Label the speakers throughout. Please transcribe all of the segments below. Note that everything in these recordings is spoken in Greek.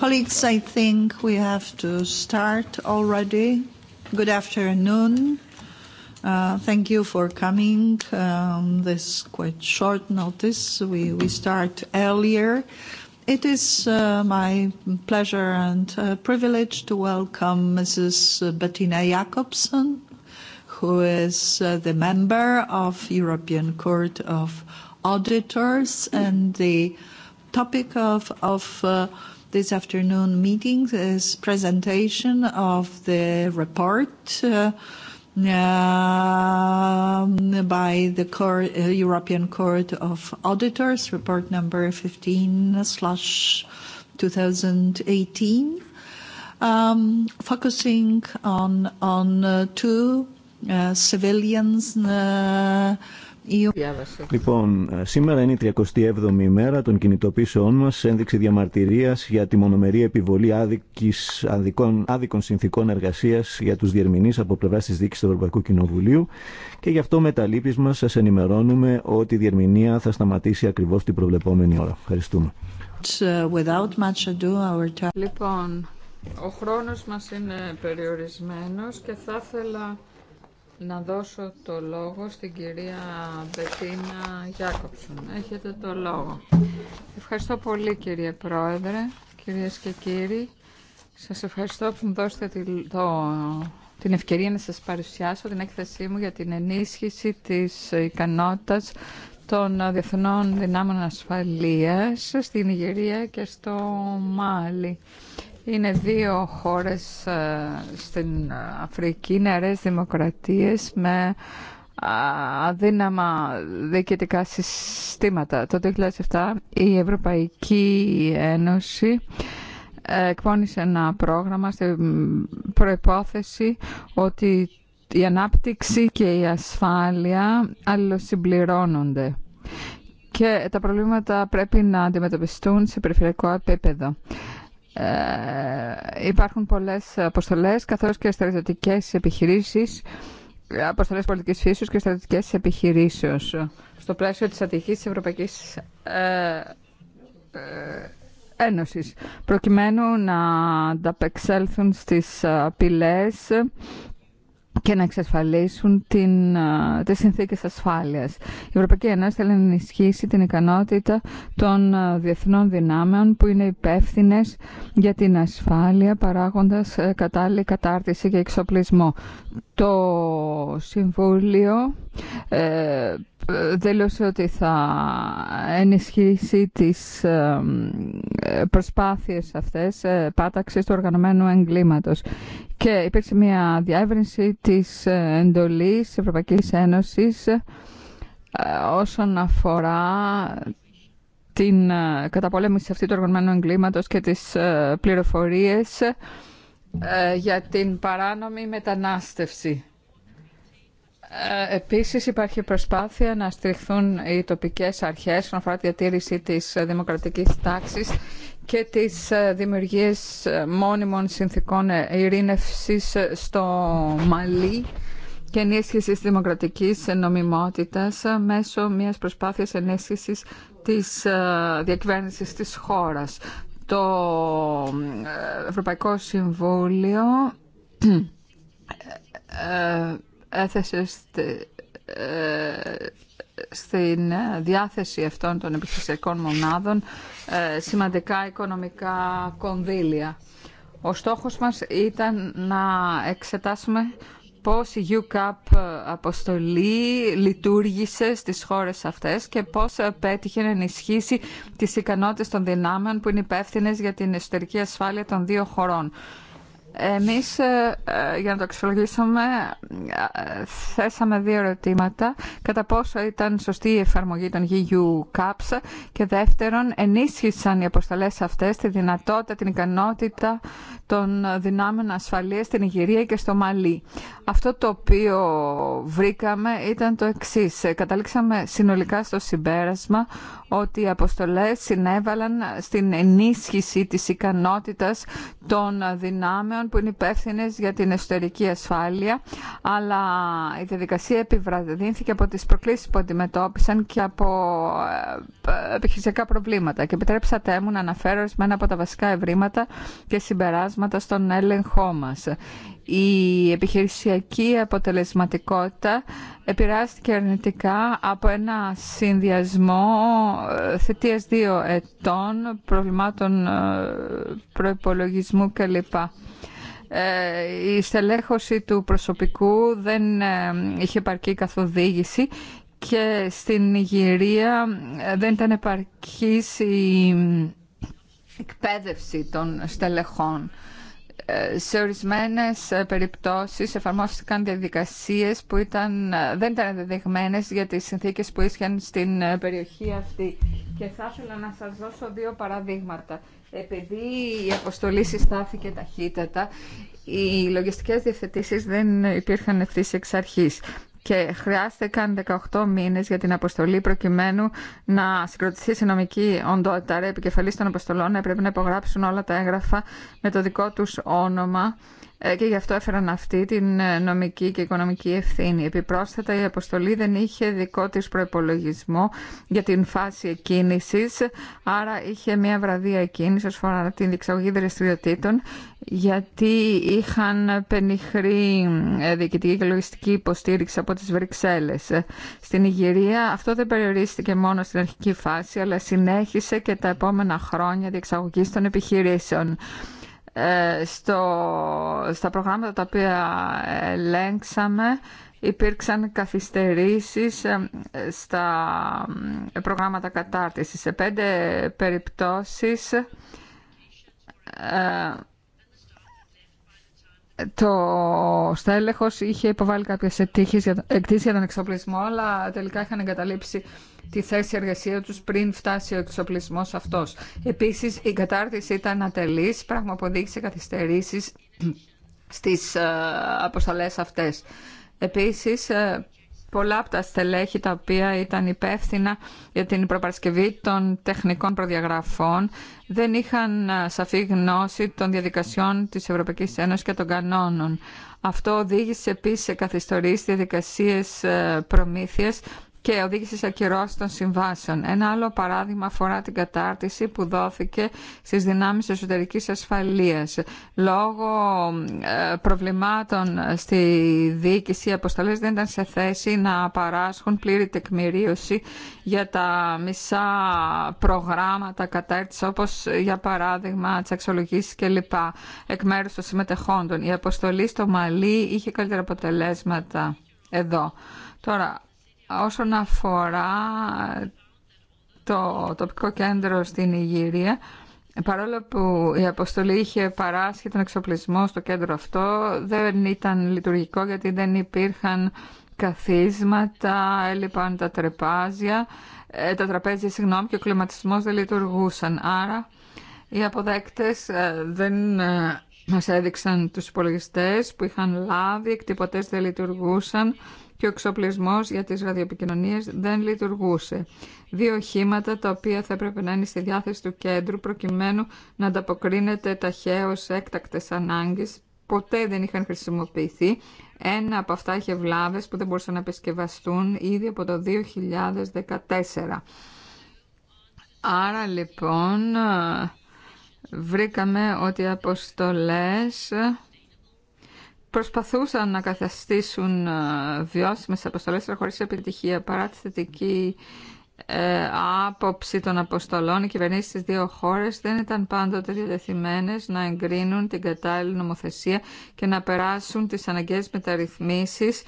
Speaker 1: Colleagues, I think we have to start already. Good afternoon. Thank you for coming. This quite short notice. We we start earlier. It is my pleasure and privilege to welcome Mrs. Bettina Jacobson, who is the member of European Court of Auditors, and the topic of of this afternoon meeting is presentation of the report by the European Court of Auditors, report number 15 slash 2018, focusing on two civilians
Speaker 2: Λοιπόν, ε, σήμερα είναι η 37η ημέρα των κινητοποίησεών μα, ένδειξη διαμαρτυρία για τη μονομερή επιβολή άδικης, αδικών, άδικων συνθήκων εργασία για του διερμηνεί από πλευρά τη Δίκη του Ευρωπαϊκού Κοινοβουλίου. Και γι' αυτό με τα λύπη μα σα ενημερώνουμε ότι η διερμηνία θα σταματήσει ακριβώ την προβλεπόμενη ώρα. Ευχαριστούμε.
Speaker 1: Ε, λοιπόν,
Speaker 3: ο χρόνος μας είναι περιορισμένος και θα ήθελα να δώσω το λόγο στην κυρία Μπετίνα Γιάκοψον. Έχετε το λόγο. Ευχαριστώ πολύ κύριε Πρόεδρε, κυρίες και κύριοι. Σας ευχαριστώ που μου δώσετε την ευκαιρία να σας παρουσιάσω την έκθεσή μου για την ενίσχυση της ικανότητας των διεθνών δυνάμων ασφαλείας στην Ιγυρία και στο Μάλι. Είναι δύο χώρες ε, στην Αφρική, νεαρές δημοκρατίες με αδύναμα διοικητικά συστήματα. Το 2007 η Ευρωπαϊκή Ένωση ε, εκπώνησε ένα πρόγραμμα στην προϋπόθεση ότι η ανάπτυξη και η ασφάλεια αλληλοσυμπληρώνονται και τα προβλήματα πρέπει να αντιμετωπιστούν σε περιφερειακό επίπεδο. Ε, υπάρχουν πολλές αποστολές καθώς και στρατιωτικές επιχειρήσεις αποστολές πολιτικής φύσης και στρατιωτικές επιχειρήσεως στο πλαίσιο της ατυχής της Ευρωπαϊκής ε, ε, Ένωσης προκειμένου να ανταπεξέλθουν στις απειλές και να εξασφαλίσουν την, τις συνθήκες ασφάλειας. Η Ευρωπαϊκή Ένωση θέλει να ενισχύσει την ικανότητα των διεθνών δυνάμεων που είναι υπεύθυνε για την ασφάλεια παράγοντας ε, κατάλληλη κατάρτιση και εξοπλισμό. Το Συμβούλιο ε, δηλώσε ότι θα ενισχύσει τις προσπάθειες αυτές ε, πάταξης του οργανωμένου εγκλήματος. Και υπήρξε μια διεύρυνση της ε, εντολής Ευρωπαϊκής Ένωσης ε, όσον αφορά την καταπολέμηση αυτή του οργανωμένου εγκλήματος και τις πληροφορίες για την παράνομη μετανάστευση. Ε, επίσης υπάρχει προσπάθεια να στηριχθούν οι τοπικές αρχές όσον αφορά τη διατήρηση της δημοκρατικής τάξης και τις ε, δημιουργίες ε, μόνιμων συνθήκων ειρήνευσης στο Μαλί και ενίσχυση της δημοκρατικής νομιμότητας μέσω μιας προσπάθειας ενίσχυσης της διακυβέρνησης της χώρας. Το Ευρωπαϊκό Συμβούλιο έθεσε ε, στην διάθεση αυτών των επιχειρησιακών μονάδων ε, σημαντικά οικονομικά κονδύλια. Ο στόχος μας ήταν να εξετάσουμε πώς η UCAP αποστολή λειτουργήσε στις χώρες αυτές και πώς πέτυχε να ενισχύσει τις ικανότητες των δυνάμεων που είναι υπεύθυνε για την εσωτερική ασφάλεια των δύο χωρών. Εμείς ε, ε, για να το αξιολογήσουμε ε, θέσαμε δύο ερωτήματα κατά πόσο ήταν σωστή η εφαρμογή των GU CAPS και δεύτερον ενίσχυσαν οι αποστολές αυτές τη δυνατότητα, την ικανότητα των δυνάμεων ασφαλείας στην Ιγυρία και στο Μαλί. Αυτό το οποίο βρήκαμε ήταν το εξής. Καταλήξαμε συνολικά στο συμπέρασμα ότι οι αποστολές συνέβαλαν στην ενίσχυση της ικανότητας των δυνάμεων που είναι υπεύθυνε για την εσωτερική ασφάλεια, αλλά η διαδικασία επιβραδύνθηκε από τις προκλήσεις που αντιμετώπισαν και από ε, ε, επιχειρησιακά προβλήματα. Και επιτρέψατε μου να αναφέρω ορισμένα από τα βασικά ευρήματα και συμπεράσματα στον έλεγχό μα. Η επιχειρησιακή αποτελεσματικότητα επηρεάστηκε αρνητικά από ένα συνδυασμό ε, θετίας δύο ετών, προβλημάτων προϋπολογισμού κλπ. Ε, η στελέχωση του προσωπικού δεν ε, είχε επαρκή καθοδήγηση και στην Ιγυρία ε, δεν ήταν επαρκής η εκπαίδευση των στελεχών σε ορισμένες ε, περιπτώσεις εφαρμόστηκαν διαδικασίες που ήταν, ε, δεν ήταν ενδεδειγμένες για τις συνθήκες που ήσχαν στην ε, περιοχή αυτή. Και θα ήθελα να σας δώσω δύο παραδείγματα. Επειδή η αποστολή συστάθηκε ταχύτατα, οι λογιστικές διευθετήσεις δεν υπήρχαν ευθύ εξ αρχής και χρειάστηκαν 18 μήνες για την αποστολή προκειμένου να συγκροτηθεί η οντότητα. ρε επικεφαλής των αποστολών έπρεπε να υπογράψουν όλα τα έγγραφα με το δικό τους όνομα ε, και γι' αυτό έφεραν αυτή την ε, νομική και οικονομική ευθύνη. Επιπρόσθετα η αποστολή δεν είχε δικό της προπολογισμό για την φάση εκκίνησης, άρα είχε μια βραδία εκκίνηση ως φορά την διεξαγωγή δραστηριοτήτων, γιατί είχαν πενιχρή ε, διοικητική και λογιστική υποστήριξη από τις Βρυξέλλες. Στην Ιγυρία αυτό δεν περιορίστηκε μόνο στην αρχική φάση, αλλά συνέχισε και τα επόμενα χρόνια διεξαγωγή των επιχειρήσεων. Ε, στο, στα προγράμματα τα οποία ελέγξαμε υπήρξαν καθυστερήσεις ε, στα ε, προγράμματα κατάρτισης. Σε πέντε περιπτώσεις το στέλεχος είχε υποβάλει κάποιες εκτίσεις για τον εξοπλισμό, αλλά τελικά είχαν εγκαταλείψει τη θέση εργασία τους πριν φτάσει ο εξοπλισμό αυτό. Επίση, η κατάρτιση ήταν ατελή, πράγμα που οδήγησε καθυστερήσεις στις ε, αποσταλές αυτές. Επίσης, ε, πολλά από τα στελέχη τα οποία ήταν υπεύθυνα για την προπαρασκευή των τεχνικών προδιαγραφών δεν είχαν ε, σαφή γνώση των διαδικασιών της Ευρωπαϊκής Ένωσης και των κανόνων. Αυτό οδήγησε επίσης σε καθυστερήσει διαδικασίες προμήθειας και οδήγησε σε ακυρώσει των συμβάσεων. Ένα άλλο παράδειγμα αφορά την κατάρτιση που δόθηκε στι δυνάμει εσωτερική ασφαλεία. Λόγω ε, προβλημάτων στη διοίκηση, οι αποστολέ δεν ήταν σε θέση να παράσχουν πλήρη τεκμηρίωση για τα μισά προγράμματα κατάρτιση, όπως για παράδειγμα τι αξιολογήσει κλπ. εκ μέρου των συμμετεχόντων. Η αποστολή στο Μαλί είχε καλύτερα αποτελέσματα εδώ. Τώρα, όσον αφορά το τοπικό κέντρο στην Ιγυρία, παρόλο που η αποστολή είχε παράσχει τον εξοπλισμό στο κέντρο αυτό, δεν ήταν λειτουργικό γιατί δεν υπήρχαν καθίσματα, έλειπαν τα τρεπάζια, ε, τα τραπέζια, συγγνώμη, και ο κλιματισμός δεν λειτουργούσαν. Άρα οι αποδέκτες ε, δεν ε, μας έδειξαν τους υπολογιστές που είχαν λάβει, εκτυπωτές δεν λειτουργούσαν και ο εξοπλισμός για τις ραδιοπικοινωνίες δεν λειτουργούσε. Δύο οχήματα τα οποία θα έπρεπε να είναι στη διάθεση του κέντρου προκειμένου να ανταποκρίνεται ταχαίως έκτακτες ανάγκες ποτέ δεν είχαν χρησιμοποιηθεί. Ένα από αυτά είχε βλάβες που δεν μπορούσαν να επισκευαστούν ήδη από το 2014. Άρα λοιπόν βρήκαμε ότι οι αποστολές προσπαθούσαν να καθαστήσουν ε, βιώσιμες αποστολές χωρίς επιτυχία παρά τη θετική ε, άποψη των αποστολών οι κυβερνήσεις στις δύο χώρες δεν ήταν πάντοτε διατεθειμένες να εγκρίνουν την κατάλληλη νομοθεσία και να περάσουν τις αναγκαίες μεταρρυθμίσεις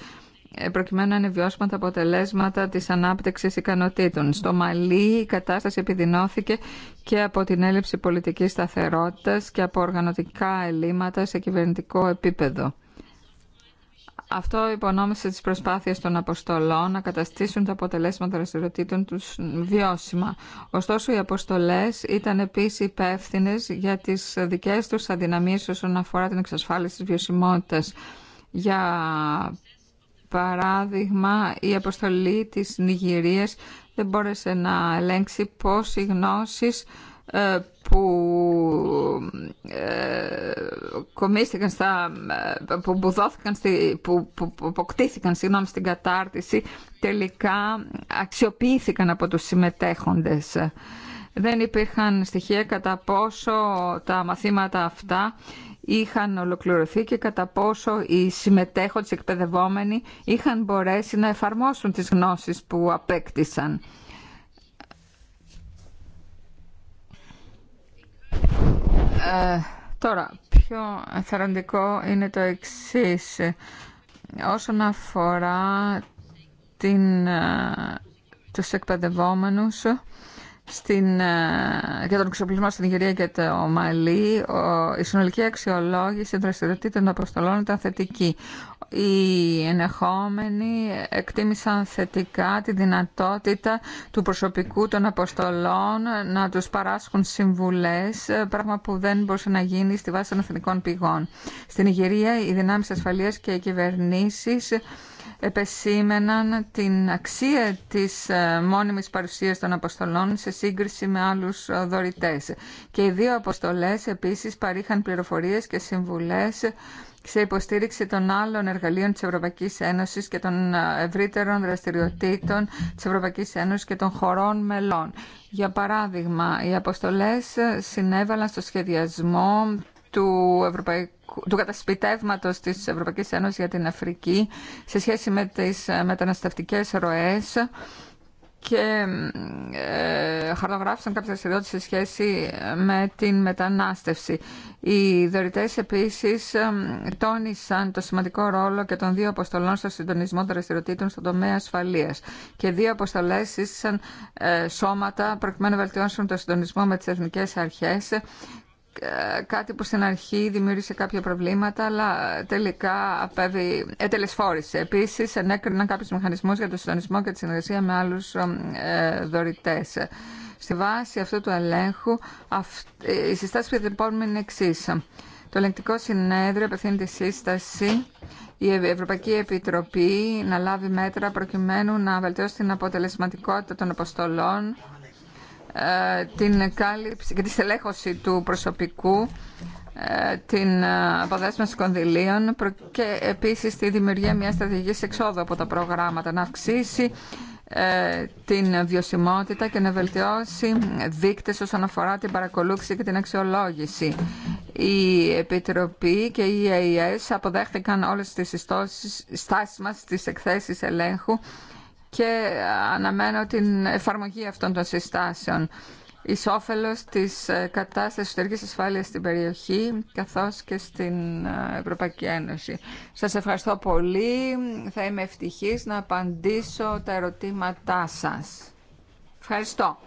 Speaker 3: ε, προκειμένου να είναι βιώσιμα τα αποτελέσματα της ανάπτυξης ικανοτήτων. Στο Μαλί η κατάσταση επιδεινώθηκε και από την έλλειψη πολιτικής σταθερότητας και από οργανωτικά ελλείμματα σε κυβερνητικό επίπεδο. Αυτό υπονόμησε τις προσπάθειες των αποστολών να καταστήσουν τα αποτελέσματα δραστηριοτήτων τους βιώσιμα. Ωστόσο, οι αποστολές ήταν επίσης υπεύθυνε για τις δικές τους αδυναμίες όσον αφορά την εξασφάλιση της βιωσιμότητας. Για παράδειγμα, η αποστολή της Νιγηρίας δεν μπόρεσε να ελέγξει πώς οι γνώσεις ε, που ε, κομίστηκαν στα, ε, που, που, στη, που, που, που αποκτήθηκαν συγγνώμη, στην κατάρτιση τελικά αξιοποιήθηκαν από τους συμμετέχοντες. Δεν υπήρχαν στοιχεία κατά πόσο τα μαθήματα αυτά είχαν ολοκληρωθεί και κατά πόσο οι συμμετέχοντες εκπαιδευόμενοι είχαν μπορέσει να εφαρμόσουν τις γνώσεις που απέκτησαν. Ε, τώρα, πιο θεραντικό είναι το εξή Όσον αφορά την, ε, τους εκπαιδευόμενους, στην, ε, για τον εξοπλισμό στην Ιγυρία και το Μαλί, η συνολική αξιολόγηση δραστηριοτήτων αποστολών ήταν θετική. Οι ενεχόμενοι εκτίμησαν θετικά τη δυνατότητα του προσωπικού των αποστολών να τους παράσχουν συμβουλές, πράγμα που δεν μπορούσε να γίνει στη βάση των εθνικών πηγών. Στην Ιγυρία οι δυνάμεις ασφαλείας και οι κυβερνήσεις επεσήμεναν την αξία της ε, μόνιμης παρουσίας των αποστολών σε σύγκριση με άλλους δωρητές. Και οι δύο αποστολές επίσης παρήχαν πληροφορίες και συμβουλές σε υποστήριξη των άλλων εργαλείων της Ευρωπαϊκής Ένωσης και των ε, ευρύτερων δραστηριοτήτων της Ευρωπαϊκής Ένωσης και των χωρών μελών. Για παράδειγμα, οι αποστολές συνέβαλαν στο σχεδιασμό του, Ευρωπαϊκού, του κατασπιτεύματος της Ευρωπαϊκής Ένωσης για την Αφρική σε σχέση με τις ε, μεταναστευτικές ροές και ε, χαρτογράφησαν κάποιες σε σχέση ε, με την μετανάστευση. Οι δωρητές επίσης ε, τόνισαν το σημαντικό ρόλο και των δύο αποστολών στο συντονισμό των δραστηριοτήτων στον τομέα ασφαλείας. Και δύο αποστολές σύστησαν σώματα προκειμένου να βελτιώσουν το συντονισμό με τις εθνικές αρχές ε, κάτι που στην αρχή δημιούργησε κάποια προβλήματα, αλλά τελικά απέβη, ετελεσφόρησε. Επίσης, ενέκριναν κάποιου μηχανισμούς για το συντονισμό και τη συνεργασία με άλλου ε, δωρητές. Στη βάση αυτού του ελέγχου, η οι που διατυπώνουμε είναι εξή. Το ελεγκτικό συνέδριο απευθύνει τη σύσταση η Ευρωπαϊκή Επιτροπή να λάβει μέτρα προκειμένου να βελτιώσει την αποτελεσματικότητα των αποστολών ε, την κάλυψη και τη στελέχωση του προσωπικού, ε, την ε, αποδέσμευση κονδυλίων και επίσης τη δημιουργία μιας στρατηγικής εξόδου από τα προγράμματα, να αυξήσει την βιωσιμότητα και να βελτιώσει δείκτες όσον αφορά την παρακολούθηση και την αξιολόγηση. Η Επιτροπή και η ΕΕΣ αποδέχτηκαν όλες τις στάσεις μας στις εκθέσεις ελέγχου και αναμένω την εφαρμογή αυτών των συστάσεων εις όφελος της ε, κατάστασης εσωτερικής ασφάλειας στην περιοχή καθώς και στην ε, Ευρωπαϊκή Ένωση. Σας ευχαριστώ πολύ. Θα είμαι ευτυχής να απαντήσω τα ερωτήματά σας. Ευχαριστώ.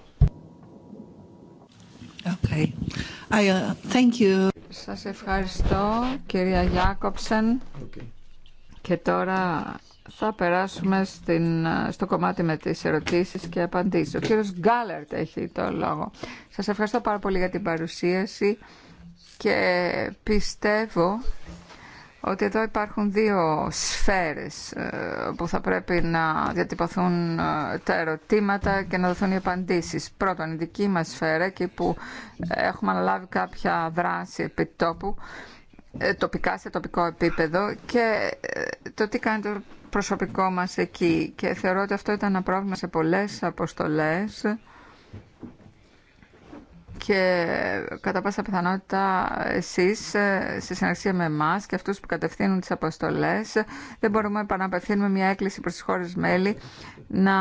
Speaker 3: Okay. Uh, thank you. Σας ευχαριστώ κυρία Γιάκοψεν. Okay. Και τώρα θα περάσουμε στην, στο κομμάτι με τις ερωτήσεις και απαντήσεις. Ο κύριος Γκάλερτ έχει το λόγο. Σας ευχαριστώ πάρα πολύ για την παρουσίαση και πιστεύω ότι εδώ υπάρχουν δύο σφαίρες ε, που θα πρέπει να διατυπωθούν ε, τα ερωτήματα και να δοθούν οι απαντήσεις. Πρώτον, η δική μας σφαίρα, εκεί που έχουμε αναλάβει κάποια δράση επιτόπου, ε, τοπικά σε τοπικό επίπεδο και το τι κάνει το προσωπικό μας εκεί και θεωρώ ότι αυτό ήταν ένα πρόβλημα σε πολλές αποστολές και κατά πάσα πιθανότητα εσείς ε, σε συνεργασία με εμά και αυτούς που κατευθύνουν τις αποστολές δεν μπορούμε παρά να απευθύνουμε μια έκκληση προς τις χώρες μέλη να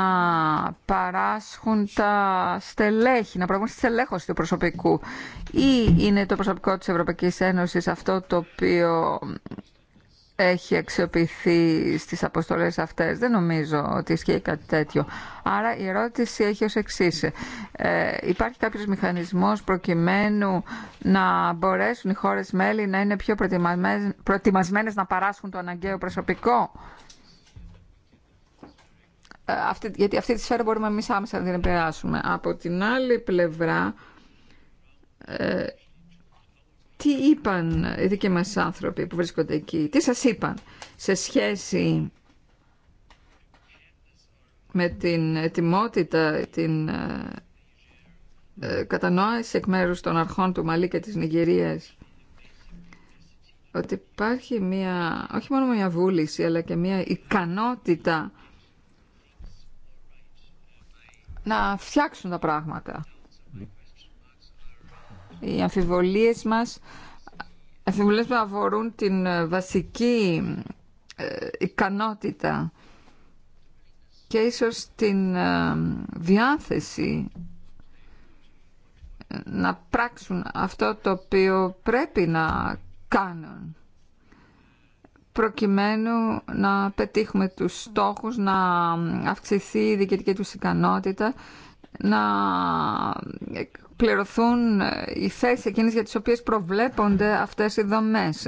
Speaker 3: παράσχουν τα στελέχη, να προβούν στη στελέχωση του προσωπικού ή είναι το προσωπικό της Ευρωπαϊκής Ένωσης αυτό το οποίο έχει αξιοποιηθεί στις αποστολές αυτές. Δεν νομίζω ότι ισχύει κάτι τέτοιο. Άρα η ερώτηση έχει ως εξή. Ε, υπάρχει κάποιος μηχανισμός προκειμένου να μπορέσουν οι χώρες μέλη να είναι πιο προετοιμασμένες να παράσχουν το αναγκαίο προσωπικό. Ε, αυτή, γιατί αυτή τη σφαίρα μπορούμε εμείς άμεσα να την επηρεάσουμε. Από την άλλη πλευρά... Ε, τι είπαν οι δικοί μας άνθρωποι που βρίσκονται εκεί, τι σας είπαν σε σχέση με την ετοιμότητα, την ε, ε, κατανόηση εκ μέρους των αρχών του Μαλή και της Νιγηρίας ότι υπάρχει μια, όχι μόνο μια βούληση αλλά και μια ικανότητα να φτιάξουν τα πράγματα οι αμφιβολίες μας αμφιβολίες αφορούν την ε, βασική ε, ικανότητα και ίσως την ε, διάθεση να πράξουν αυτό το οποίο πρέπει να κάνουν προκειμένου να πετύχουμε τους στόχους, να αυξηθεί η διοικητική τους ικανότητα, να πληρωθούν ε, οι θέσεις εκείνες για τις οποίες προβλέπονται αυτές οι δομές.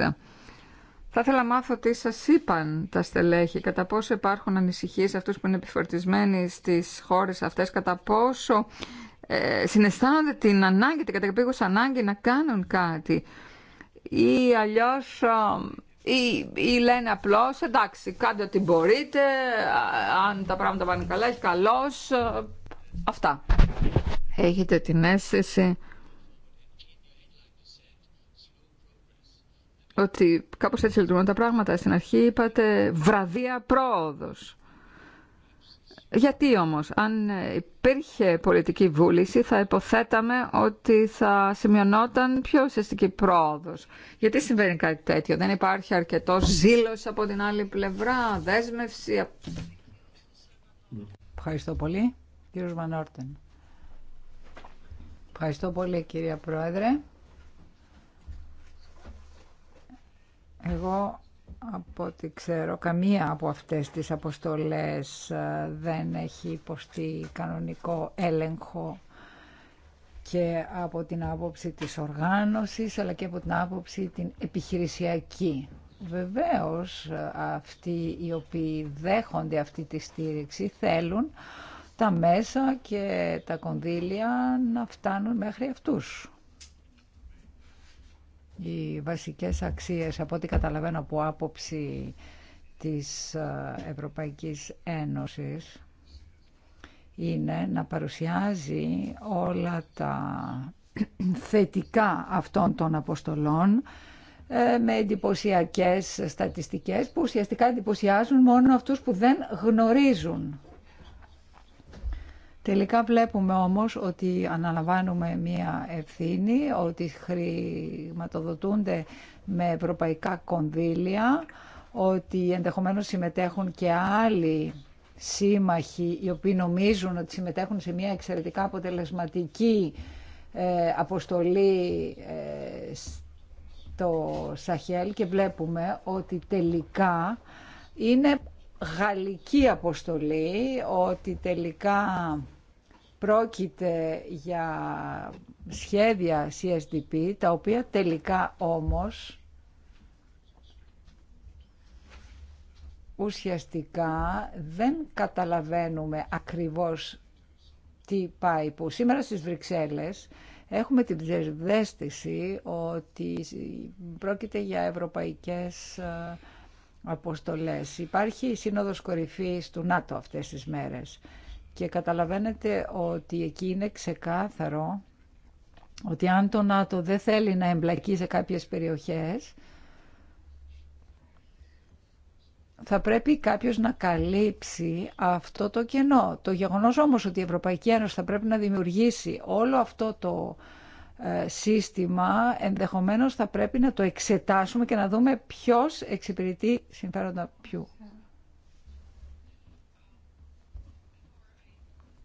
Speaker 3: Θα ήθελα να μάθω τι σας είπαν τα στελέχη, κατά πόσο υπάρχουν ανησυχίες αυτούς που είναι επιφορτισμένοι στις χώρες αυτές, κατά πόσο ε, συναισθάνονται την ανάγκη, την καταπήγουσα ανάγκη να κάνουν κάτι. Ή αλλιώς ε, ή, ή λένε απλώ, εντάξει κάντε ό,τι μπορείτε, ε, αν τα πράγματα πάνε καλά, έχει καλός, αυτά. Έχετε την αίσθηση ότι κάπως έτσι λειτουργούν τα πράγματα. Στην αρχή είπατε βραδία πρόοδος. Γιατί όμως, αν υπήρχε πολιτική βούληση θα υποθέταμε ότι θα σημειωνόταν πιο ουσιαστική πρόοδος. Γιατί συμβαίνει κάτι τέτοιο, δεν υπάρχει αρκετό ζήλος από την άλλη πλευρά, δέσμευση. Ευχαριστώ πολύ. Κύριος Μανόρτεν. Ευχαριστώ πολύ κυρία Πρόεδρε. Εγώ από ό,τι ξέρω καμία από αυτές τις αποστολές ε, δεν έχει υποστεί κανονικό έλεγχο και από την άποψη της οργάνωσης αλλά και από την άποψη την επιχειρησιακή. Βεβαίως ε, αυτοί οι οποίοι δέχονται αυτή τη στήριξη θέλουν τα μέσα και τα κονδύλια να φτάνουν μέχρι αυτούς. Οι βασικές αξίες, από ό,τι καταλαβαίνω από άποψη της ε, Ευρωπαϊκής Ένωσης, είναι να παρουσιάζει όλα τα θετικά αυτών των αποστολών ε, με εντυπωσιακέ στατιστικές που ουσιαστικά εντυπωσιάζουν μόνο αυτούς που δεν γνωρίζουν Τελικά βλέπουμε όμως ότι αναλαμβάνουμε μία ευθύνη, ότι χρηματοδοτούνται με ευρωπαϊκά κονδύλια, ότι ενδεχομένως συμμετέχουν και άλλοι σύμμαχοι οι οποίοι νομίζουν ότι συμμετέχουν σε μια εξαιρετικά αποτελεσματική ε, αποστολή ε, στο Σαχέλ και βλέπουμε ότι τελικά είναι γαλλική αποστολή ότι τελικά πρόκειται για σχέδια CSDP τα οποία τελικά όμως ουσιαστικά δεν καταλαβαίνουμε ακριβώς τι πάει που. Σήμερα στις Βρυξέλλες έχουμε την ψευδέστηση ότι πρόκειται για ευρωπαϊκές ε, αποστολές. Υπάρχει η Σύνοδος Κορυφής του ΝΑΤΟ αυτές τις μέρες και καταλαβαίνετε ότι εκεί είναι ξεκάθαρο ότι αν το ΝΑΤΟ δεν θέλει να εμπλακεί σε κάποιες περιοχές θα πρέπει κάποιος να καλύψει αυτό το κενό. Το γεγονός όμως ότι η Ευρωπαϊκή Ένωση θα πρέπει να δημιουργήσει όλο αυτό το ε, σύστημα, ενδεχομένως θα πρέπει να το εξετάσουμε και να δούμε ποιος εξυπηρετεί συμφέροντα ποιου.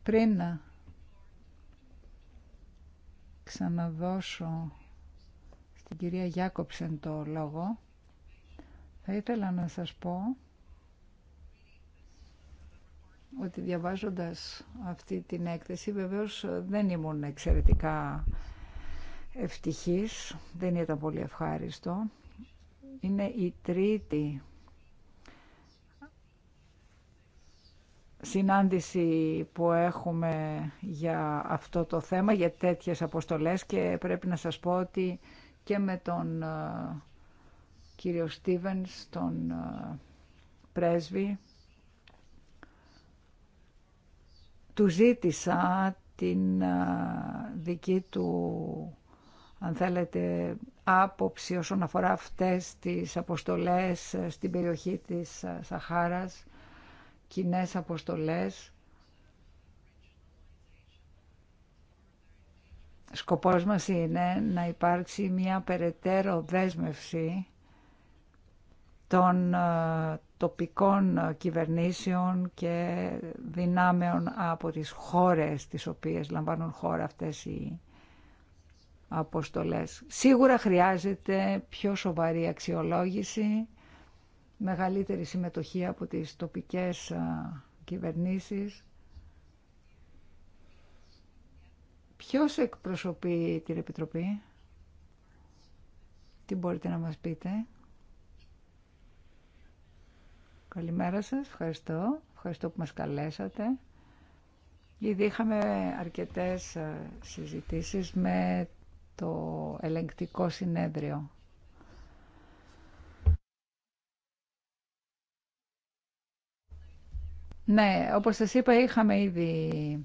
Speaker 3: Πριν ξαναδώσω στην κυρία Γιάκοψεν το λόγο, θα ήθελα να σας πω ότι διαβάζοντας αυτή την έκθεση βεβαίως δεν ήμουν εξαιρετικά ευτυχής, δεν ήταν πολύ ευχάριστο. Είναι η τρίτη συνάντηση που έχουμε για αυτό το θέμα, για τέτοιες αποστολές και πρέπει να σας πω ότι και με τον ε, κύριο Στίβενς, τον ε, πρέσβη, του ζήτησα την ε, δική του αν θέλετε, άποψη όσον αφορά αυτές τις αποστολές στην περιοχή της Σαχάρας, κοινέ αποστολές. Σκοπός μας είναι να υπάρξει μια περαιτέρω δέσμευση των ε, τοπικών κυβερνήσεων και δυνάμεων από τις χώρες τις οποίες λαμβάνουν χώρα αυτές οι αποστολές. Σίγουρα χρειάζεται πιο σοβαρή αξιολόγηση, μεγαλύτερη συμμετοχή από τις τοπικές κυβερνήσεις. Ποιος εκπροσωπεί την Επιτροπή, τι μπορείτε να μας πείτε. Καλημέρα σας, ευχαριστώ. Ευχαριστώ που μας καλέσατε. Ήδη είχαμε αρκετές συζητήσεις με το ελεγκτικό συνέδριο. Ναι, όπως σας είπα είχαμε ήδη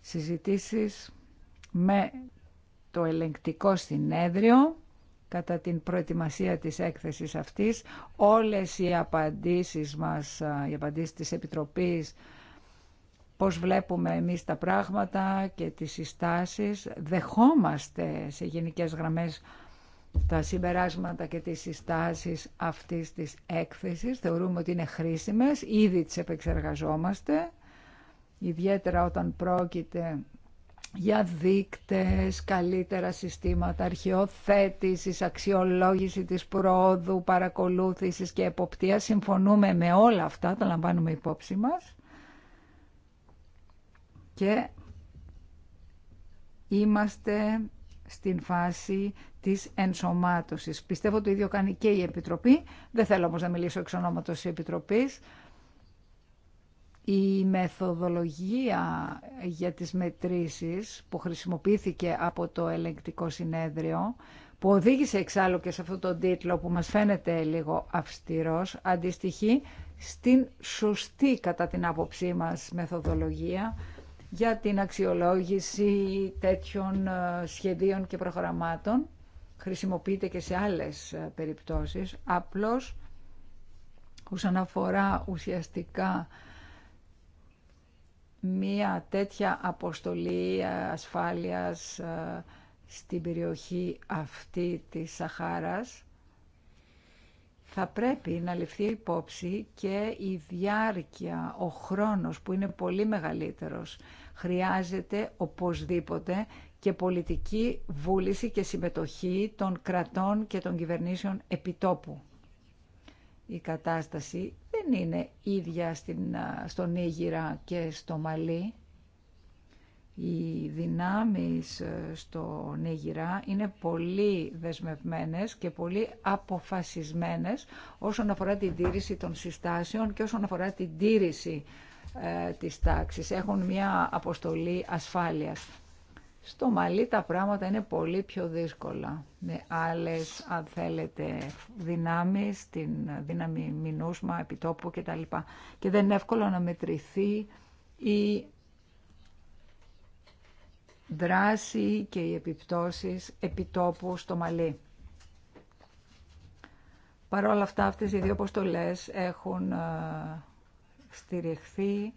Speaker 3: συζητήσεις με το ελεγκτικό συνέδριο κατά την προετοιμασία της έκθεσης αυτής. Όλες οι απαντήσεις μας, ε, οι απαντήσεις της Επιτροπής πώς βλέπουμε εμείς τα πράγματα και τις συστάσεις. Δεχόμαστε σε γενικές γραμμές τα συμπεράσματα και τις συστάσεις αυτής της έκθεσης. Θεωρούμε ότι είναι χρήσιμες, ήδη τις επεξεργαζόμαστε, ιδιαίτερα όταν πρόκειται για δείκτες, καλύτερα συστήματα αρχαιοθέτησης, αξιολόγηση της προόδου, παρακολούθησης και εποπτείας. Συμφωνούμε με όλα αυτά, τα λαμβάνουμε υπόψη μας και είμαστε στην φάση της ενσωμάτωσης. Πιστεύω το ίδιο κάνει και η Επιτροπή. Δεν θέλω όμως να μιλήσω εξ ονόματος Επιτροπής. Η μεθοδολογία για τις μετρήσεις που χρησιμοποιήθηκε από το ελεγκτικό συνέδριο που οδήγησε εξάλλου και σε αυτόν τον τίτλο που μας φαίνεται λίγο αυστηρός, αντιστοιχεί στην σωστή κατά την άποψή μας μεθοδολογία για την αξιολόγηση τέτοιων ε, σχεδίων και προγραμμάτων. Χρησιμοποιείται και σε άλλες ε, περιπτώσεις. Απλώς, όσον αφορά ουσιαστικά μία τέτοια αποστολή ε, ασφάλειας στην περιοχή αυτή της Σαχάρας, θα πρέπει να ληφθεί υπόψη και η διάρκεια, ο χρόνος που είναι πολύ μεγαλύτερος Χρειάζεται οπωσδήποτε και πολιτική βούληση και συμμετοχή των κρατών και των κυβερνήσεων επιτόπου. Η κατάσταση δεν είναι ίδια στην, στον Ήγυρα και στο Μαλί. Οι δυνάμεις ε, στο Νίγηρα είναι πολύ δεσμευμένες και πολύ αποφασισμένες όσον αφορά την τήρηση των συστάσεων και όσον αφορά την τήρηση ε, της τάξης. Έχουν μια αποστολή ασφάλειας. Στο Μαλί τα πράγματα είναι πολύ πιο δύσκολα. Με άλλες, αν θέλετε, δυνάμεις, την δύναμη μηνούσμα, επιτόπου κτλ. Και δεν είναι εύκολο να μετρηθεί η δράση και οι επιπτώσεις επιτόπου στο Μαλί. Παρ' όλα αυτά, αυτές οι δύο αποστολές έχουν ε, στηριχθεί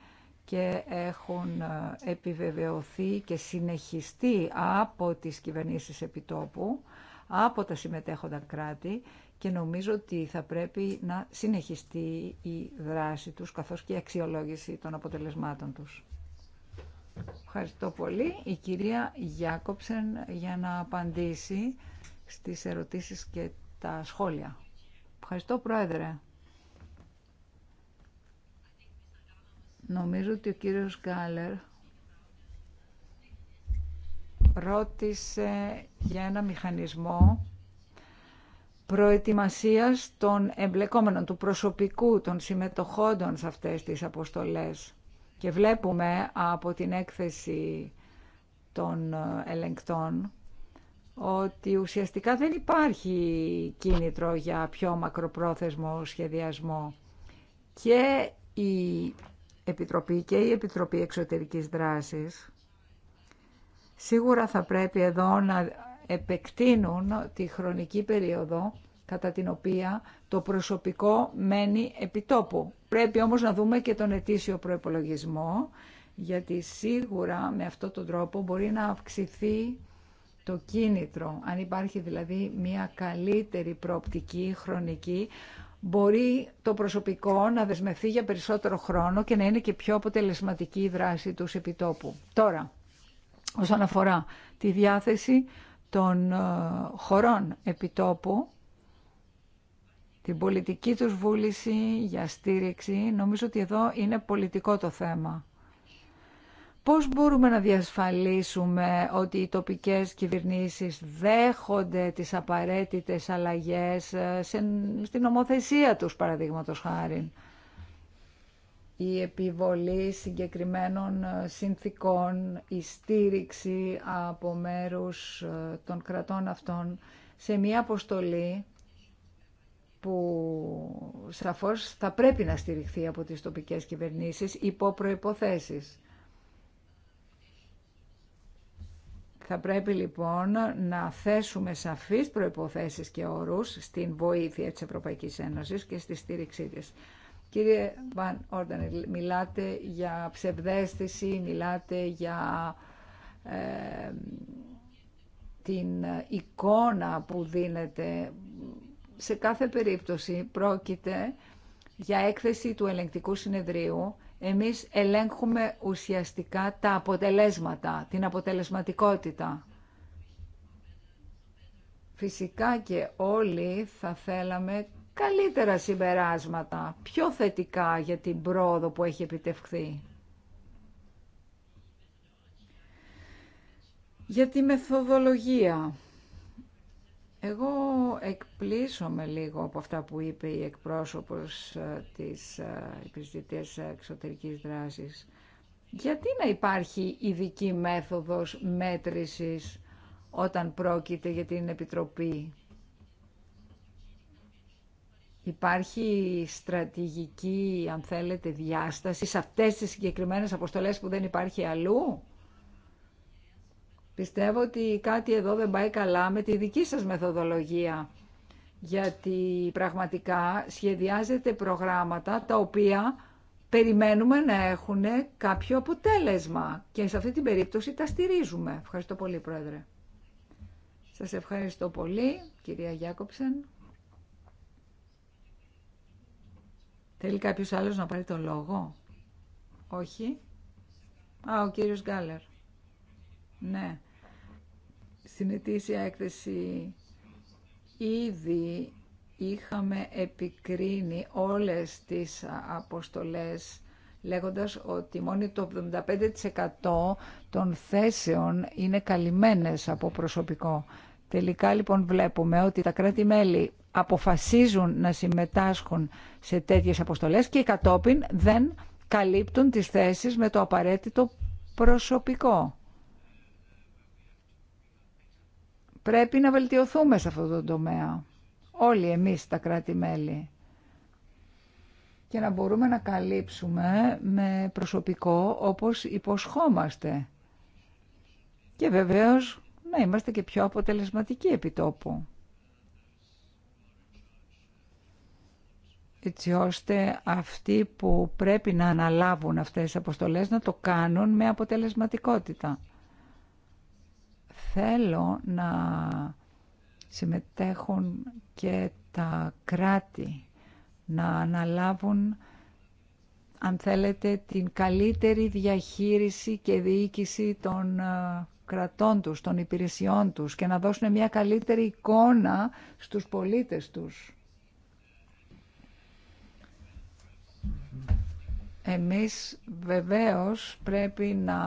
Speaker 3: και έχουν ε, επιβεβαιωθεί και συνεχιστεί από τις κυβερνήσεις επιτόπου, από τα συμμετέχοντα κράτη και νομίζω ότι θα πρέπει να συνεχιστεί η δράση τους καθώς και η αξιολόγηση των αποτελεσμάτων τους. Ευχαριστώ πολύ. Η κυρία Γιάκοψεν για να απαντήσει στις ερωτήσεις και τα σχόλια. Ευχαριστώ Πρόεδρε. Νομίζω ότι ο κύριος Γκάλερ ρώτησε για ένα μηχανισμό προετοιμασίας των εμπλεκόμενων, του προσωπικού, των συμμετοχόντων σε αυτές τις αποστολές. Και βλέπουμε από την έκθεση των ελεγκτών ότι ουσιαστικά δεν υπάρχει κίνητρο για πιο μακροπρόθεσμο σχεδιασμό. Και η Επιτροπή και η Επιτροπή Εξωτερικής Δράσης σίγουρα θα πρέπει εδώ να επεκτείνουν τη χρονική περίοδο κατά την οποία το προσωπικό μένει επιτόπου. Πρέπει όμως να δούμε και τον ετήσιο προεπολογισμό γιατί σίγουρα με αυτόν τον τρόπο μπορεί να αυξηθεί το κίνητρο, αν υπάρχει δηλαδή μια καλύτερη προοπτική χρονική μπορεί το προσωπικό να δεσμευτεί για περισσότερο χρόνο και να είναι και πιο αποτελεσματική η δράση τους επιτόπου. Τώρα, όσον αφορά τη διάθεση των ε, χωρών επιτόπου, την πολιτική τους βούληση για στήριξη, νομίζω ότι εδώ είναι πολιτικό το θέμα. Πώς μπορούμε να διασφαλίσουμε ότι οι τοπικές κυβερνήσεις δέχονται τις απαραίτητες αλλαγές ε, στην νομοθεσία τους, παραδείγματος χάρη. Η επιβολή συγκεκριμένων ε, συνθήκων, η στήριξη από μέρους ε, των κρατών αυτών σε μια αποστολή που σαφώς θα πρέπει να στηριχθεί από τις τοπικές κυβερνήσεις υπό προϋποθέσεις. Θα πρέπει λοιπόν να θέσουμε σαφείς προϋποθέσεις και όρους στην βοήθεια της Ευρωπαϊκής Ένωσης και στη στήριξή της. Κύριε Βαν Όρτανελ, μιλάτε για ψευδέστηση, μιλάτε για ε, την εικόνα που δίνεται. Σε κάθε περίπτωση πρόκειται για έκθεση του ελεγκτικού συνεδρίου εμείς ελέγχουμε ουσιαστικά τα αποτελέσματα, την αποτελεσματικότητα. Φυσικά και όλοι θα θέλαμε καλύτερα συμπεράσματα, πιο θετικά για την πρόοδο που έχει επιτευχθεί. Για τη μεθοδολογία. Εγώ εκπλήσωμαι λίγο από αυτά που είπε η εκπρόσωπος ε, της υπηρεσιτητής εξωτερικής δράσης. Γιατί να υπάρχει ειδική μέθοδος μέτρησης όταν πρόκειται για την Επιτροπή. Υπάρχει στρατηγική, αν θέλετε, διάσταση σε αυτές τις συγκεκριμένες αποστολές που δεν υπάρχει αλλού. Πιστεύω ότι κάτι εδώ δεν πάει καλά με τη δική σας μεθοδολογία, γιατί πραγματικά σχεδιάζετε προγράμματα τα οποία περιμένουμε να έχουν κάποιο αποτέλεσμα και σε αυτή την περίπτωση τα στηρίζουμε. Ευχαριστώ πολύ, Πρόεδρε. Σας ευχαριστώ πολύ, κυρία Γιάκοψεν. Θέλει κάποιος άλλος να πάρει τον λόγο. Όχι. Α, ο κύριος Γκάλερ. Ναι. Στην ετήσια έκθεση ήδη είχαμε επικρίνει όλες τις αποστολές λέγοντας ότι μόνο το 75% των θέσεων είναι καλυμμένες από προσωπικό. Τελικά λοιπόν βλέπουμε ότι τα κράτη-μέλη αποφασίζουν να συμμετάσχουν σε τέτοιες αποστολές και κατόπιν δεν καλύπτουν τις θέσεις με το απαραίτητο προσωπικό. Πρέπει να βελτιωθούμε σε αυτό το τομέα. Όλοι εμείς τα κράτη-μέλη. Και να μπορούμε να καλύψουμε με προσωπικό όπως υποσχόμαστε. Και βεβαίως να είμαστε και πιο αποτελεσματικοί επιτόπου. έτσι ώστε αυτοί που πρέπει να αναλάβουν αυτές τις αποστολές να το κάνουν με αποτελεσματικότητα θέλω να συμμετέχουν και τα κράτη να αναλάβουν αν θέλετε την καλύτερη διαχείριση και διοίκηση των ε, κρατών τους, των υπηρεσιών τους και να δώσουν μια καλύτερη εικόνα στους πολίτες τους. Εμείς βεβαίως πρέπει να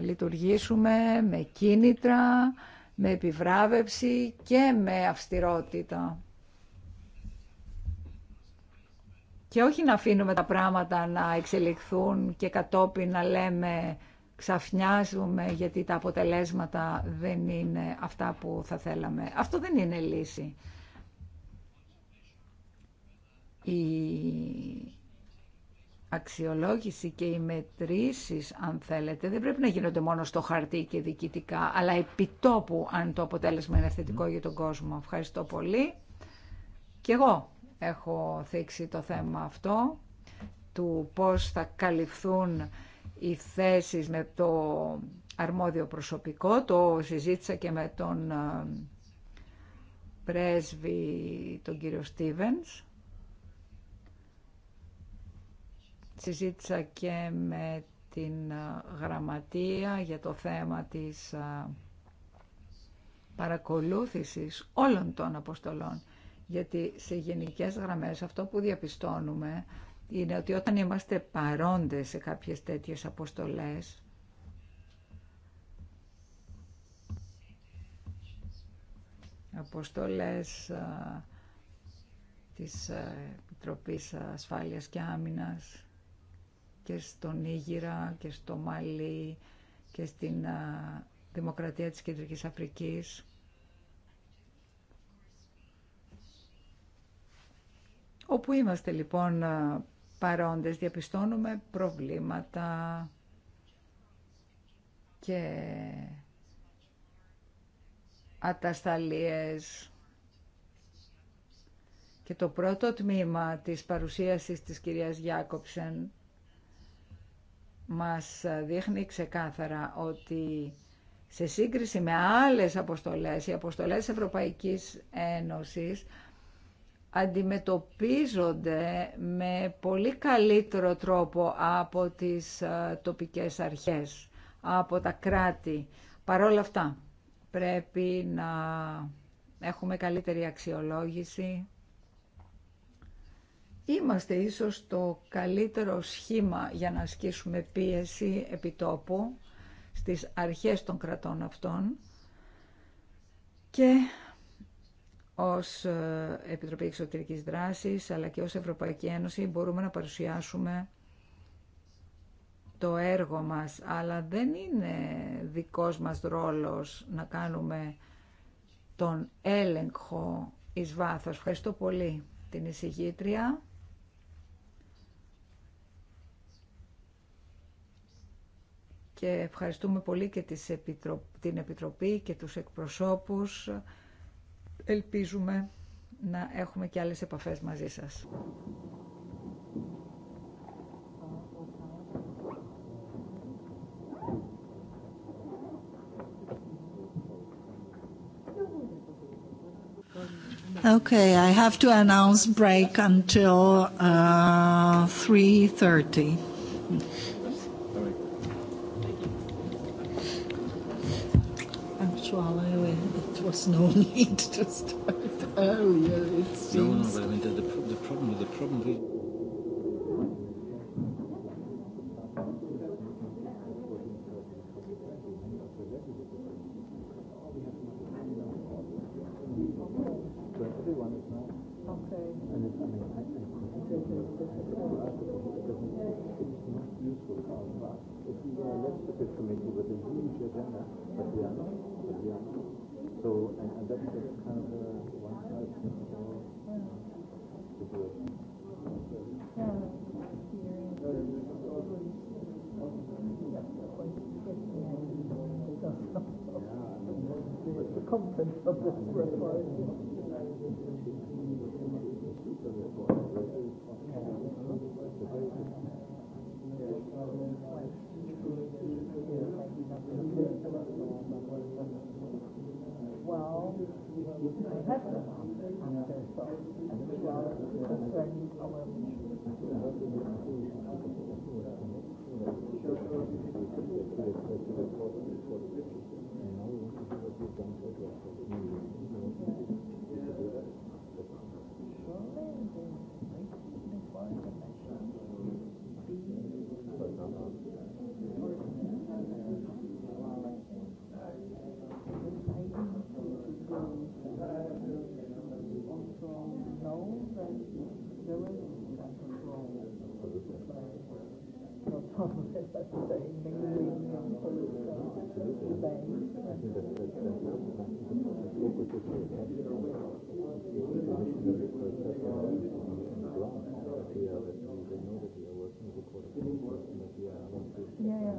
Speaker 3: λειτουργήσουμε με κίνητρα, με επιβράβευση και με αυστηρότητα. Και όχι να αφήνουμε τα πράγματα να εξελιχθούν και κατόπιν να λέμε ξαφνιάζουμε γιατί τα αποτελέσματα δεν είναι αυτά που θα θέλαμε. Αυτό δεν είναι λύση. Η αξιολόγηση και οι μετρήσεις, αν θέλετε, δεν πρέπει να γίνονται μόνο στο χαρτί και διοικητικά, αλλά επιτόπου αν το αποτέλεσμα είναι θετικό για τον κόσμο. Ευχαριστώ πολύ. Και εγώ έχω θίξει το θέμα αυτό, του πώς θα καλυφθούν οι θέσεις με το αρμόδιο προσωπικό. Το συζήτησα και με τον ε, πρέσβη, τον κύριο Στίβενς. Συζήτησα και με την γραμματεία για το θέμα της παρακολούθησης όλων των αποστολών. Γιατί σε γενικές γραμμές αυτό που διαπιστώνουμε είναι ότι όταν είμαστε παρόντες σε κάποιες τέτοιες αποστολές, αποστολές της ε, Επιτροπής Ασφάλειας και Άμυνας, και στο Νίγηρα και στο Μαλί και στην Δημοκρατία της Κεντρικής Αφρικής. Όπου είμαστε λοιπόν παρόντες, διαπιστώνουμε προβλήματα και ατασταλίες. Και το πρώτο τμήμα της παρουσίασης της κυρίας Γιάκοψεν μας δείχνει ξεκάθαρα ότι σε σύγκριση με άλλες αποστολές, οι αποστολές Ευρωπαϊκής Ένωσης αντιμετωπίζονται με πολύ καλύτερο τρόπο από τις ε, τοπικές αρχές, από τα κράτη. Παρόλα αυτά, πρέπει να έχουμε καλύτερη αξιολόγηση Είμαστε ίσως το καλύτερο σχήμα για να ασκήσουμε πίεση επιτόπου στις αρχές των κρατών αυτών και ως ε, Επιτροπή Εξωτερικής Δράσης αλλά και ως Ευρωπαϊκή Ένωση μπορούμε να παρουσιάσουμε το έργο μας αλλά δεν είναι δικός μας ρόλος να κάνουμε τον έλεγχο εις βάθος. Ευχαριστώ πολύ την εισηγήτρια. και ευχαριστούμε πολύ και την Επιτροπή και τους εκπροσώπους. Ελπίζουμε να έχουμε και άλλες επαφές μαζί σας.
Speaker 1: Okay, I have to announce break until uh, 3.30. was no need to start earlier, it
Speaker 4: seems. No, no, but I mean, the, the, the problem, the problem with Yeah.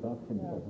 Speaker 4: πρωτάθλημα.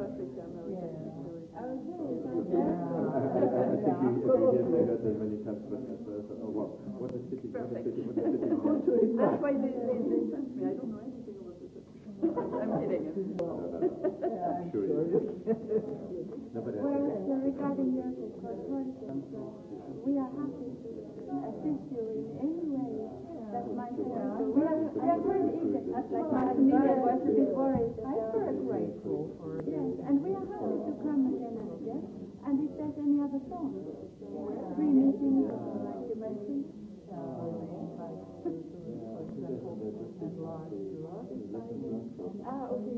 Speaker 4: That's why they, they, me. I don't know anything about this. I'm kidding. Well, regarding your we are happy to assist in any way that might worried Yes, and we are happy to come again as guests. And if there's any other song,
Speaker 1: Three meetings, like you mentioned.
Speaker 4: Ah, okay.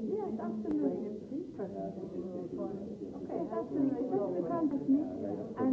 Speaker 1: Yes, absolutely.
Speaker 4: Okay, absolutely. Just to come with me and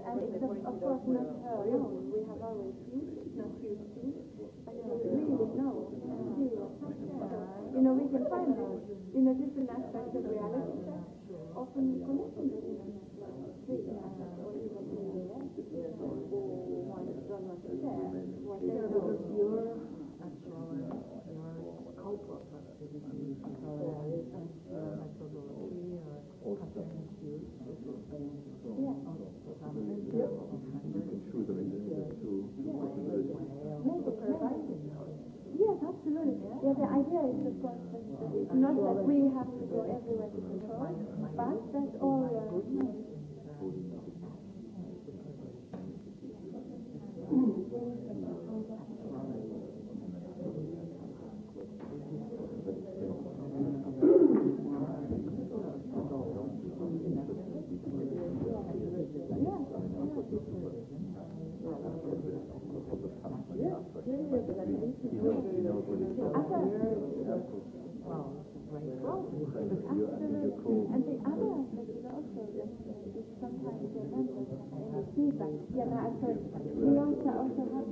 Speaker 4: of course, not her own. We have always seen it's not to. And we really know You know, we can
Speaker 1: find out in a different aspect of reality that often connecting
Speaker 4: idea is, of course, that it's not that we have Yeah,
Speaker 1: but also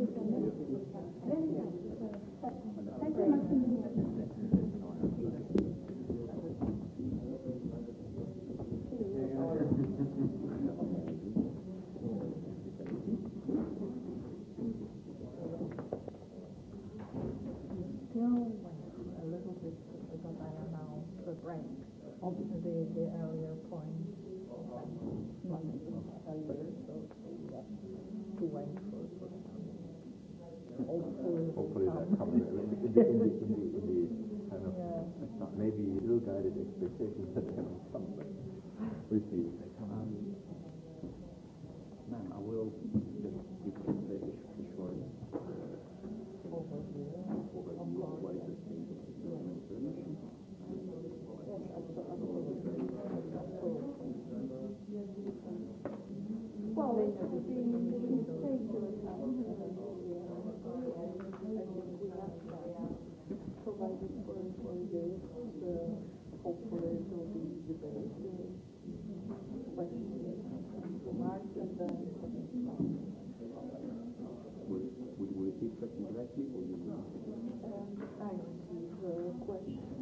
Speaker 1: Hopefully that
Speaker 4: comes it. In the, in the, in the, in the kind of, maybe ill-guided expectations that they don't come, but
Speaker 1: we see.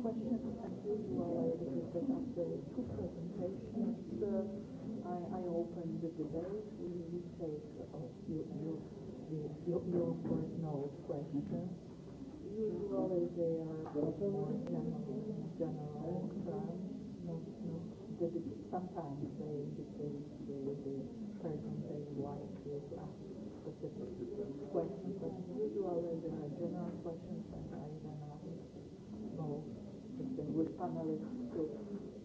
Speaker 1: questions as usual because after two presentations uh I, I open the debate. We will take oh, you, you, you, your personal questions. Usually they are more general, general terms. Not, not, sometimes they indicate the, the person they like with panelists to,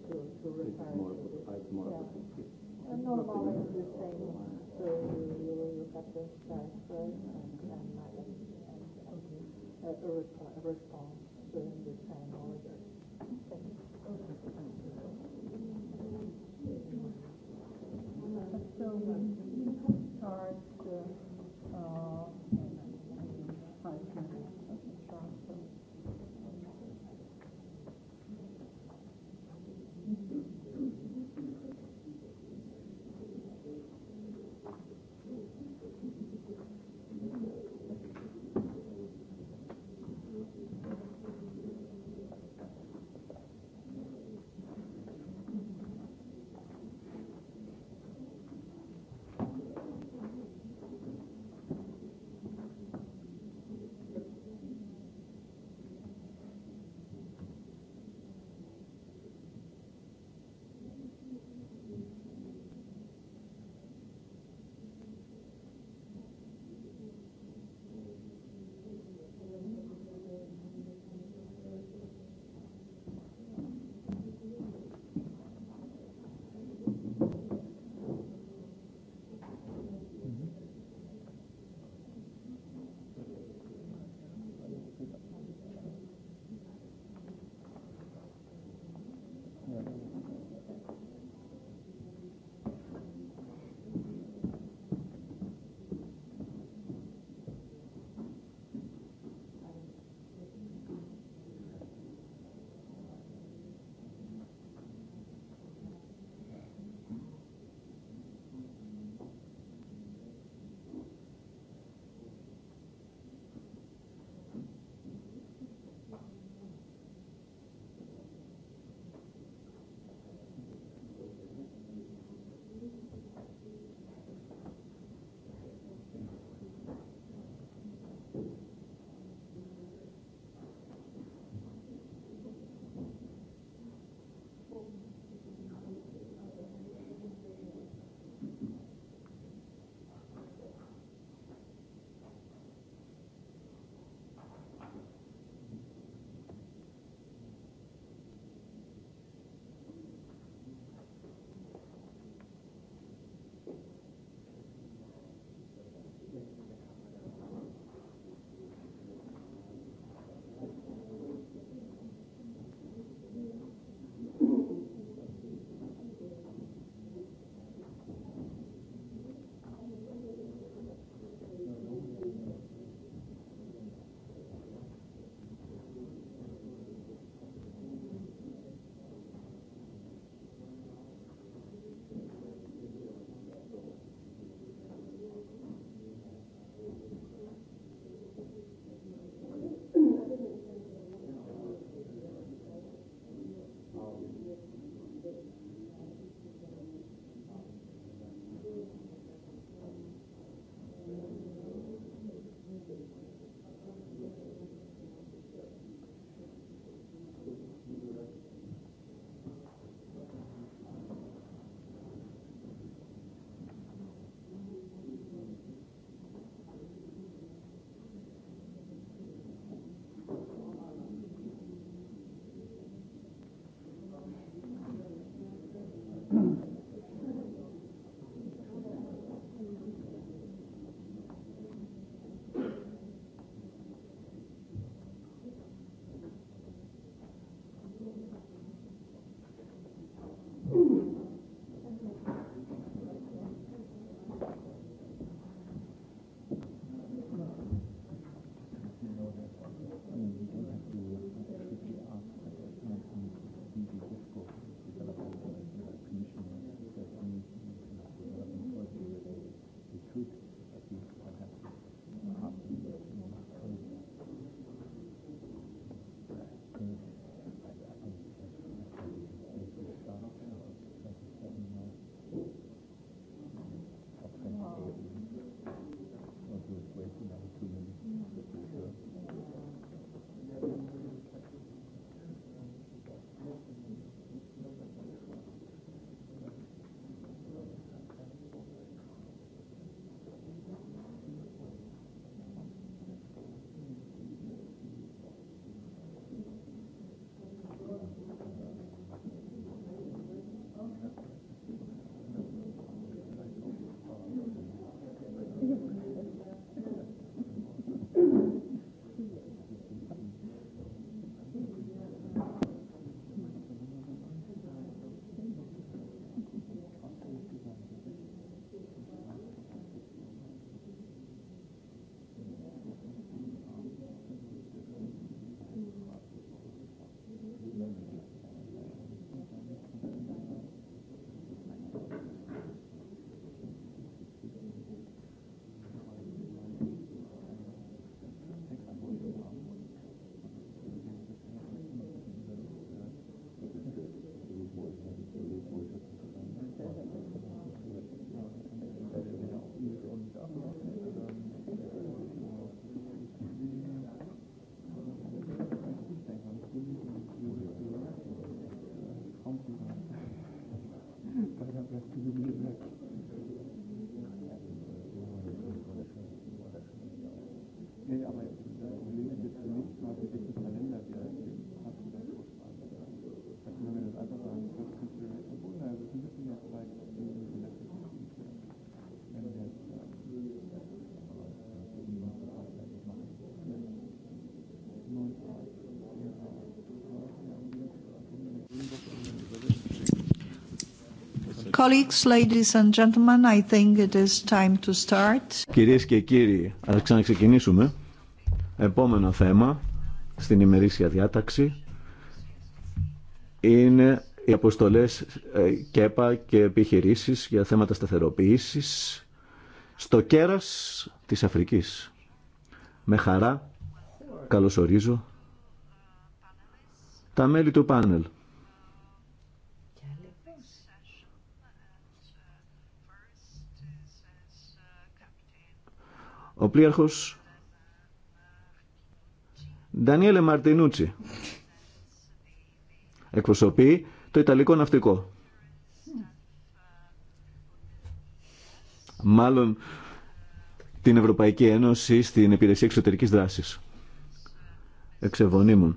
Speaker 4: to, to refer more, to this. It's more yeah.
Speaker 1: And normally it's the same, so you will look at the slides first and, and, and, a
Speaker 4: uh, resp response in the same order. Thank you.
Speaker 1: So, Colleagues,
Speaker 2: Κυρίες και κύριοι, ας ξαναξεκινήσουμε. Επόμενο θέμα στην ημερήσια διάταξη είναι οι αποστολές ε, ΚΕΠΑ και επιχειρήσεις για θέματα σταθεροποίησης στο κέρας της Αφρικής. Με χαρά καλωσορίζω τα μέλη του πάνελ. πλήρχος Ντανιέλε Μαρτινούτσι. Εκπροσωπεί το Ιταλικό Ναυτικό. Μάλλον την Ευρωπαϊκή Ένωση στην Υπηρεσία Εξωτερικής Δράσης. Εξεβονίμων.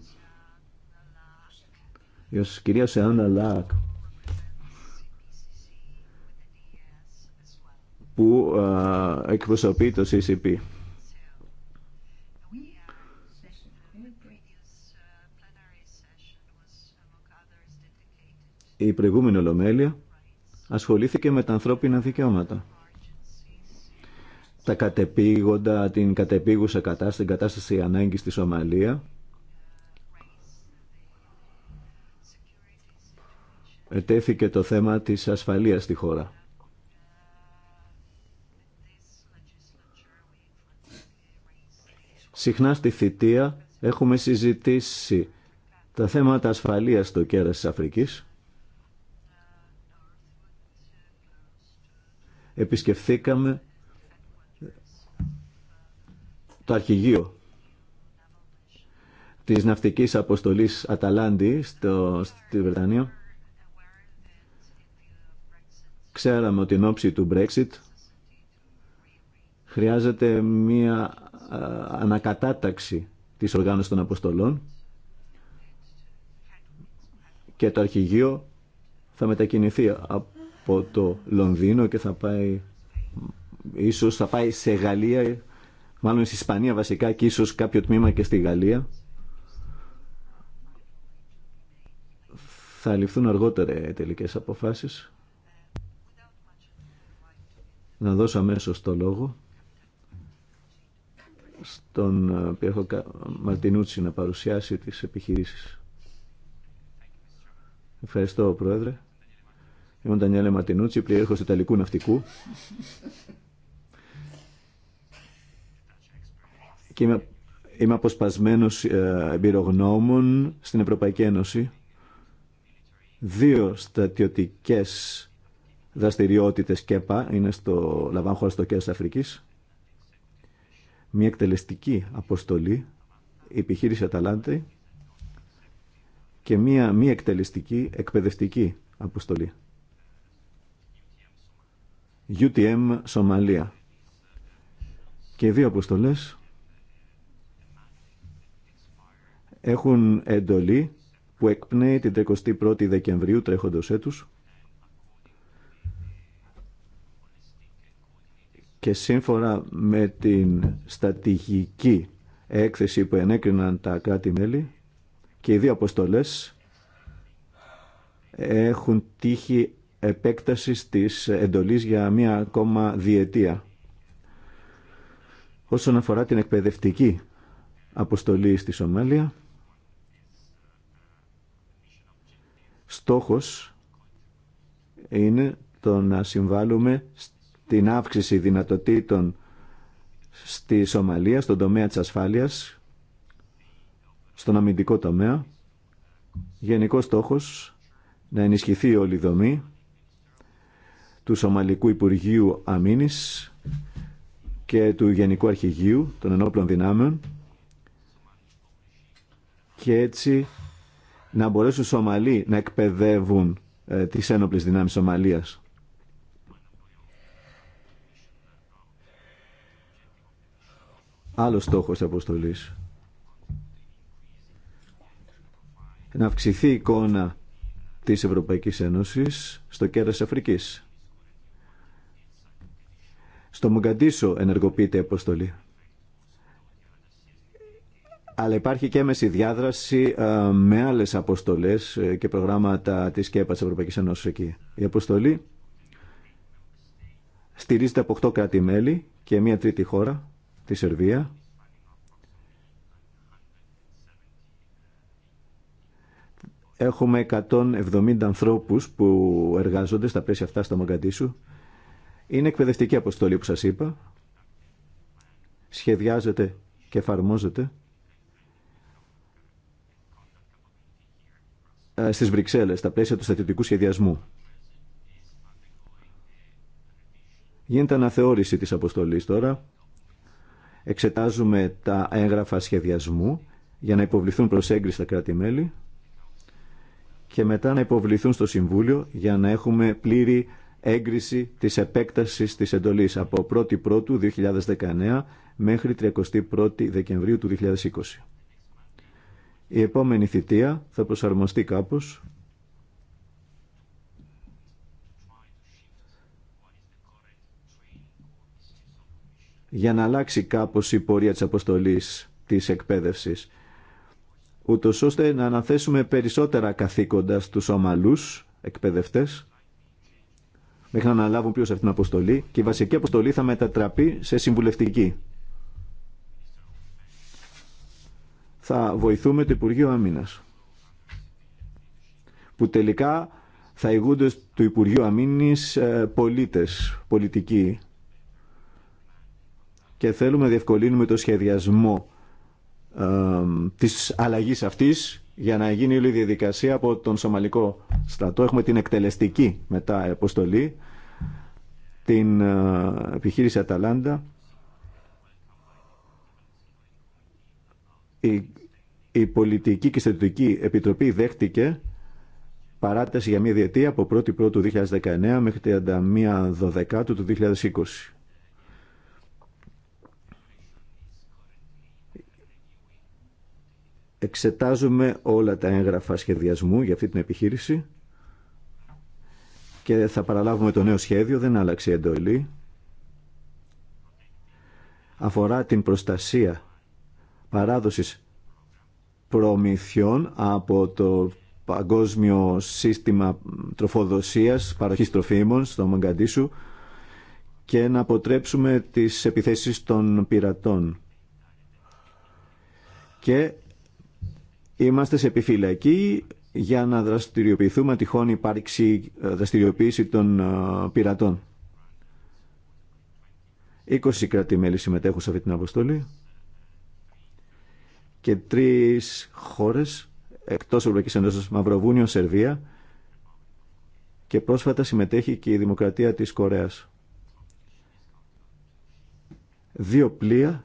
Speaker 2: Η κυρία Σεάννα Λάκ που ε, εκπροσωπεί το CCP. Η προηγούμενη Ολομέλεια ασχολήθηκε με τα ανθρώπινα δικαιώματα. Τα κατεπήγοντα, την κατεπήγουσα κατάσταση, την κατάσταση ανάγκης στη Σομαλία, ετέθηκε το θέμα της ασφαλείας στη χώρα. Συχνά στη θητεία έχουμε συζητήσει τα θέματα ασφαλείας στο κέρας της Αφρικής. Επισκεφθήκαμε το αρχηγείο της ναυτικής αποστολής Αταλάντη στο, στη Βρετανία. Ξέραμε ότι εν ώψη του Brexit χρειάζεται μία ε, ανακατάταξη της οργάνωσης των αποστολών και το αρχηγείο θα μετακινηθεί από το Λονδίνο και θα πάει ίσως θα πάει σε Γαλλία μάλλον στη Ισπανία βασικά και ίσως κάποιο τμήμα και στη Γαλλία θα ληφθούν αργότερα οι τελικές αποφάσεις να δώσω αμέσως το λόγο στον ε, Πιέρχο Μαρτινούτσι να παρουσιάσει τις επιχειρήσεις. Ευχαριστώ, Πρόεδρε. Είμαι ο Ντανιέλε Μαρτινούτσι, πλήρχος Ιταλικού Ναυτικού. Και είμαι, είμαι αποσπασμένος ε, εμπειρογνώμων στην Ευρωπαϊκή Ένωση. Δύο στρατιωτικές δραστηριότητες ΚΕΠΑ είναι στο Λαβάν στο κέντρο της Αφρικής μια εκτελεστική αποστολή, η επιχείρηση Αταλάντη και μια μη εκτελεστική εκπαιδευτική αποστολή. UTM Σομαλία. Και οι δύο αποστολές έχουν εντολή που εκπνέει την 31η Δεκεμβρίου τρέχοντος έτους και σύμφωνα με την στατηγική έκθεση που ενέκριναν τα κράτη-μέλη και οι δύο αποστολές έχουν τύχει επέκτασης της εντολής για μία ακόμα διετία. Όσον αφορά την εκπαιδευτική αποστολή στη Σομάλια, στόχος είναι το να συμβάλλουμε την αύξηση δυνατοτήτων στη Σομαλία, στον τομέα της ασφάλειας, στον αμυντικό τομέα. Γενικός στόχος να ενισχυθεί όλη η δομή του Σομαλικού Υπουργείου Αμήνης και του Γενικού Αρχηγείου των Ενόπλων Δυνάμεων και έτσι να μπορέσουν οι Σομαλοί να εκπαιδεύουν ε, τις ένοπλες δυνάμεις Σομαλίας. Άλλο στόχος της αποστολής. Να αυξηθεί η εικόνα της Ευρωπαϊκής Ένωσης στο κέρας Αφρικής. Στο Μογκαντήσο ενεργοποιείται η αποστολή. Αλλά υπάρχει και έμεση διάδραση ε, με άλλες αποστολές ε, και προγράμματα της ΚΕΠΑ της Ευρωπαϊκής Ένωσης εκεί. Η αποστολή στηρίζεται από 8 κράτη-μέλη και μία τρίτη χώρα τη Σερβία έχουμε 170 ανθρώπους που εργάζονται στα πλαίσια αυτά στο Μαγκαντήσου είναι εκπαιδευτική αποστολή που σας είπα σχεδιάζεται και εφαρμόζεται ε, στις Βρυξέλλες, στα πλαίσια του στατιωτικού σχεδιασμού. Γίνεται αναθεώρηση της αποστολής τώρα Εξετάζουμε τα έγγραφα σχεδιασμού για να υποβληθούν προς έγκριση τα κράτη-μέλη και μετά να υποβληθούν στο Συμβούλιο για να έχουμε πλήρη έγκριση της επέκτασης της εντολής από 1η Πρώτου 2019 μέχρι 31η Δεκεμβρίου του 2020. Η επόμενη θητεία θα προσαρμοστεί κάπως για να αλλάξει κάπως η πορεία της αποστολής της εκπαίδευσης ούτω ώστε να αναθέσουμε περισσότερα καθήκοντα στους ομαλούς εκπαιδευτές μέχρι να αναλάβουν ποιος αυτήν την αποστολή και η βασική αποστολή θα μετατραπεί σε συμβουλευτική. Θα βοηθούμε το Υπουργείο Αμήνας που τελικά θα ηγούνται του Υπουργείου Αμήνης ε, πολίτες, πολιτικοί και θέλουμε να διευκολύνουμε το σχεδιασμό ε, της αλλαγής αυτής για να γίνει όλη η διαδικασία από τον Σομαλικό στρατό. Έχουμε την εκτελεστική μετά αποστολή, την ε, επιχείρηση Αταλάντα. Η, Πολιτική και Στρατιωτική Επιτροπή δέχτηκε παράταση για μία διετία από 1η του 2019 μέχρι 31 Δωδεκάτου του 2020. Εξετάζουμε όλα τα έγγραφα σχεδιασμού για αυτή την επιχείρηση και θα παραλάβουμε το νέο σχέδιο, δεν άλλαξε η εντολή. Αφορά την προστασία παράδοσης προμηθειών από το παγκόσμιο σύστημα τροφοδοσίας, παροχής τροφίμων στο Μαγκαντήσου και να αποτρέψουμε τις επιθέσεις των πειρατών. Και Είμαστε σε επιφυλακή για να δραστηριοποιηθούμε τυχόν υπάρξει ε, δραστηριοποίηση των ε, πειρατών. 20 κράτη-μέλη συμμετέχουν σε αυτή την αποστολή και τρεις χώρες εκτός Ευρωπαϊκής Ενώσης, Μαυροβούνιο, Σερβία και πρόσφατα συμμετέχει και η Δημοκρατία της Κορέας. Δύο πλοία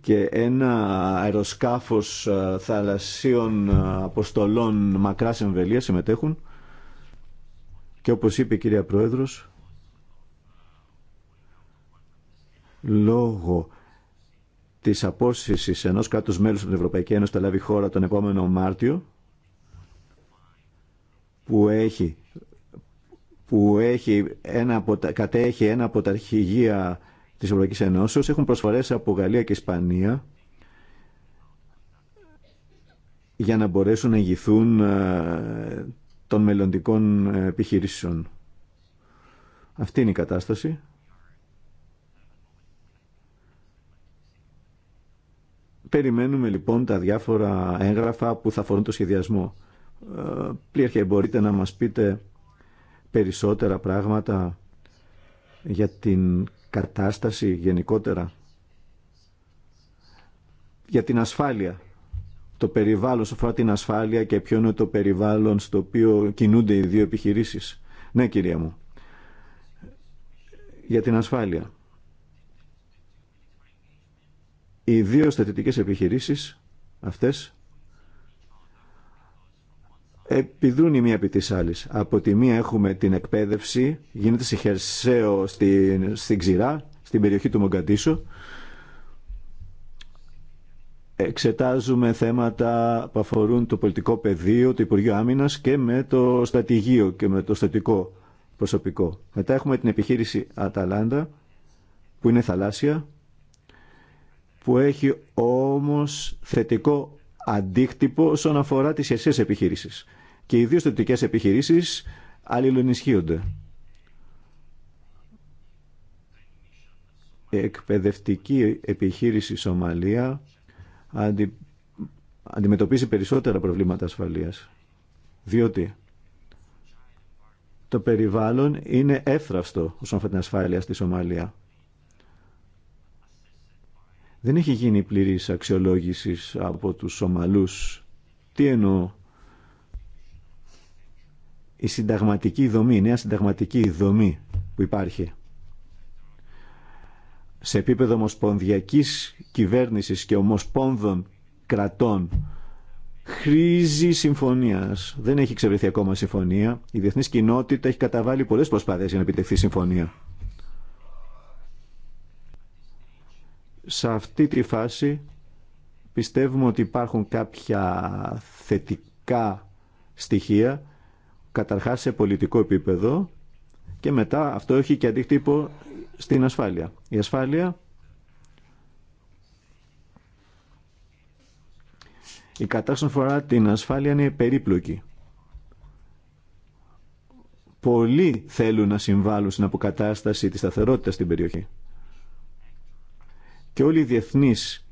Speaker 2: και ένα αεροσκάφος ε, θαλασσίων ε, αποστολών μακράς εμβελίας συμμετέχουν και όπως είπε η κυρία Πρόεδρος λόγω της απόσυσης ενός κράτους μέλους από την Ευρωπαϊκή Ένωση θα λάβει χώρα τον επόμενο Μάρτιο που έχει, που έχει ένα κατέχει ένα από τα αρχηγεία της Ευρωπαϊκής Ενώσεως έχουν προσφορές από Γαλλία και Ισπανία για να μπορέσουν να ηγηθούν ε, των μελλοντικών ε, επιχειρήσεων. Αυτή είναι η κατάσταση. Περιμένουμε λοιπόν τα διάφορα έγγραφα που θα αφορούν το σχεδιασμό. Ε, Πλήρχε, μπορείτε να μας πείτε περισσότερα πράγματα για την κατάσταση γενικότερα για την ασφάλεια. Το περιβάλλον, σε την ασφάλεια και ποιο είναι το περιβάλλον στο οποίο κινούνται οι δύο επιχειρήσεις. Ναι, κυρία μου. Για την ασφάλεια. Οι δύο στατητικές επιχειρήσεις αυτές επιδούν η μία επί της άλλης. Από τη μία έχουμε την εκπαίδευση, γίνεται σε χερσαίο στην, στην Ξηρά, στην περιοχή του Μογκαντήσου. Εξετάζουμε θέματα που αφορούν το πολιτικό πεδίο, το Υπουργείο Άμυνας και με το στρατηγείο και με το στατικό προσωπικό. Μετά έχουμε την επιχείρηση Αταλάντα, που είναι θαλάσσια, που έχει όμως θετικό αντίκτυπο όσον αφορά τις επιχείρησης και οι δύο θετικές επιχειρήσεις αλληλοενισχύονται. Η εκπαιδευτική επιχείρηση Σομαλία αντι... αντιμετωπίζει περισσότερα προβλήματα ασφαλείας. Διότι το περιβάλλον είναι εύθραυστο όσον αφορά την ασφάλεια στη Σομαλία. Δεν έχει γίνει πλήρης αξιολόγησης από τους Σομαλούς. Τι εννοώ η συνταγματική δομή, η νέα συνταγματική δομή που υπάρχει. Σε επίπεδο ομοσπονδιακής κυβέρνησης και ομοσπόνδων κρατών χρήζει συμφωνίας. Δεν έχει ξεβρεθεί ακόμα συμφωνία. Η διεθνής κοινότητα έχει καταβάλει πολλές προσπάθειες για να επιτευχθεί συμφωνία. Σε αυτή τη φάση πιστεύουμε ότι υπάρχουν κάποια θετικά στοιχεία καταρχάς σε πολιτικό επίπεδο και μετά αυτό έχει και αντίκτυπο στην ασφάλεια. Η ασφάλεια Η κατάσταση φορά την ασφάλεια είναι περίπλοκη. Πολλοί θέλουν να συμβάλλουν στην αποκατάσταση της σταθερότητας στην περιοχή. Και όλοι οι διεθνείς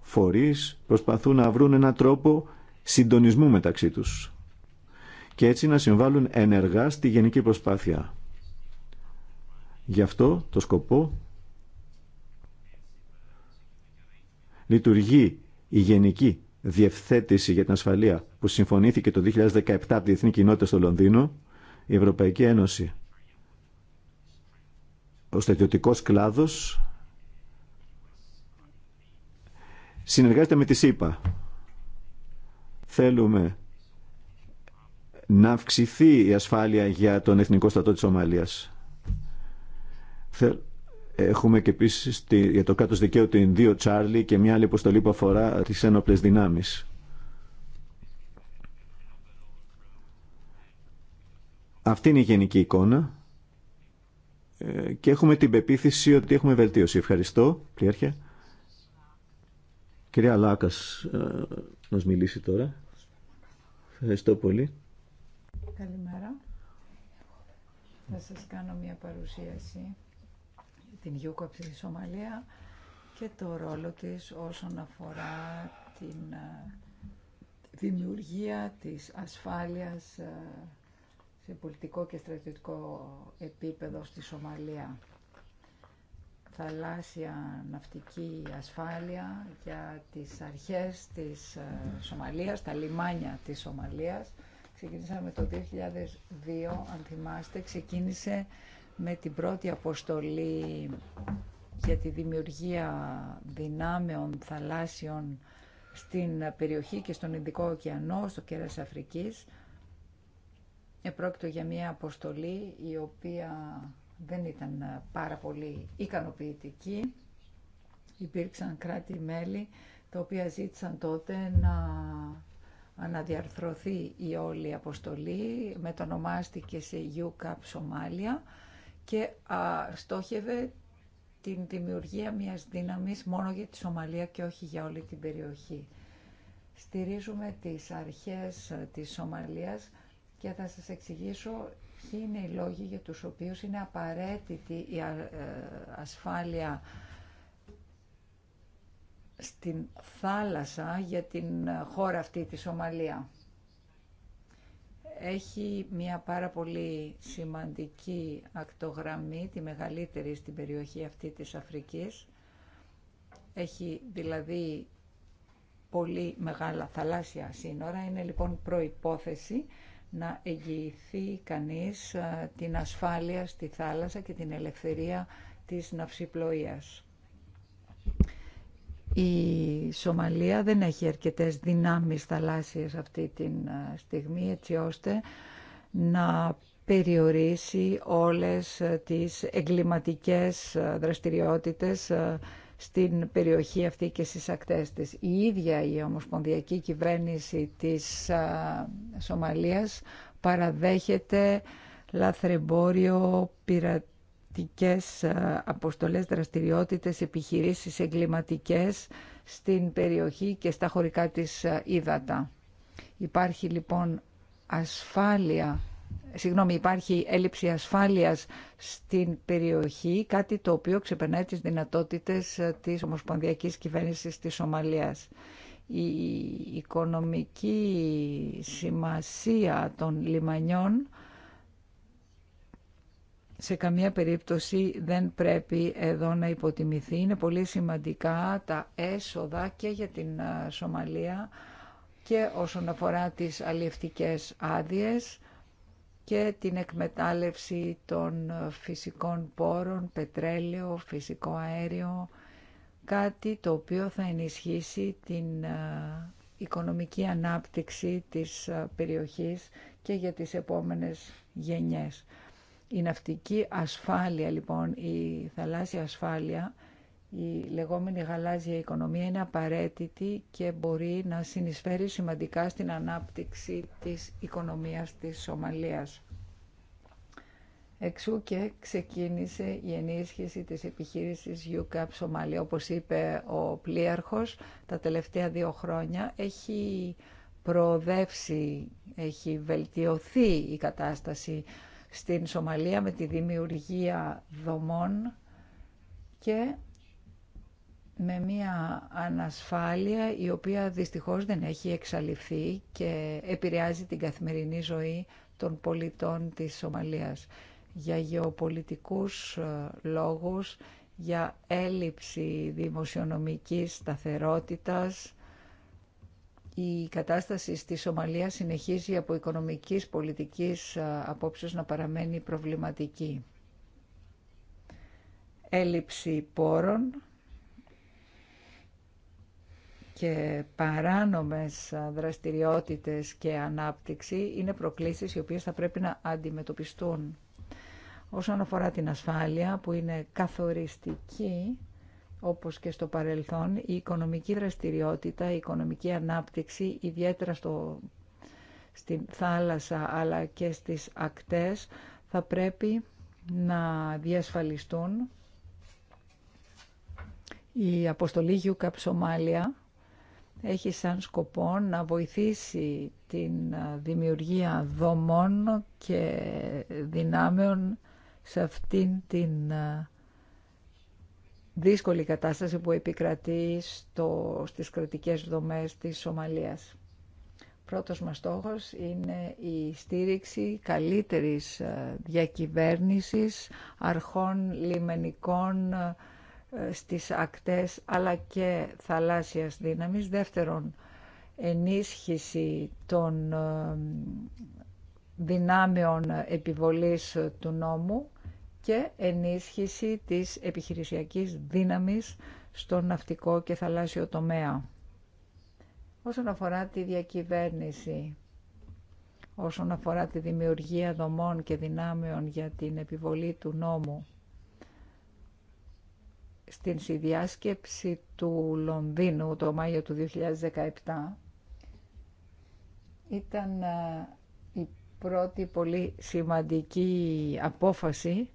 Speaker 2: φορείς προσπαθούν να βρουν έναν τρόπο συντονισμού μεταξύ τους και έτσι να συμβάλλουν ενεργά στη γενική προσπάθεια. Γι' αυτό το σκοπό λειτουργεί η γενική διευθέτηση για την ασφαλεία που συμφωνήθηκε το 2017 από τη Διεθνή Κοινότητα στο Λονδίνο, η Ευρωπαϊκή Ένωση. Ο στρατιωτικός κλάδος συνεργάζεται με τη ΣΥΠΑ. Θέλουμε να αυξηθεί η ασφάλεια για τον Εθνικό Στρατό της Σομαλίας. Έχουμε και επίση για το κάτω δικαίου την 2 Τσάρλι και μια άλλη υποστολή που αφορά τι ένοπλε δυνάμει. Αυτή είναι η γενική εικόνα ε, και έχουμε την πεποίθηση ότι έχουμε βελτίωση. Ευχαριστώ, Πλήρχε. Κυρία Λάκας, ε, μας μιλήσει τώρα. Ευχαριστώ πολύ.
Speaker 3: Καλημέρα. Θα σας κάνω μια παρουσίαση για την Γιούκο από τη Σομαλία και το ρόλο της όσον αφορά την ε, δημιουργία της ασφάλειας ε, σε πολιτικό και στρατιωτικό επίπεδο στη Σομαλία. Θαλάσσια ναυτική ασφάλεια για τις αρχές της ε, Σομαλίας, τα λιμάνια της Σομαλίας ξεκινήσαμε το 2002, αν θυμάστε, ξεκίνησε με την πρώτη αποστολή για τη δημιουργία δυνάμεων θαλάσσιων στην περιοχή και στον Ινδικό ωκεανό, στο κέρας Αφρικής. Επρόκειτο για μια αποστολή η οποία δεν ήταν πάρα πολύ ικανοποιητική. Υπήρξαν κράτη-μέλη τα οποία ζήτησαν τότε να αναδιαρθρωθεί η όλη αποστολή, μετονομάστηκε σε UCAP Σομάλια και α, στόχευε την δημιουργία μιας δύναμης μόνο για τη Σομαλία και όχι για όλη την περιοχή. Στηρίζουμε τις αρχές ε, της Σομαλίας και θα σας εξηγήσω ποιοι είναι οι λόγοι για τους οποίους είναι απαραίτητη η ε, ασφάλεια στην θάλασσα για την χώρα αυτή τη Σομαλία. Έχει μια πάρα πολύ σημαντική ακτογραμμή, τη μεγαλύτερη στην περιοχή αυτή της Αφρικής. Έχει δηλαδή πολύ μεγάλα θαλάσσια σύνορα. Είναι λοιπόν προϋπόθεση να εγγυηθεί κανείς ε, την ασφάλεια στη θάλασσα και την ελευθερία της ναυσιπλοείας. Η Σομαλία δεν έχει αρκετές δυνάμεις θαλάσσιες αυτή τη ε, στιγμή έτσι ώστε να περιορίσει όλες ε, τις εγκληματικές ε, δραστηριότητες στην περιοχή αυτή και στις ακτές της. Η ίδια η Ομοσπονδιακή Κυβέρνηση της Σομαλίας παραδέχεται λαθρεμπόριο, πειρατή τικές ε, αποστολές, δραστηριότητες, επιχειρήσεις εγκληματικές στην περιοχή και στα χωρικά της ίδατα. Ε, υπάρχει λοιπόν ασφάλεια, συγγνώμη, υπάρχει έλλειψη ασφάλειας στην περιοχή, κάτι το οποίο ξεπερνάει τις δυνατότητες ε, της Ομοσπονδιακής Κυβέρνησης της Σομαλίας. Η οικονομική σημασία των λιμανιών σε καμία περίπτωση δεν πρέπει εδώ να υποτιμηθεί. Είναι πολύ σημαντικά τα έσοδα και για την Σομαλία και όσον αφορά τις αλλιευτικές άδειες και την εκμετάλλευση των φυσικών πόρων, πετρέλαιο, φυσικό αέριο, κάτι το οποίο θα ενισχύσει την οικονομική ανάπτυξη της περιοχής και για τις επόμενες γενιές. Η ναυτική ασφάλεια λοιπόν, η θαλάσσια ασφάλεια, η λεγόμενη γαλάζια οικονομία είναι απαραίτητη και μπορεί να συνεισφέρει σημαντικά στην ανάπτυξη της οικονομίας της Σομαλίας. Εξού και ξεκίνησε η ενίσχυση της επιχείρησης UCAP Σομαλία. Όπως είπε ο πλοίαρχος, τα τελευταία δύο χρόνια έχει προοδεύσει, έχει βελτιωθεί η κατάσταση στην Σομαλία με τη δημιουργία δομών και με μια ανασφάλεια η οποία δυστυχώς δεν έχει εξαλειφθεί και επηρεάζει την καθημερινή ζωή των πολιτών της Σομαλίας. Για γεωπολιτικούς ε, λόγους, για έλλειψη δημοσιονομικής σταθερότητας, η κατάσταση στη Σομαλία συνεχίζει από οικονομικής πολιτικής ε, απόψεως να παραμένει προβληματική. Έλλειψη πόρων και παράνομες ε, δραστηριότητες και ανάπτυξη είναι προκλήσεις οι οποίες θα πρέπει να αντιμετωπιστούν. Όσον αφορά την ασφάλεια που είναι καθοριστική όπως και στο παρελθόν, η οικονομική δραστηριότητα, η οικονομική ανάπτυξη, ιδιαίτερα στο, στην θάλασσα αλλά και στις ακτές, θα πρέπει να διασφαλιστούν. Η αποστολή Γιου Καψομάλια έχει σαν σκοπό να βοηθήσει την δημιουργία δομών και δυνάμεων σε αυτήν την δύσκολη κατάσταση που επικρατεί στο, στις κρατικές δομές της Σομαλίας. Πρώτος μας στόχος είναι η στήριξη καλύτερης ε, διακυβέρνησης αρχών λιμενικών ε, στις ακτές αλλά και θαλάσσιας δύναμης. Δεύτερον, ενίσχυση των ε, δυνάμεων επιβολής του νόμου και ενίσχυση της επιχειρησιακής δύναμης στο ναυτικό και θαλάσσιο τομέα. Όσον αφορά τη διακυβέρνηση, όσον αφορά τη δημιουργία δομών και δυνάμεων για την επιβολή του νόμου, στην συνδιάσκεψη του Λονδίνου το Μάιο του 2017 ήταν ε, η πρώτη πολύ σημαντική απόφαση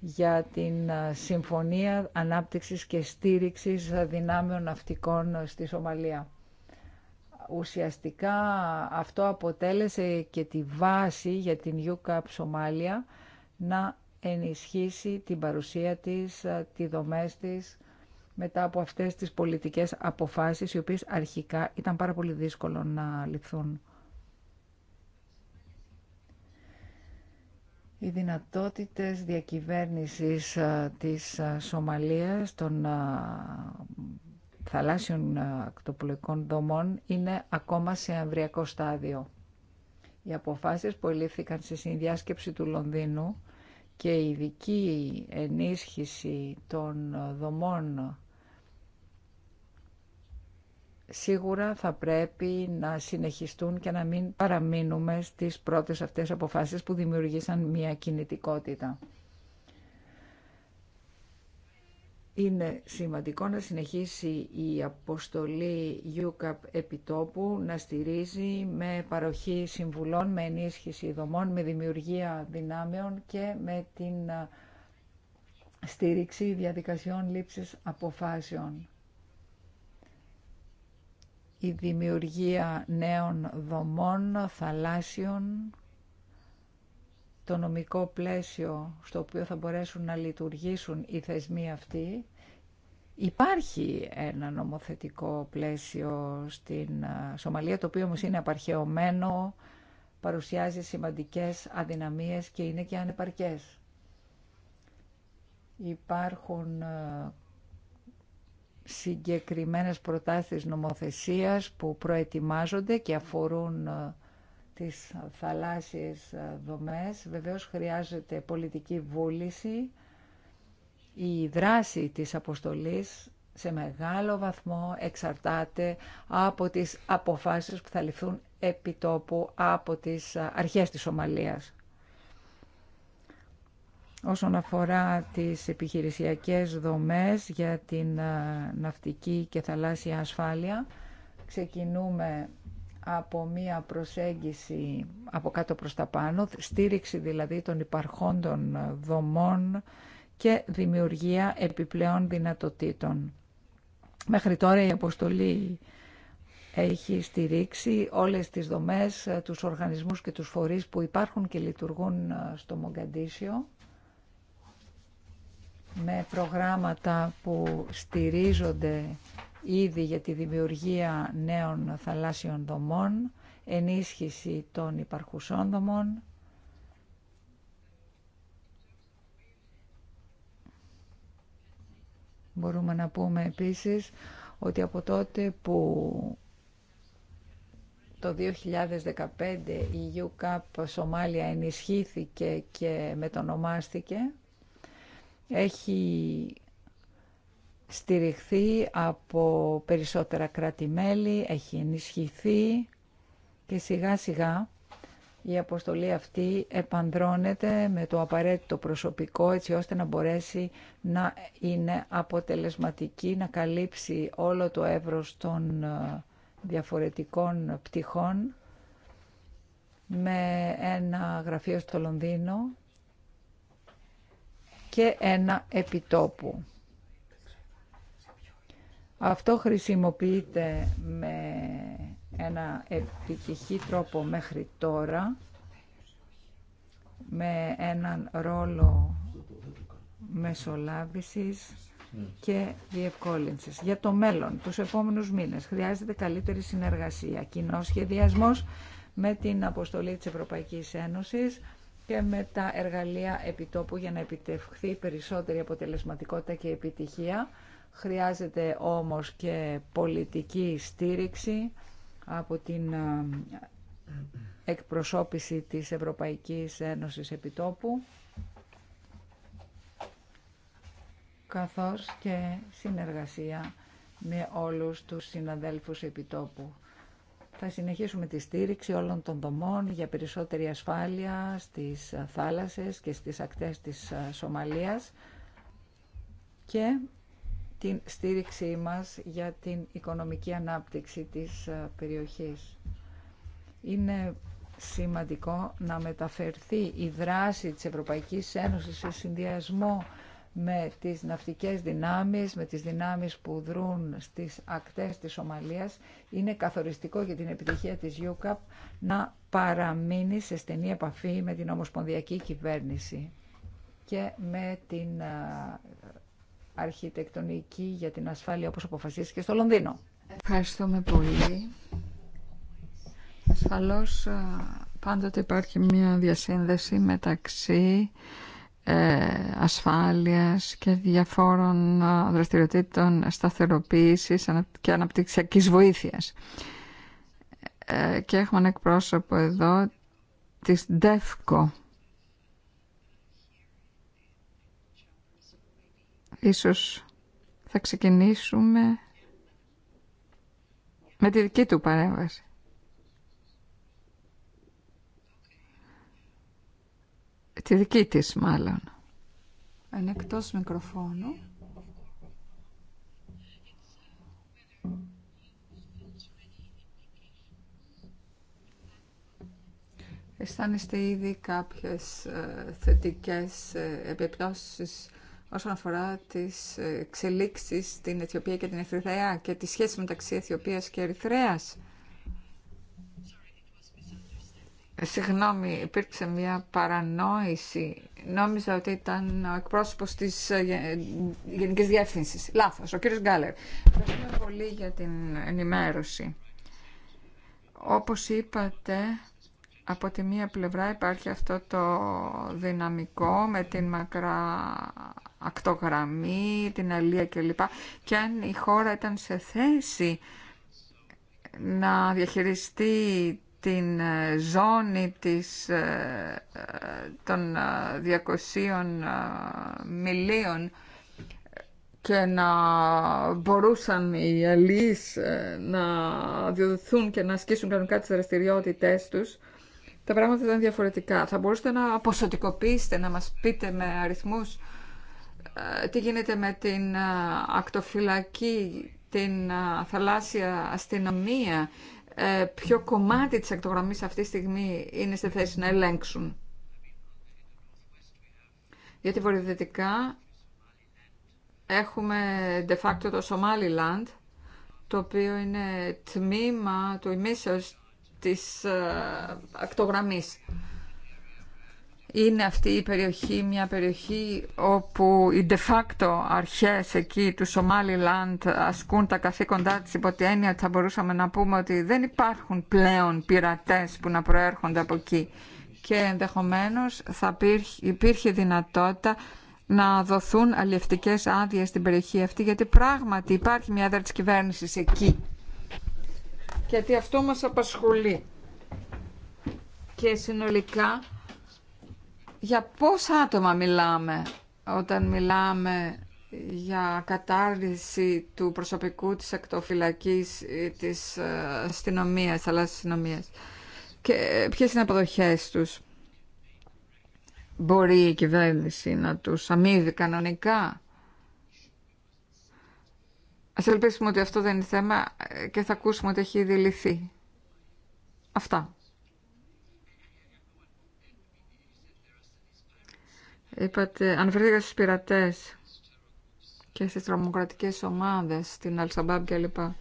Speaker 3: για την ε, Συμφωνία Ανάπτυξης και Στήριξης Δυνάμεων Ναυτικών ε, στη Σομαλία. Ουσιαστικά αυτό αποτέλεσε και τη βάση για την UCAP Σομάλια να ενισχύσει την παρουσία της, ε, τη δομές της, μετά από αυτές τις πολιτικές αποφάσεις, οι οποίες αρχικά ήταν πάρα πολύ δύσκολο να ληφθούν. Οι δυνατότητες διακυβέρνησης ε, της ε, Σομαλίας των ε, θαλάσσιων ακτοπλοϊκών δομών είναι ακόμα σε αμβριακό στάδιο. Οι αποφάσεις που ελήφθηκαν στη συνδιάσκεψη του Λονδίνου και η ειδική ενίσχυση των δομών σίγουρα θα πρέπει να συνεχιστούν και να μην παραμείνουμε στις πρώτες αυτές αποφάσεις που δημιουργήσαν μια κινητικότητα. Είναι σημαντικό να συνεχίσει η αποστολή UCAP επιτόπου να στηρίζει με παροχή συμβουλών, με ενίσχυση δομών, με δημιουργία δυνάμεων και με την στήριξη διαδικασιών λήψης αποφάσεων η δημιουργία νέων δομών, θαλάσσιων, το νομικό πλαίσιο στο οποίο θα μπορέσουν να λειτουργήσουν οι θεσμοί αυτοί. Υπάρχει ένα νομοθετικό πλαίσιο στην ε, Σομαλία, το οποίο όμως είναι απαρχαιωμένο, παρουσιάζει σημαντικές αδυναμίες και είναι και ανεπαρκές. Υπάρχουν ε, συγκεκριμένες προτάσεις νομοθεσίας που προετοιμάζονται και αφορούν ε, τις θαλάσσιες ε, δομές. Βεβαίως χρειάζεται πολιτική βούληση. Η δράση της αποστολής σε μεγάλο βαθμό εξαρτάται από τις αποφάσεις που θα ληφθούν επί από τις ε, αρχές της Σομαλίας όσον αφορά τις επιχειρησιακές δομές για την ε, ναυτική και θαλάσσια ασφάλεια. Ξεκινούμε από μία προσέγγιση από κάτω προς τα πάνω, στήριξη δηλαδή των υπαρχόντων δομών και δημιουργία επιπλέον δυνατοτήτων. Μέχρι τώρα η αποστολή έχει στηρίξει όλες τις δομές, ε, τους οργανισμούς και τους φορείς που υπάρχουν και λειτουργούν ε, στο Μογκαντήσιο με προγράμματα που στηρίζονται ήδη για τη δημιουργία νέων θαλάσσιων δομών, ενίσχυση των υπαρχουσών δομών, Μπορούμε να πούμε επίσης ότι από τότε που το 2015 η UCAP Σομάλια ενισχύθηκε και μετονομάστηκε, έχει στηριχθεί από περισσότερα κράτη-μέλη, έχει ενισχυθεί και σιγά σιγά η αποστολή αυτή επανδρώνεται με το απαραίτητο προσωπικό έτσι ώστε να μπορέσει να είναι αποτελεσματική, να καλύψει όλο το εύρος των ε, διαφορετικών πτυχών με ένα γραφείο στο Λονδίνο και ένα επιτόπου. Αυτό χρησιμοποιείται με ένα επιτυχή τρόπο μέχρι τώρα, με έναν ρόλο μεσολάβησης και διευκόλυνσης. Για το μέλλον, τους επόμενους μήνες, χρειάζεται καλύτερη συνεργασία, κοινό σχεδιασμός με την αποστολή της Ευρωπαϊκής Ένωσης, και με τα εργαλεία επιτόπου για να επιτευχθεί περισσότερη αποτελεσματικότητα και επιτυχία. Χρειάζεται όμως και πολιτική στήριξη από την εκπροσώπηση της Ευρωπαϊκής Ένωσης Επιτόπου καθώς και συνεργασία με όλους τους συναδέλφους επιτόπου. Θα συνεχίσουμε τη στήριξη όλων των δομών για περισσότερη ασφάλεια στις θάλασσες και στις ακτές της Σομαλίας και την στήριξή μας για την οικονομική ανάπτυξη της περιοχής. Είναι σημαντικό να μεταφερθεί η δράση της Ευρωπαϊκής Ένωσης σε συνδυασμό με τις ναυτικές δυνάμεις, με τις δυνάμεις που δρούν στις ακτές της Ομαλίας, είναι καθοριστικό για την επιτυχία της UCAP να παραμείνει σε στενή επαφή με την Ομοσπονδιακή Κυβέρνηση και με την αρχιτεκτονική για την ασφάλεια όπως αποφασίστηκε στο Λονδίνο. Ευχαριστούμε πολύ. Ασφαλώς πάντοτε υπάρχει μια διασύνδεση μεταξύ ε, ασφάλειας και διαφόρων ε, δραστηριοτήτων σταθεροποίησης και αναπτυξιακής βοήθειας. Ε, και έχουμε ένα εκπρόσωπο εδώ της ΔΕΦΚΟ. Ίσως θα ξεκινήσουμε με τη δική του παρέμβαση. τη δική της μάλλον. Είναι εκτός μικροφώνου. Αισθάνεστε ήδη κάποιες ε, θετικές ε, επιπτώσεις όσον αφορά τις ε, εξελίξεις στην Αιθιοπία και την Ερυθρέα και τη σχέση μεταξύ Αιθιοπίας και Ερυθρέας. Ε, συγγνώμη, υπήρξε μια παρανόηση. Νόμιζα ότι ήταν ο εκπρόσωπο της ε, γενική διεύθυνση. Λάθος, ο κύριος Γκάλερ. Ευχαριστούμε πολύ για την ενημέρωση. Όπως είπατε, από τη μία πλευρά υπάρχει αυτό το δυναμικό με την μακρά ακτογραμμή, την αλία κλπ. Και αν η χώρα ήταν σε θέση να διαχειριστεί την ε, ζώνη της, ε, ε, των 200 μιλίων και να μπορούσαν οι αλλοίς να διοδοθούν και να ασκήσουν κανονικά τις δραστηριότητές τους, τα πράγματα ήταν διαφορετικά. Θα μπορούσατε να ποσοτικοποιήσετε, να μας πείτε με αριθμούς τι γίνεται με την ακτοφυλακή, την θαλάσσια αστυνομία, ε, ποιο κομμάτι της ακτογραμμής αυτή τη στιγμή είναι στη θέση να ελέγξουν. Γιατί βορειοδυτικά έχουμε de facto το Somaliland, το οποίο είναι τμήμα του ημίσεως της ε, ακτογραμμής είναι αυτή η περιοχή μια περιοχή όπου οι de facto αρχές εκεί του Σομάλιλαντ ασκούν τα καθήκοντά της υπό τη έννοια ότι θα μπορούσαμε να πούμε ότι δεν υπάρχουν πλέον πειρατές που να προέρχονται από εκεί και ενδεχομένως θα υπήρχε δυνατότητα να δοθούν αλλιευτικές άδειε στην περιοχή αυτή γιατί πράγματι υπάρχει μια έδρα τη κυβέρνησης εκεί γιατί αυτό μας απασχολεί και συνολικά για πόσα άτομα μιλάμε όταν μιλάμε για κατάρριση του προσωπικού της εκτοφυλακής ή της αστυνομία, αλλά αστυνομία. Και ποιες είναι οι αποδοχές τους. Μπορεί η κυβέρνηση να τους αμείβει κανονικά. Ας ελπίσουμε ότι αυτό δεν είναι θέμα και θα ακούσουμε ότι έχει δηληθεί. Αυτά. Είπατε, αναφερθήκατε στους πειρατές και στις τρομοκρατικές ομάδες, στην Αλσαμπάμπ και λοιπά.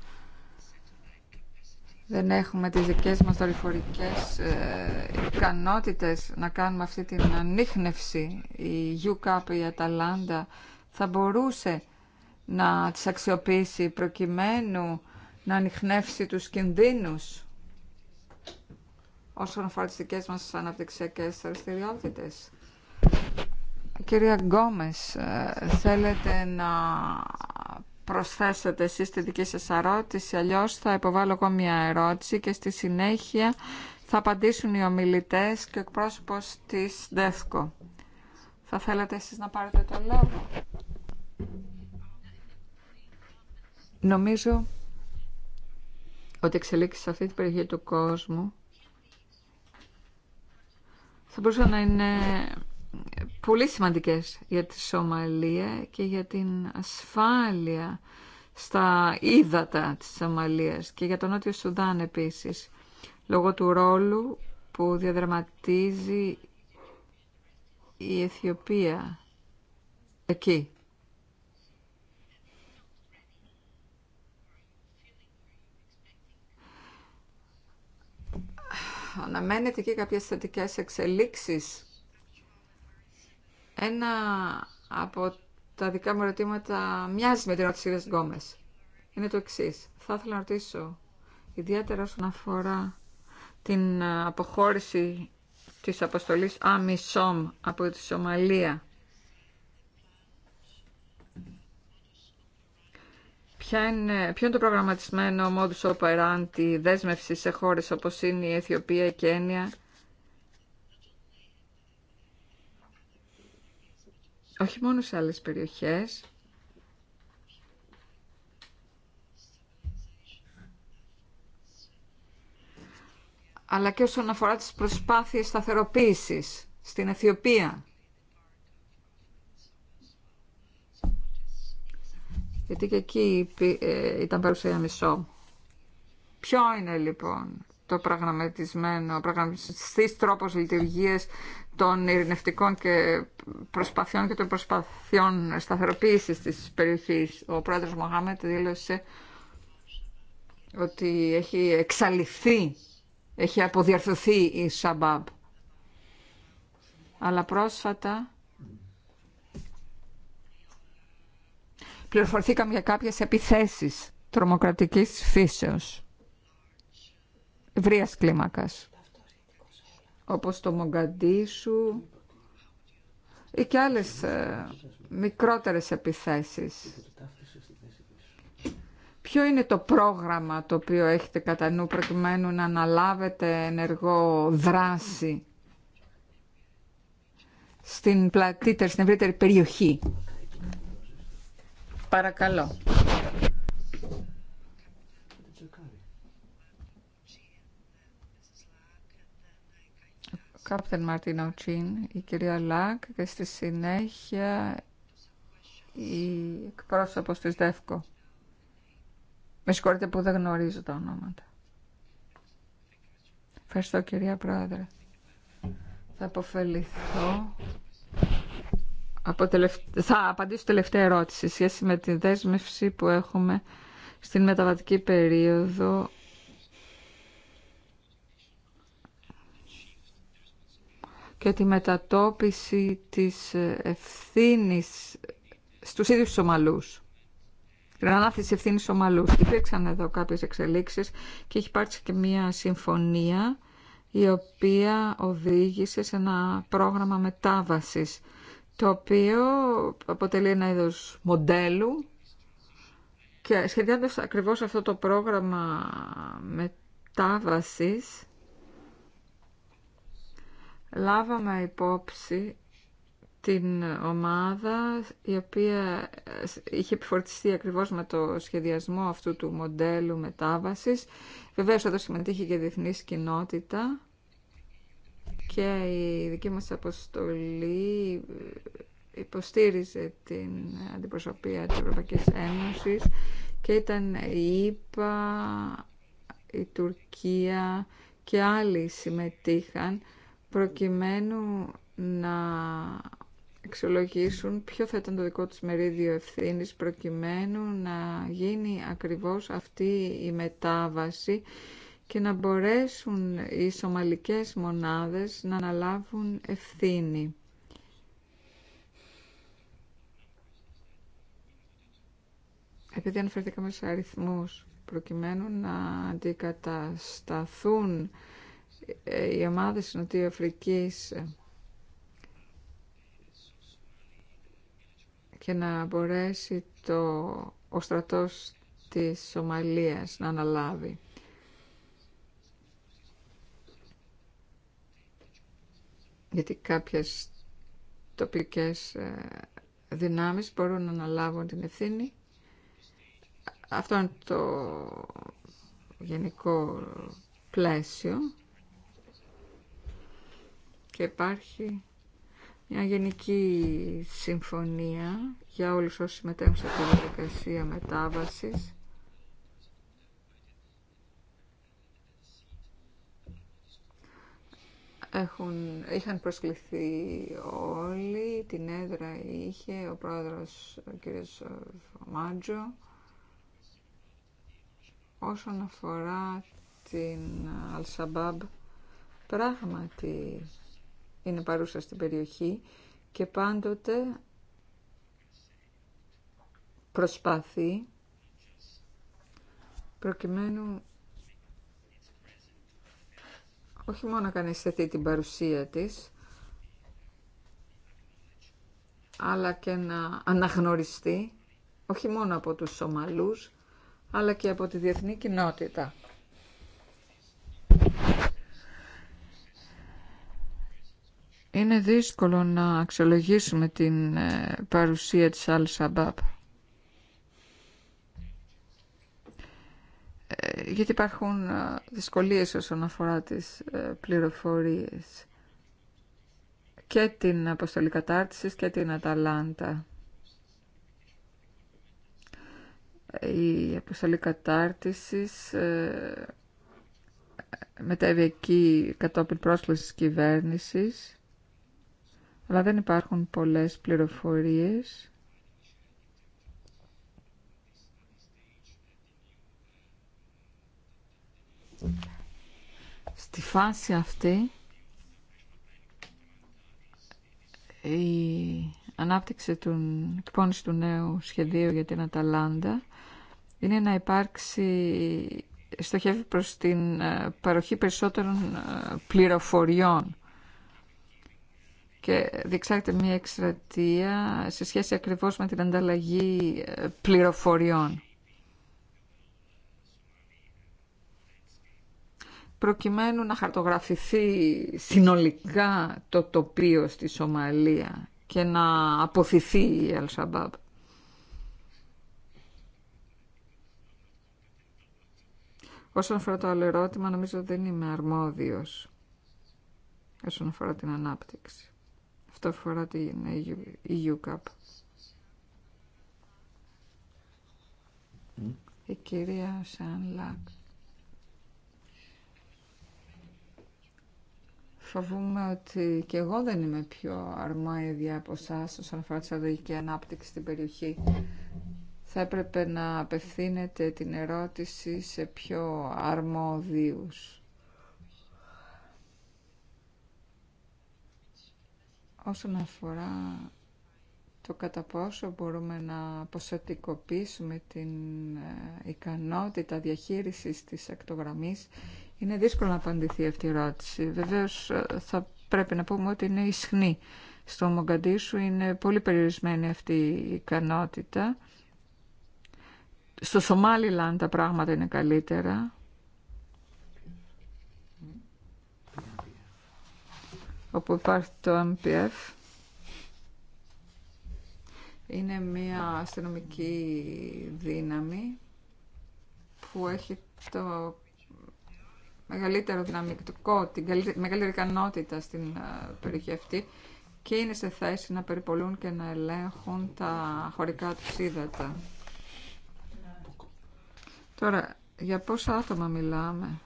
Speaker 3: Δεν έχουμε τις δικές μας δορυφορικές ε, ικανότητες να κάνουμε αυτή την ανείχνευση. Η UCAP, η Αταλάντα θα μπορούσε να τις αξιοποιήσει προκειμένου να ανοιχνεύσει τους κινδύνους όσον αφορά τις δικές μας αναπτυξιακές Κυρία Γκόμες, ε, θέλετε να προσθέσετε εσείς τη δική σας ερώτηση, αλλιώς θα υποβάλω εγώ μια ερώτηση και στη συνέχεια θα απαντήσουν οι ομιλητές και ο εκπρόσωπος της ΔΕΦΚΟ. Θα θέλετε εσείς να πάρετε το λόγο. Νομίζω ότι εξελίξει σε αυτή την περιοχή του κόσμου θα μπορούσα να είναι πολύ σημαντικές για τη Σομαλία και για την ασφάλεια στα ύδατα της Σομαλίας και για τον Νότιο Σουδάν επίσης, λόγω του ρόλου που διαδραματίζει η Αιθιοπία εκεί. Αναμένεται και κάποιες θετικές εξελίξεις ένα από τα δικά μου ερωτήματα μοιάζει με την ερώτηση της Γκόμες. Είναι το εξή. Θα ήθελα να ρωτήσω, ιδιαίτερα όσον αφορά την ε, αποχώρηση της αποστολής Αμισόμ από τη Σομαλία. Ποια είναι, ποιο είναι το προγραμματισμένο modus operandi δέσμευση σε χώρες όπως είναι η Αιθιοπία η Κένια όχι μόνο σε άλλες περιοχές, αλλά και όσον αφορά τις προσπάθειες σταθεροποίησης στην Αιθιοπία. Γιατί και εκεί ε, ήταν παρουσία μισό. Ποιο είναι λοιπόν το πραγματισμένο, πραγματιστής τρόπος λειτουργίας των ειρηνευτικών και προσπαθειών και των προσπαθειών σταθεροποίησης της περιοχής. Ο πρόεδρος Μοχάμετ δήλωσε ότι έχει εξαλειφθεί, έχει αποδιαρθωθεί η Σαμπάμπ. Αλλά πρόσφατα πληροφορθήκαμε για κάποιες επιθέσεις τρομοκρατικής φύσεως, ευρείας κλίμακας όπως το Μογκαντήσου ή και άλλες ε, μικρότερες επιθέσεις. Ποιο είναι το πρόγραμμα το οποίο έχετε κατά νου προκειμένου να αναλάβετε ενεργό δράση στην πλατύτερη, στην ευρύτερη περιοχή. Παρακαλώ. Κάπτεν Μαρτίνο Τσίν, η κυρία Λάκ και στη συνέχεια η εκπρόσωπος της ΔΕΦΚΟ. Με συγχωρείτε που δεν γνωρίζω τα ονόματα. Ευχαριστώ κυρία Πρόεδρε. Θα αποφεληθώ. Από Θα απαντήσω τελευταία ερώτηση σχέση με τη δέσμευση που έχουμε στην μεταβατική περίοδο και τη μετατόπιση της ευθύνης στους ίδιους τους Ομαλούς. Την ανάθεση ευθύνη ομαλού. Υπήρξαν εδώ κάποιες εξελίξεις και έχει υπάρξει και μία συμφωνία η οποία οδήγησε σε ένα πρόγραμμα μετάβασης το οποίο αποτελεί ένα είδος μοντέλου και σχεδιάζοντας ακριβώς αυτό το πρόγραμμα μετάβασης λάβαμε υπόψη την ομάδα η οποία ε, είχε επιφορτιστεί ακριβώς με το σχεδιασμό αυτού του μοντέλου μετάβασης. Βεβαίως εδώ συμμετείχε και η διεθνή κοινότητα και η δική μας αποστολή ε, υποστήριζε την αντιπροσωπεία της Ευρωπαϊκής Ένωσης και ήταν η ΙΠΑ, η Τουρκία και άλλοι συμμετείχαν προκειμένου να εξολογήσουν ποιο θα ήταν το δικό τους μερίδιο ευθύνης προκειμένου να γίνει ακριβώς αυτή η μετάβαση και να μπορέσουν οι σομαλικές μονάδες να αναλάβουν ευθύνη. Επειδή αναφερθήκαμε σε αριθμούς προκειμένου να αντικατασταθούν οι ομάδες της Νοτιοαφρικής ε, και να μπορέσει το, ο στρατός της Σομαλίας να αναλάβει. Γιατί κάποιες τοπικές ε, δυνάμεις μπορούν να αναλάβουν την ευθύνη. Αυτό είναι το γενικό πλαίσιο και υπάρχει μια γενική συμφωνία για όλους όσοι συμμετέχουν σε τη διαδικασία μετάβασης Έχουν, είχαν προσκληθεί όλοι, την έδρα είχε ο πρόεδρος ο κ. Μάντζο. Όσον αφορά την Αλσαμπάμπ, πράγματι είναι παρούσα στην περιοχή και πάντοτε προσπαθεί προκειμένου όχι μόνο να αισθητή την παρουσία της, αλλά και να αναγνωριστεί όχι μόνο από τους Σομαλούς, αλλά και από τη διεθνή κοινότητα. είναι δύσκολο να αξιολογήσουμε την ε, παρουσία της Al-Shabaab. Ε, γιατί υπάρχουν ε, δυσκολίες όσον αφορά τις πληροφορίες και την αποστολή κατάρτισης και την Αταλάντα. Η αποστολή κατάρτισης μετέβη εκεί κατόπιν πρόσκλησης κυβέρνησης αλλά δεν υπάρχουν πολλές πληροφορίες. Στη φάση αυτή η ανάπτυξη του, εκπόνηση του νέου σχεδίου για την Αταλάντα είναι να υπάρξει στοχεύει προς την ε, παροχή περισσότερων ε, πληροφοριών και διεξάγεται μια εκστρατεία σε σχέση ακριβώς με την ανταλλαγή ε, πληροφοριών. προκειμένου να χαρτογραφηθεί συνολικά το τοπίο στη Σομαλία και να αποθηθεί η Αλσαμπάμπ. Όσον αφορά το άλλο ερώτημα, νομίζω δεν είμαι αρμόδιος όσον αφορά την ανάπτυξη. Αυτό αφορά την EUCAP. Mm. Η κυρία Λακ. Φοβούμαι ότι και εγώ δεν είμαι πιο αρμόδια από εσά όσον αφορά τη στρατηγική ανάπτυξη στην περιοχή. Θα έπρεπε να απευθύνετε την ερώτηση σε πιο αρμόδιους. Όσον αφορά το κατά πόσο μπορούμε να ποσοτικοποιήσουμε την ε, ικανότητα διαχείρισης της ακτογραμμής, είναι δύσκολο να απαντηθεί αυτή η ερώτηση. Βεβαίως ε, θα πρέπει να πούμε ότι είναι ισχνή. Στο Μογκαντήσου είναι πολύ περιορισμένη αυτή η ικανότητα. Στο Σομάλιλαν τα πράγματα είναι καλύτερα. όπου υπάρχει το MPF. Είναι μια αστυνομική δύναμη που έχει το μεγαλύτερο δυναμικό, την μεγαλύτερη ικανότητα στην ε, περιοχή αυτή και είναι σε θέση να περιπολούν και να ελέγχουν τα χωρικά του ύδατα. Τώρα, για πόσα άτομα μιλάμε.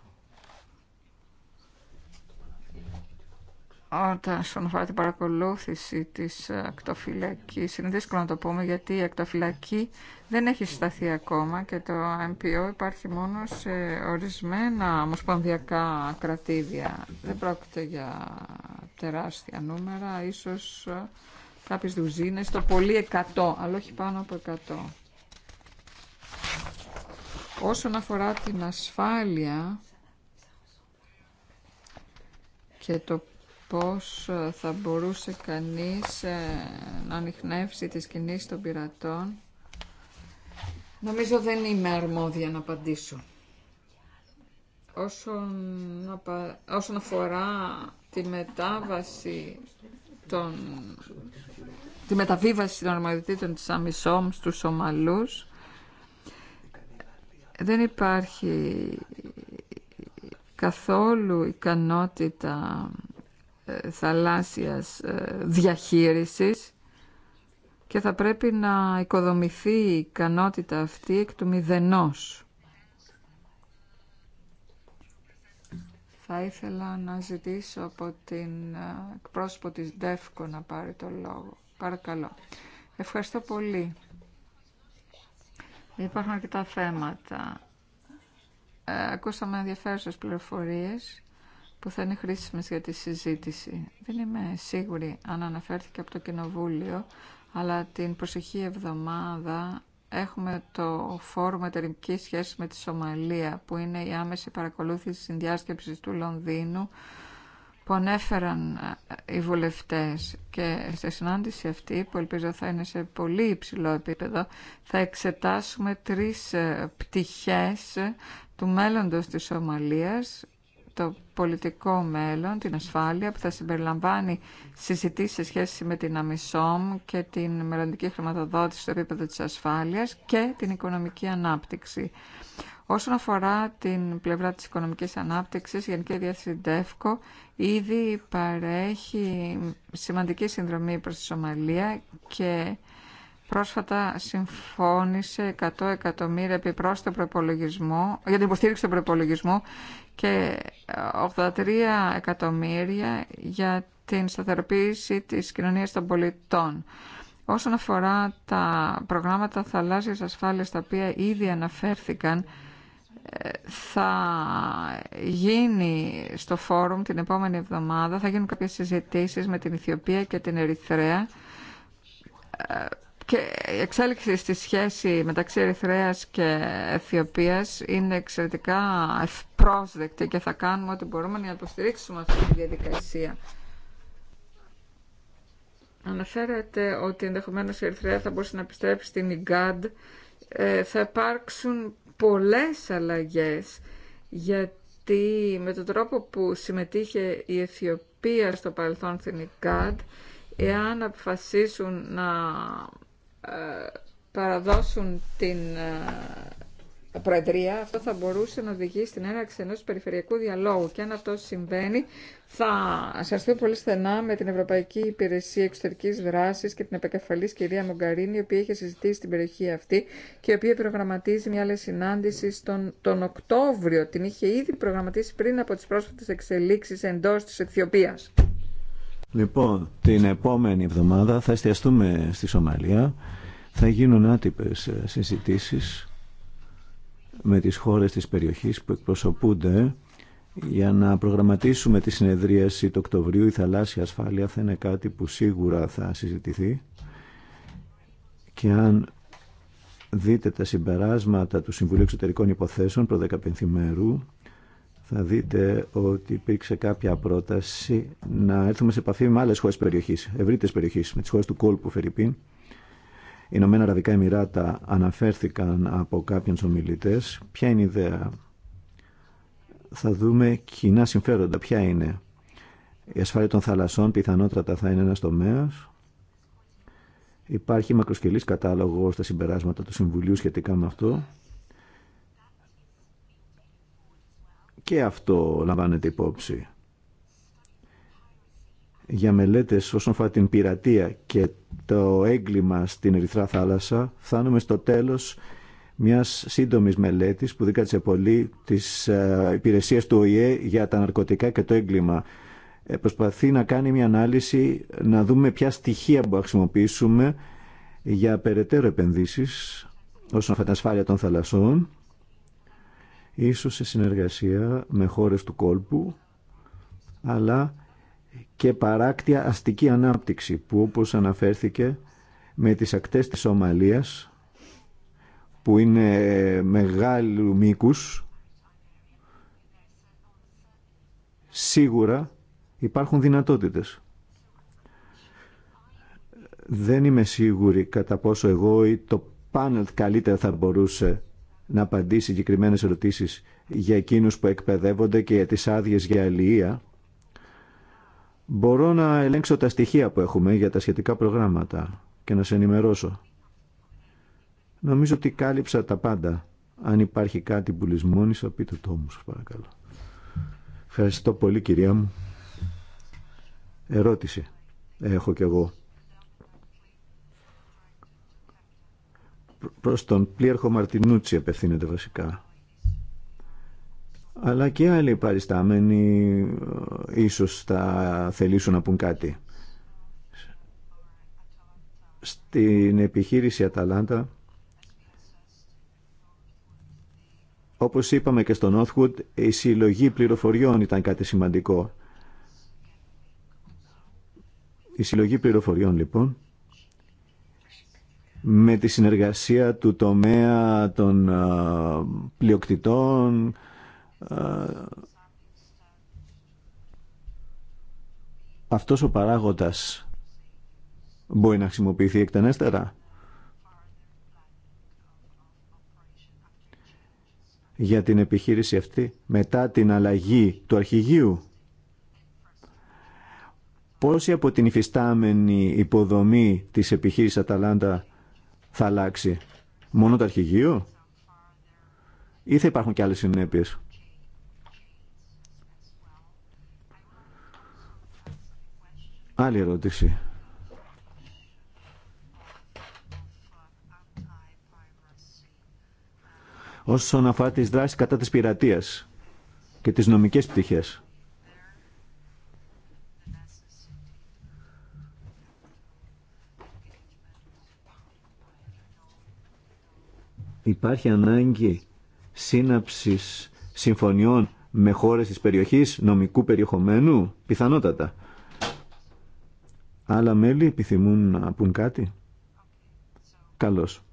Speaker 3: Όταν αφορά την παρακολούθηση της ε, ακτοφυλακής, είναι δύσκολο να το πούμε γιατί η ακτοφυλακή δεν έχει σταθεί ακόμα και το MPO υπάρχει μόνο σε ορισμένα ομοσπονδιακά κρατήδια. Δεν πρόκειται για τεράστια νούμερα, ίσως ε, κάποιες δουζίνες, το πολύ 100, αλλά όχι πάνω από 100. Όσον αφορά την ασφάλεια και το πώς ε, θα μπορούσε κανείς ε, να ανοιχνεύσει τις κινήσεις των πειρατών. Νομίζω δεν είμαι αρμόδια να απαντήσω. Όσον, απα... όσον αφορά τη μετάβαση των... τη μεταβίβαση των αρμοδιοτήτων της Αμισόμ στους Σομαλούς, δεν υπάρχει καθόλου ικανότητα ε, θαλάσσιας ε, διαχείρισης και θα πρέπει να οικοδομηθεί η ικανότητα αυτή εκ του μηδενός. Θα ήθελα να ζητήσω από την ε, εκπρόσωπο της ΔΕΦΚΟ να πάρει το λόγο. Παρακαλώ. Ευχαριστώ πολύ. Υπάρχουν αρκετά θέματα. ακούσαμε ενδιαφέρουσες πληροφορίες που θα είναι χρήσιμες για τη συζήτηση. Δεν είμαι σίγουρη αν αναφέρθηκε από το Κοινοβούλιο, αλλά την προσεχή εβδομάδα έχουμε το φόρουμ εταιρική σχέση με τη Σομαλία, που είναι η άμεση παρακολούθηση συνδιάσκεψης του Λονδίνου, που ανέφεραν ε, οι βουλευτές και στη συνάντηση αυτή που ελπίζω θα είναι σε πολύ υψηλό επίπεδο θα εξετάσουμε τρεις ε, πτυχές του μέλλοντος της Σομαλίας το πολιτικό μέλλον, την ασφάλεια που θα συμπεριλαμβάνει συζητήσεις σε σχέση με την αμισόμ και την μελλοντική χρηματοδότηση στο επίπεδο της ασφάλειας και την οικονομική ανάπτυξη. Όσον αφορά την πλευρά της οικονομικής ανάπτυξης, η Γενική Διεύθυνση ΔΕΦΚΟ ήδη παρέχει σημαντική συνδρομή προς τη Σομαλία και πρόσφατα συμφώνησε 100 εκατομμύρια επιπρόσθετο προπολογισμό για την υποστήριξη του προπολογισμού και 83 εκατομμύρια για την σταθεροποίηση της κοινωνίας των πολιτών. Όσον αφορά τα προγράμματα θαλάσσιας ασφάλειας τα οποία ήδη αναφέρθηκαν, θα γίνει στο φόρουμ την επόμενη εβδομάδα, θα γίνουν κάποιες συζητήσεις με την Ιθιοπία και την Ερυθρέα και η εξέλιξη στη σχέση μεταξύ Ερυθρέας και Αιθιοπίας είναι εξαιρετικά ευπρόσδεκτη και θα κάνουμε ό,τι μπορούμε να υποστηρίξουμε αυτή τη διαδικασία. Αναφέρεται ότι ενδεχομένως η Ερυθρέα θα μπορούσε να επιστρέψει στην ΙΓΚΑΝΤ. Ε, θα υπάρξουν πολλές αλλαγές γιατί με τον τρόπο που συμμετείχε η Αιθιοπία στο παρελθόν στην ΙΓΚΑΝΤ εάν αποφασίσουν να ε, παραδώσουν την ε, Προεδρία, αυτό θα μπορούσε να οδηγήσει στην έναρξη ενό περιφερειακού διαλόγου. Και αν αυτό συμβαίνει, θα ασχοληθούμε πολύ στενά με την Ευρωπαϊκή Υπηρεσία Εξωτερική Δράση και την επικεφαλή κυρία Μογκαρίνη, η οποία είχε συζητήσει την περιοχή αυτή και η οποία προγραμματίζει μια άλλη συνάντηση τον Οκτώβριο. Την είχε ήδη προγραμματίσει πριν από τι πρόσφατε εξελίξει εντό τη Αιθιοπία.
Speaker 2: Λοιπόν, την επόμενη εβδομάδα θα εστιαστούμε στη Σομαλία. Θα γίνουν άτυπες ε, συζητήσεις με τις χώρες της περιοχής που εκπροσωπούνται για να προγραμματίσουμε τη συνεδρίαση του Οκτωβρίου. Η θαλάσσια ασφάλεια θα είναι κάτι που σίγουρα θα συζητηθεί και αν δείτε τα συμπεράσματα του Συμβουλίου Εξωτερικών Υποθέσεων προ 15 μέρου θα δείτε ότι υπήρξε κάποια πρόταση να έρθουμε σε επαφή με άλλες χώρες περιοχής, ευρύτερες περιοχής, με τις χώρες του κόλπου Φερρυπίν. Οι Ηνωμένα Αραβικά Εμμυράτα αναφέρθηκαν από κάποιου ομιλητέ. Ποια είναι η ιδέα. Θα δούμε κοινά συμφέροντα. Ποια είναι. Η ασφάλεια των θαλασσών πιθανότατα θα είναι ένας τομέας. Υπάρχει μακροσκελής κατάλογο στα συμπεράσματα του Συμβουλίου σχετικά με αυτό. Και αυτό λαμβάνεται υπόψη. Για μελέτες όσον αφορά την πειρατεία και το έγκλημα στην Ερυθρά Θάλασσα φτάνουμε στο τέλος μιας σύντομης μελέτης που δίκατσε πολύ τις ε, υπηρεσίες του ΟΗΕ για τα ναρκωτικά και το έγκλημα. Ε, προσπαθεί να κάνει μια ανάλυση, να δούμε ποια στοιχεία που χρησιμοποιήσουμε για περαιτέρω επενδύσεις όσον αφορά την ασφάλεια των θαλασσών ίσως σε συνεργασία με χώρες του κόλπου, αλλά και παράκτια αστική ανάπτυξη που όπως αναφέρθηκε με τις ακτές της Ομαλίας που είναι μεγάλου μήκους σίγουρα υπάρχουν δυνατότητες. Δεν είμαι σίγουρη κατά πόσο εγώ ή το πάνελ καλύτερα θα μπορούσε να απαντήσει συγκεκριμένε ερωτήσει για εκείνου που εκπαιδεύονται και για τις άδειε για αλληλεία. Μπορώ να ελέγξω τα στοιχεία που έχουμε για τα σχετικά προγράμματα και να σε ενημερώσω. Νομίζω ότι κάλυψα τα πάντα. Αν υπάρχει κάτι που θα πείτε το όμως, παρακαλώ. Ευχαριστώ πολύ, κυρία μου. Ερώτηση έχω κι εγώ. προς τον πλήρχο Μαρτινούτσι απευθύνεται βασικά. Αλλά και άλλοι παριστάμενοι ε, ίσως θα θελήσουν να πούν κάτι. Στην επιχείρηση Αταλάντα, όπως είπαμε και στο Northwood, η συλλογή πληροφοριών ήταν κάτι σημαντικό. Η συλλογή πληροφοριών λοιπόν με τη συνεργασία του τομέα των ε, πλειοκτητών ε, αυτός ο παράγοντας μπορεί να χρησιμοποιηθεί εκτενέστερα για την επιχείρηση αυτή μετά την αλλαγή του αρχηγείου πόση από την υφιστάμενη υποδομή της επιχείρησης Αταλάντα θα αλλάξει. Μόνο το αρχηγείο ή θα υπάρχουν και άλλες συνέπειες. Άλλη ερώτηση. Όσον αφορά τις δράσεις κατά της πειρατείας και τις νομικές πτυχές. Υπάρχει ανάγκη σύναψης συμφωνιών με χώρες της περιοχής νομικού περιεχομένου, πιθανότατα. Άλλα μέλη επιθυμούν να πούν κάτι. Καλώς.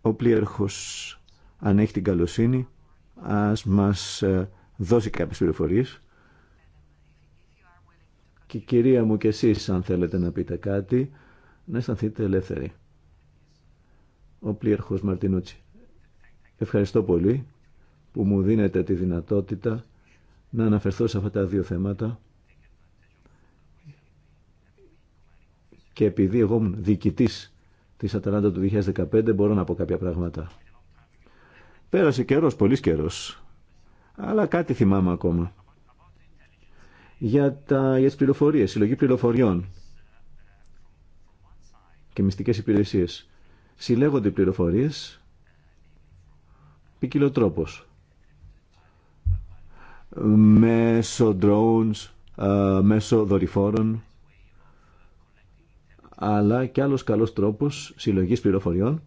Speaker 2: Ο πλήρχος, αν έχει την καλοσύνη, ας μας ε, δώσει κάποιες πληροφορίες. Και κυρία μου και εσείς, αν θέλετε να πείτε κάτι, να αισθανθείτε ελεύθεροι ο πλήρχος Μαρτινούτσι. Ευχαριστώ πολύ που μου δίνετε τη δυνατότητα να αναφερθώ σε αυτά τα δύο θέματα και επειδή εγώ ήμουν διοικητής της Αταλάντα του 2015 μπορώ να πω κάποια πράγματα. Πέρασε καιρός, πολύ καιρός, αλλά κάτι θυμάμαι ακόμα. Για, τα, για τις πληροφορίες, συλλογή πληροφοριών και μυστικές υπηρεσίες συλλέγονται οι πληροφορίες ποικιλοτρόπως. Μέσω drones, μέσω δορυφόρων, αλλά και άλλος καλός τρόπος συλλογής πληροφοριών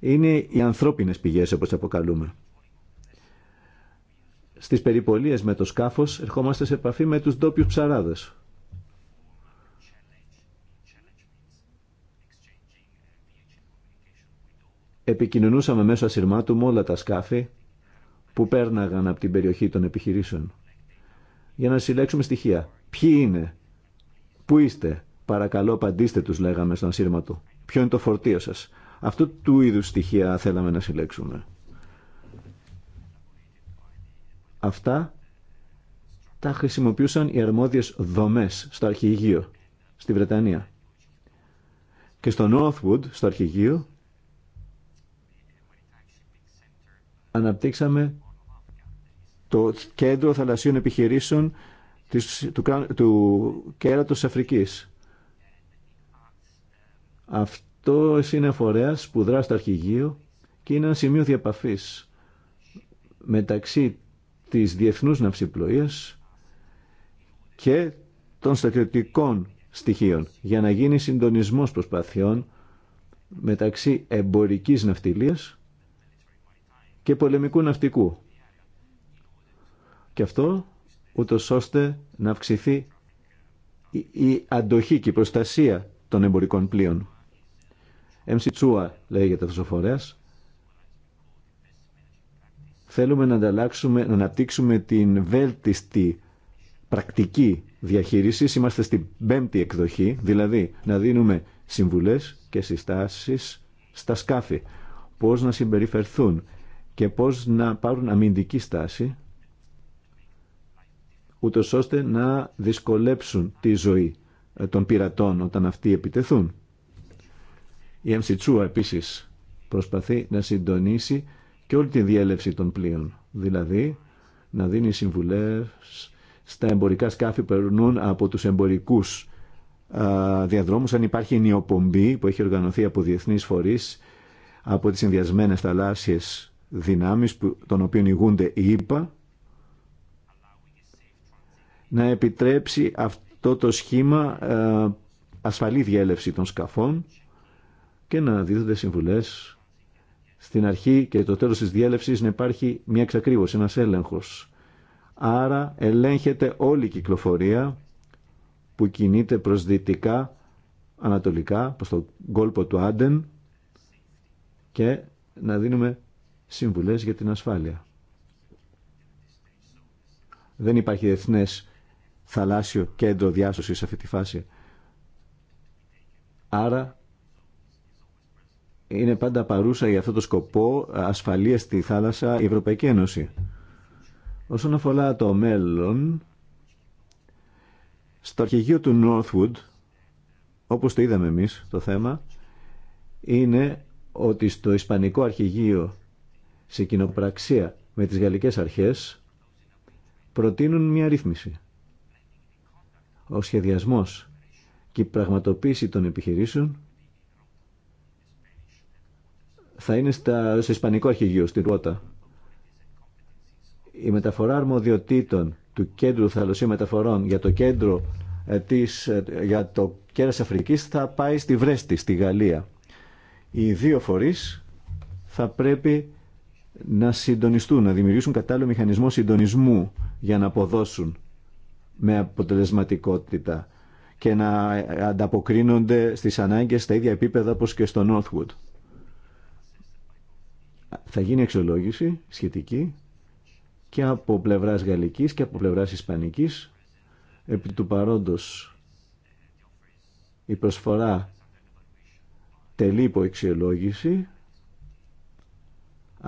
Speaker 2: είναι οι ανθρώπινες πηγές όπως αποκαλούμε. Στις περιπολίες με το σκάφος ερχόμαστε σε επαφή με τους ντόπιου ψαράδες επικοινωνούσαμε μέσω ασυρμάτου με όλα τα σκάφη που πέρναγαν από την περιοχή των επιχειρήσεων. Για να συλλέξουμε στοιχεία. Ποιοι είναι, πού είστε, παρακαλώ απαντήστε τους λέγαμε στον ασύρματο. Ποιο είναι το φορτίο σας. Αυτού του είδους στοιχεία θέλαμε να συλλέξουμε. Αυτά τα χρησιμοποιούσαν οι αρμόδιες δομές στο αρχηγείο, στη Βρετανία. Και στο Northwood, στο αρχηγείο, αναπτύξαμε το Κέντρο Θαλασσίων Επιχειρήσεων της, του, του Κέρατος Αφρικής. Αυτό είναι φορέας που δρά στο αρχηγείο και είναι ένα σημείο διαπαφής μεταξύ της διεθνούς ναυσιπλοείας και των στρατιωτικών στοιχείων για να γίνει συντονισμός προσπαθειών μεταξύ εμπορικής ναυτιλίας και πολεμικού ναυτικού. Και αυτό ούτω ώστε να αυξηθεί η αντοχή και η προστασία των εμπορικών πλοίων. Εμσιτσούα λέγεται αυτός ο φορέας. Θέλουμε να ανταλλάξουμε, να αναπτύξουμε την βέλτιστη πρακτική διαχείρισης. Είμαστε στην πέμπτη εκδοχή, δηλαδή να δίνουμε συμβουλές και συστάσεις στα σκάφη. Πώς να συμπεριφερθούν και πώς να πάρουν αμυντική στάση ούτω ώστε να δυσκολέψουν τη ζωή ε, των πειρατών όταν αυτοί επιτεθούν. Η MC2 επίσης προσπαθεί να συντονίσει και όλη τη διέλευση των πλοίων, δηλαδή να δίνει συμβουλές στα εμπορικά σκάφη που περνούν από τους εμπορικούς διαδρόμους, αν υπάρχει νιοπομπή που έχει οργανωθεί από διεθνείς φορείς, από τις συνδυασμένε θαλάσσιες δυνάμεις που, των οποίων ηγούνται οι ΙΠΑ να επιτρέψει αυτό το σχήμα ε, ασφαλή διέλευση των σκαφών και να δίδονται συμβουλές στην αρχή και το τέλος της διέλευσης να υπάρχει μια εξακρίβωση, ένας έλεγχος. Άρα ελέγχεται όλη η κυκλοφορία που κινείται προς δυτικά, ανατολικά, προς τον κόλπο του Άντεν και να δίνουμε συμβουλές για την ασφάλεια. Δεν υπάρχει εθνέ θαλάσσιο κέντρο διάσωσης σε αυτή τη φάση. Άρα είναι πάντα παρούσα για αυτό το σκοπό ασφαλεία στη θάλασσα η Ευρωπαϊκή Ένωση. Όσον αφορά το μέλλον, στο αρχηγείο του Northwood, όπως το είδαμε εμείς το θέμα, είναι ότι στο Ισπανικό αρχηγείο σε κοινοπραξία με τις γαλλικές αρχές προτείνουν μια ρύθμιση. Ο σχεδιασμός και η πραγματοποίηση των επιχειρήσεων θα είναι στα, στο Ισπανικό Αρχηγείο, στη Ρώτα. Η μεταφορά αρμοδιοτήτων του Κέντρου Θαλωσίου Μεταφορών για το κέντρο ε, της, ε, για το κέρας Αφρικής θα πάει στη Βρέστη, στη Γαλλία. Οι δύο φορείς θα πρέπει να συντονιστούν, να δημιουργήσουν κατάλληλο μηχανισμό συντονισμού για να αποδώσουν με αποτελεσματικότητα και να ανταποκρίνονται στις ανάγκες στα ίδια επίπεδα όπως και στο Northwood. Θα γίνει αξιολόγηση σχετική και από πλευράς γαλλικής και από πλευράς ισπανικής. Επί του παρόντος η προσφορά τελεί υπό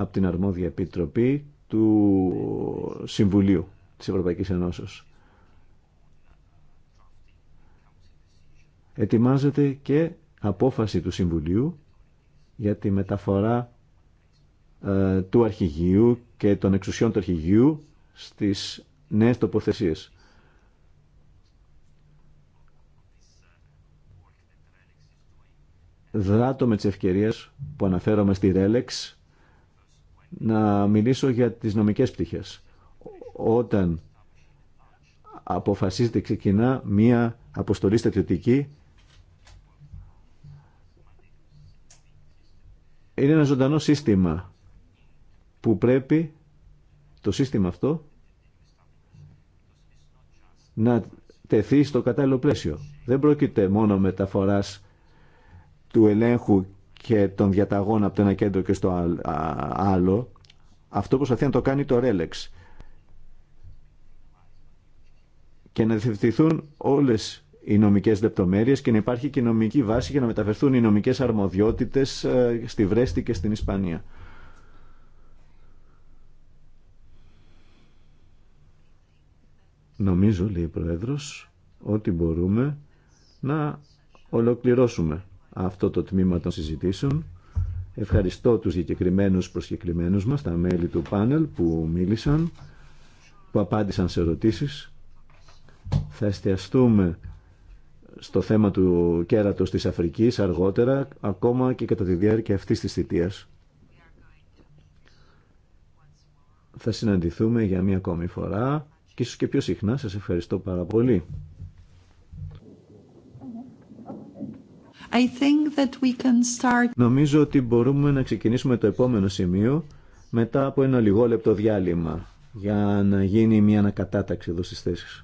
Speaker 2: από την αρμόδια επιτροπή του Συμβουλίου της Ευρωπαϊκής Ενώσεως. Ετοιμάζεται και απόφαση του Συμβουλίου για τη μεταφορά ε, του αρχηγείου και των εξουσιών του αρχηγείου στις νέες τοποθεσίες. Δράτω με τις ευκαιρίες που αναφέρομαι στη Ρέλεξ να μιλήσω για τις νομικές πτυχές. Όταν αποφασίζεται ξεκινά μία αποστολή στρατιωτική είναι ένα ζωντανό σύστημα που πρέπει το σύστημα αυτό να τεθεί στο κατάλληλο πλαίσιο. Δεν πρόκειται μόνο μεταφοράς του ελέγχου και των διαταγών από το ένα κέντρο και στο άλλο. Αυτό προσπαθεί να το κάνει το Ρέλεξ. Και να διευθυνθούν όλες οι νομικές λεπτομέρειες και να υπάρχει και νομική βάση για να μεταφερθούν οι νομικές αρμοδιότητες ε, στη Βρέστη και στην Ισπανία. Νομίζω, λέει η Πρόεδρος, ότι μπορούμε να ολοκληρώσουμε αυτό το τμήμα των συζητήσεων. Ευχαριστώ τους συγκεκριμένου προσκεκριμένους μας, τα μέλη του πάνελ που μίλησαν, που απάντησαν σε ερωτήσεις. Θα εστιαστούμε στο θέμα του κέρατος της Αφρικής αργότερα, ακόμα και κατά τη διάρκεια αυτής της θητείας. Θα συναντηθούμε για μία ακόμη φορά και ίσως και πιο συχνά. Σας ευχαριστώ πάρα πολύ.
Speaker 1: I think that
Speaker 2: Νομίζω ότι μπορούμε να ξεκινήσουμε το επόμενο σημείο μετά από ένα λιγόλεπτο διάλειμμα για να γίνει μια ανακατάταξη εδώ στις θέσεις.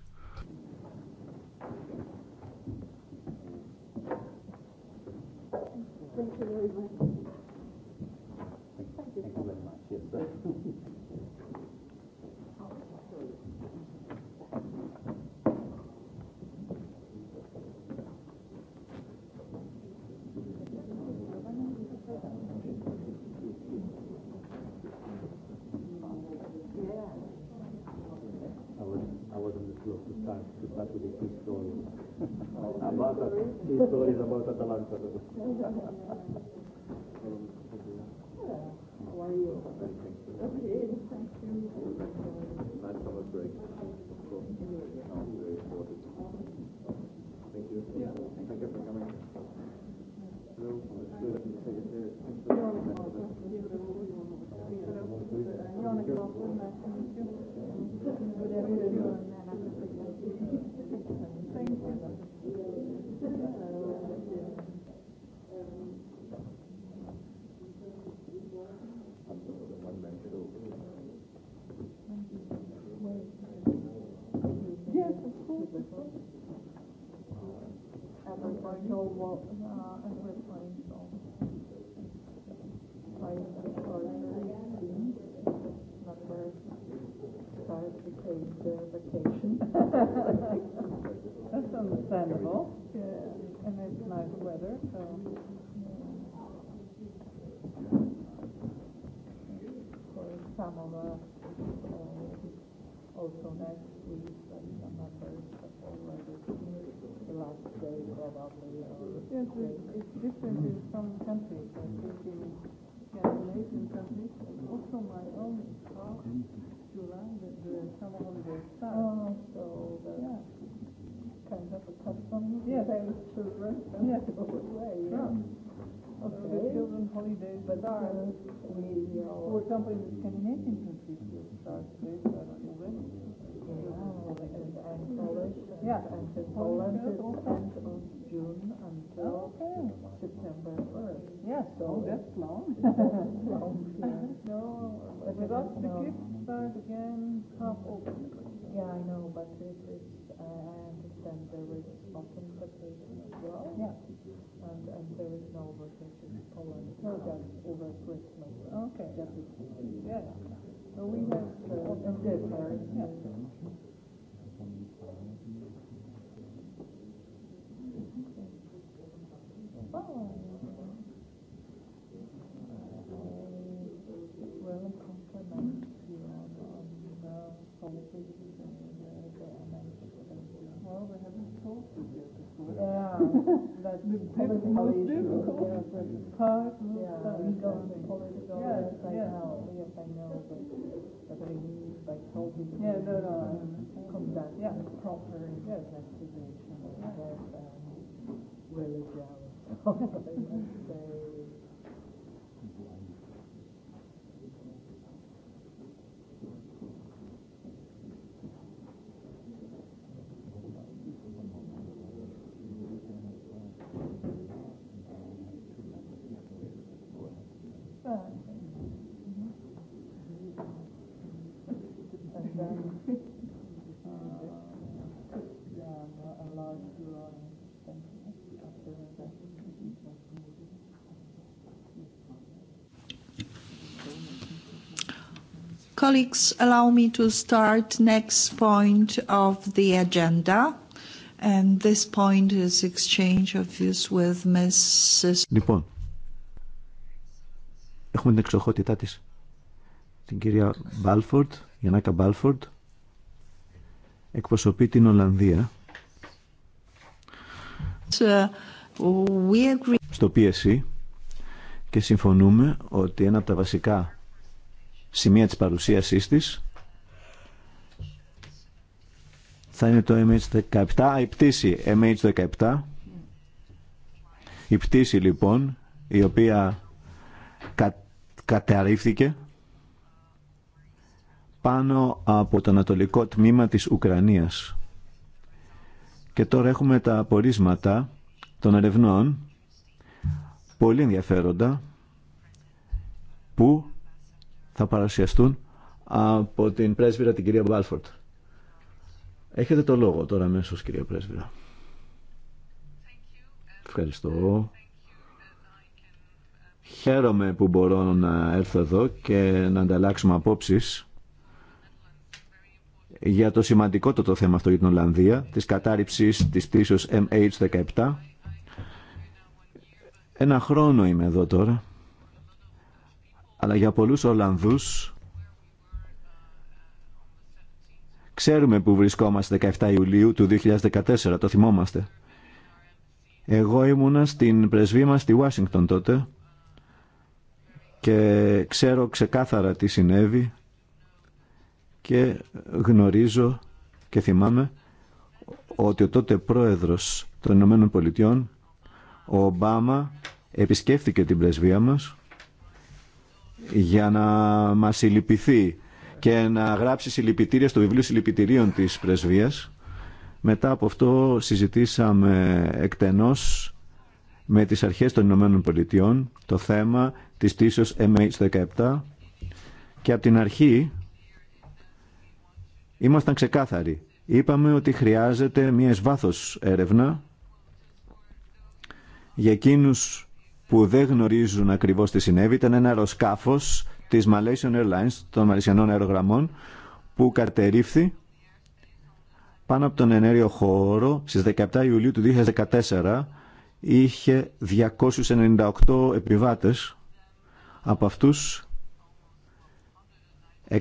Speaker 4: start to start with a quick story about that, three stories about Atalanta. How are you. Okay, thank you.
Speaker 1: some of uh
Speaker 4: also next week, but some of us already the last day probably. Yes, it's different in some countries. I think in Scandinavian countries, also my own house,
Speaker 1: July, the, the summer holiday starts. Oh, so the yeah. kind of a custom. Yes, I was children. Yes, go Yeah. Okay, the children holidays bazaar, we, for example, in the Scandinavian countries, start with already. And Polish, yeah. and Poland is of June until September 1st. Yes, so that's long. long, No, with us the kids start again half open. Yeah, I know, but it is, uh, I understand there is often vacation as well. Yeah. And, and there is
Speaker 4: over
Speaker 1: Christmas. Okay. Yeah. So we have
Speaker 4: uh, Oh. the, the Yeah, we go yes, I know, but like Yeah, no, no, yeah. proper yes. where is um, religion.
Speaker 1: the
Speaker 2: Λοιπόν, έχουμε την εξοχότητά της, την κυρία Μπάλφορντ, Γιαννάκα Μπάλφορντ, εκπροσωπεί την Ολλανδία. Στο PSC e και συμφωνούμε ότι ένα από τα βασικά σημεία της παρουσίασής της θα είναι το MH17, η πτήση MH17. Η πτήση λοιπόν, η οποία κα, καταρρίφθηκε πάνω από το ανατολικό τμήμα της Ουκρανίας. Και τώρα έχουμε τα απορίσματα των ερευνών, πολύ ενδιαφέροντα, που θα παρουσιαστούν από την πρέσβυρα την κυρία Μπάλφορτ. Έχετε το λόγο τώρα αμέσως κυρία πρέσβυρα. Ευχαριστώ. Χαίρομαι που μπορώ να έρθω εδώ και να ανταλλάξουμε απόψεις για το σημαντικό το θέμα αυτό για την Ολλανδία, της κατάρριψης της πτήσεως MH17. Ένα χρόνο είμαι εδώ τώρα αλλά για πολλούς Ολλανδούς ξέρουμε που βρισκόμαστε 17 Ιουλίου του 2014, το θυμόμαστε. Εγώ ήμουνα στην πρεσβή μας στη Ουάσιγκτον τότε και ξέρω ξεκάθαρα τι συνέβη και γνωρίζω και θυμάμαι ότι ο τότε πρόεδρος των Ηνωμένων Πολιτειών, ο Ομπάμα, επισκέφθηκε την πρεσβεία μας για να μα συλληπιθεί και να γράψει συλληπιτήρια στο βιβλίο συλληπιτηρίων της πρεσβείας. Μετά από αυτό συζητήσαμε εκτενώς με τις αρχές των Ηνωμένων Πολιτειών το θέμα της πτήσεως MH17 και από την αρχή ήμασταν ξεκάθαροι. Είπαμε ότι χρειάζεται μια εσβάθος έρευνα για εκείνους που δεν γνωρίζουν ακριβώς τι συνέβη ήταν ένα αεροσκάφος της Malaysian Airlines, των Μαλαισιανών αερογραμμών, που καρτερίφθη πάνω από τον ενέργειο χώρο στις 17 Ιουλίου του 2014 είχε 298 επιβάτες από αυτούς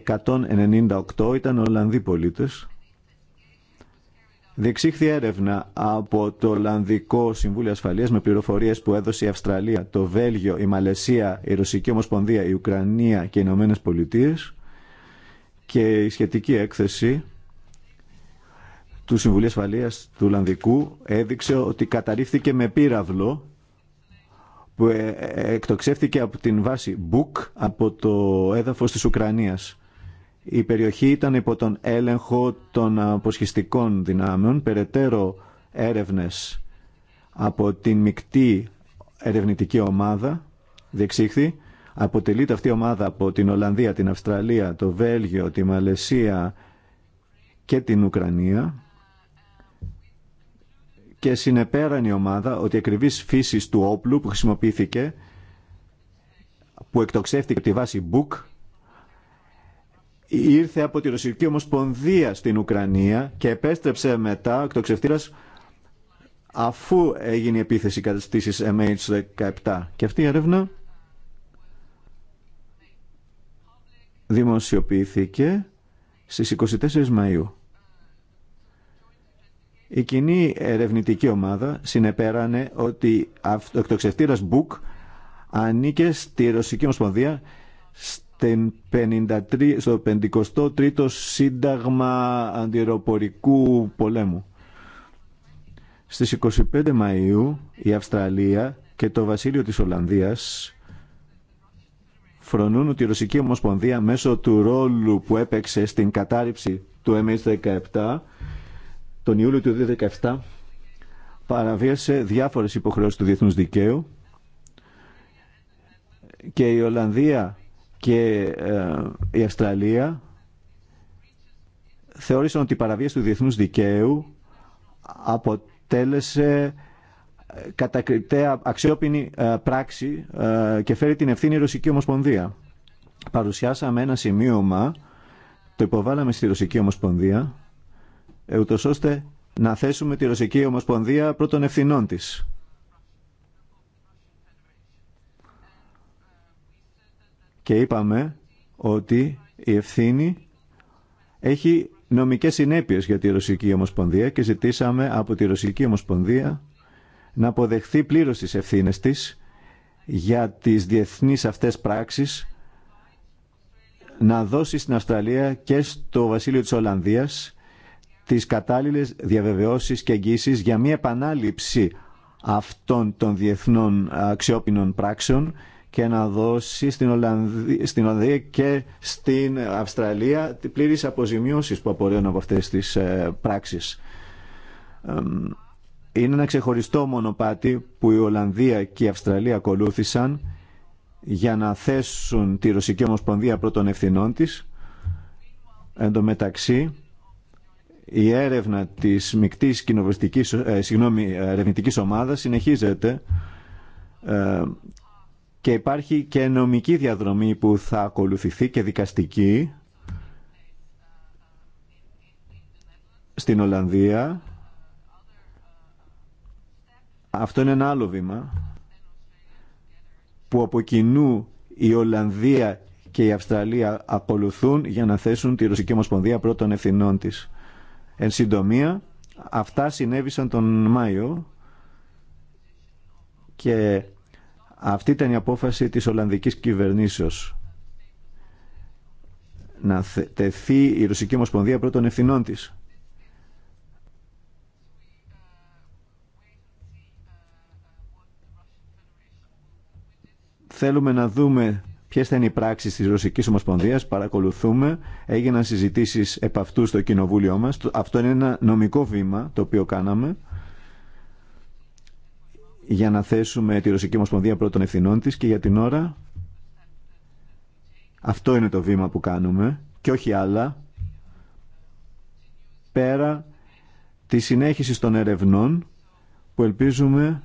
Speaker 2: 198 ήταν Ολλανδοί πολίτες Διεξήχθη έρευνα από το Ολλανδικό Συμβούλιο Ασφαλείας με πληροφορίες που έδωσε η Αυστραλία, το Βέλγιο, η Μαλαισία, η Ρωσική Ομοσπονδία, η Ουκρανία και οι Ηνωμένε Πολιτείε και η σχετική έκθεση του Συμβουλίου Ασφαλείας του Ολλανδικού έδειξε ότι καταρρίφθηκε με πύραυλο που ε, ε, εκτοξεύθηκε από την βάση Μπουκ από το έδαφος της Ουκρανίας. Η περιοχή ήταν υπό τον έλεγχο των αποσχιστικών δυνάμεων, περαιτέρω έρευνες από την μεικτή ερευνητική ομάδα διεξήχθη. Αποτελείται αυτή η ομάδα από την Ολλανδία, την Αυστραλία, το Βέλγιο, τη Μαλαισία και την Ουκρανία και συνεπέραν η ομάδα ότι ακριβής φύσης του όπλου που χρησιμοποιήθηκε που εκτοξεύτηκε από τη βάση Μπουκ ήρθε από τη Ρωσική Ομοσπονδία στην Ουκρανία και επέστρεψε μετά ο εκτοξευτήρας αφού έγινε η επίθεση κατά της MH17. Και αυτή η έρευνα δημοσιοποιήθηκε στις 24 Μαΐου. Η κοινή ερευνητική ομάδα συνεπέρανε ότι ο εκτοξευτήρας Μπουκ ανήκε στη Ρωσική Ομοσπονδία στο 53ο Σύνταγμα Αντιεροπορικού Πολέμου. Στις 25 Μαΐου η Αυστραλία και το Βασίλειο της Ολλανδίας φρονούν ότι η Ρωσική Ομοσπονδία μέσω του ρόλου που έπαιξε στην κατάρριψη του MH17 τον Ιούλιο του 2017 παραβίασε διάφορες υποχρεώσεις του διεθνούς δικαίου και η Ολλανδία και ε, η Αυστραλία θεώρησαν ότι η παραβίαση του διεθνούς δικαίου αποτέλεσε ε, κατακριτέα αξιόπινη ε, πράξη και φέρει την ευθύνη η Ρωσική Ομοσπονδία. Παρουσιάσαμε ένα σημείωμα, το υποβάλαμε στη Ρωσική Ομοσπονδία, ούτως ώστε να θέσουμε τη Ρωσική Ομοσπονδία πρώτων ευθυνών της και είπαμε ότι η ευθύνη έχει νομικές συνέπειες για τη Ρωσική Ομοσπονδία και ζητήσαμε από τη Ρωσική Ομοσπονδία να αποδεχθεί πλήρως τις ευθύνες της για τις διεθνείς αυτές πράξεις να δώσει στην Αυστραλία και στο Βασίλειο της Ολλανδίας τις κατάλληλες διαβεβαιώσεις και εγγύσεις για μια επανάληψη αυτών των διεθνών αξιόπινων πράξεων και να δώσει στην Ολλανδία, και στην Αυστραλία πλήρες αποζημιώσεις που απορρέουν από αυτές τις ε, πράξεις. Είναι ένα ξεχωριστό μονοπάτι που η Ολλανδία και η Αυστραλία ακολούθησαν για να θέσουν τη Ρωσική Ομοσπονδία πρώτων ευθυνών της. Εν τω μεταξύ, η έρευνα της μικτής ε, συγγνώμη, ε, ερευνητικής ομάδας συνεχίζεται ε, και υπάρχει και νομική διαδρομή που θα ακολουθηθεί και δικαστική στην Ολλανδία. Αυτό είναι ένα άλλο βήμα που από κοινού η Ολλανδία και η Αυστραλία ακολουθούν για να θέσουν τη Ρωσική Ομοσπονδία πρώτων ευθυνών της. Εν συντομία, αυτά συνέβησαν τον Μάιο και αυτή ήταν η απόφαση της Ολλανδικής κυβερνήσεως να τεθεί η Ρωσική Ομοσπονδία πρώτων ευθυνών της. Θέλουμε να δούμε ποιες θα είναι οι πράξεις της Ρωσικής Ομοσπονδίας, παρακολουθούμε, έγιναν συζητήσεις επ' αυτού στο κοινοβούλιο μας, αυτό είναι ένα νομικό βήμα το οποίο κάναμε για να θέσουμε τη Ρωσική Ομοσπονδία πρώτων ευθυνών της και για την ώρα αυτό είναι το βήμα που κάνουμε και όχι άλλα πέρα τη συνέχιση των ερευνών που ελπίζουμε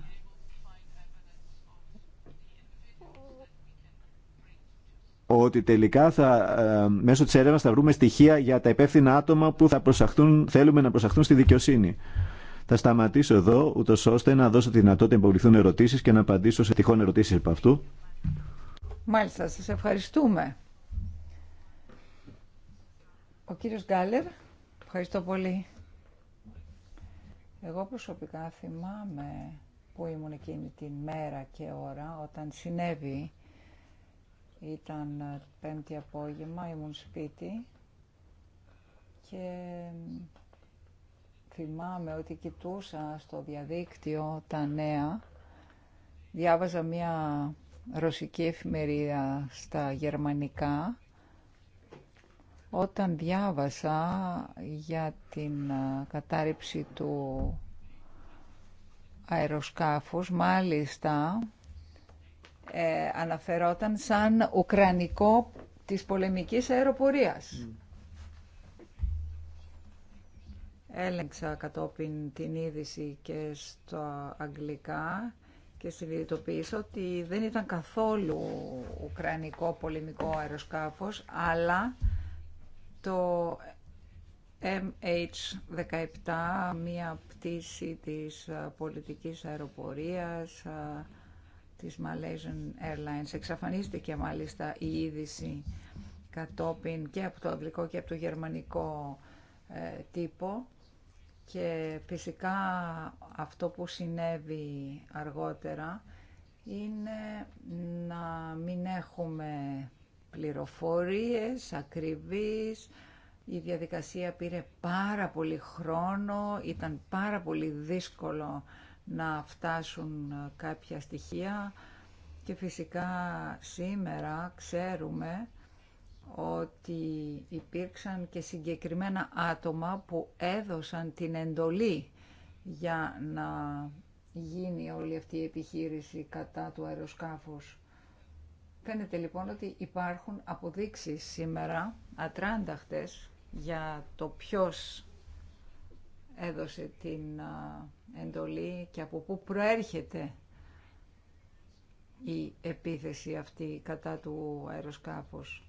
Speaker 2: ότι τελικά θα, ε, μέσω της έρευνας θα βρούμε στοιχεία για τα υπεύθυνα άτομα που θα προσαχθούν, θέλουμε να προσαχθούν στη δικαιοσύνη. Θα σταματήσω εδώ, ούτω ώστε να δώσω τη δυνατότητα να υποβληθούν ερωτήσει και να απαντήσω σε τυχόν ερωτήσει από αυτού.
Speaker 3: Μάλιστα, σα ευχαριστούμε. Ο κύριος Γκάλερ, ευχαριστώ πολύ. Εγώ προσωπικά θυμάμαι που ήμουν εκείνη την μέρα και ώρα όταν συνέβη. Ήταν πέμπτη απόγευμα, ήμουν σπίτι και θυμάμαι ότι κοιτούσα στο διαδίκτυο τα νέα. Διάβαζα μια ρωσική εφημερίδα στα γερμανικά. Όταν διάβασα για την κατάρριψη του αεροσκάφους, μάλιστα ε, αναφερόταν σαν ουκρανικό της πολεμικής αεροπορίας. Έλεγξα κατόπιν την είδηση και στο αγγλικά και συνειδητοποίησα ότι δεν ήταν καθόλου ουκρανικό πολεμικό αεροσκάφος, αλλά το MH17, μια πτήση της ε, πολιτικής αεροπορίας ε, της Malaysian Airlines. Εξαφανίστηκε μάλιστα η είδηση κατόπιν και από το αγγλικό και από το γερμανικό ε, τύπο. Και φυσικά αυτό που συνέβη αργότερα είναι να μην έχουμε πληροφορίες ακριβείς. Η διαδικασία πήρε πάρα πολύ χρόνο, ήταν πάρα πολύ δύσκολο να φτάσουν κάποια στοιχεία και φυσικά σήμερα ξέρουμε ότι υπήρξαν και συγκεκριμένα άτομα που έδωσαν την εντολή για να γίνει όλη αυτή η επιχείρηση κατά του αεροσκάφους. Φαίνεται λοιπόν ότι υπάρχουν αποδείξεις σήμερα ατράνταχτες για το ποιος έδωσε την εντολή και από πού προέρχεται η επίθεση αυτή κατά του αεροσκάφους.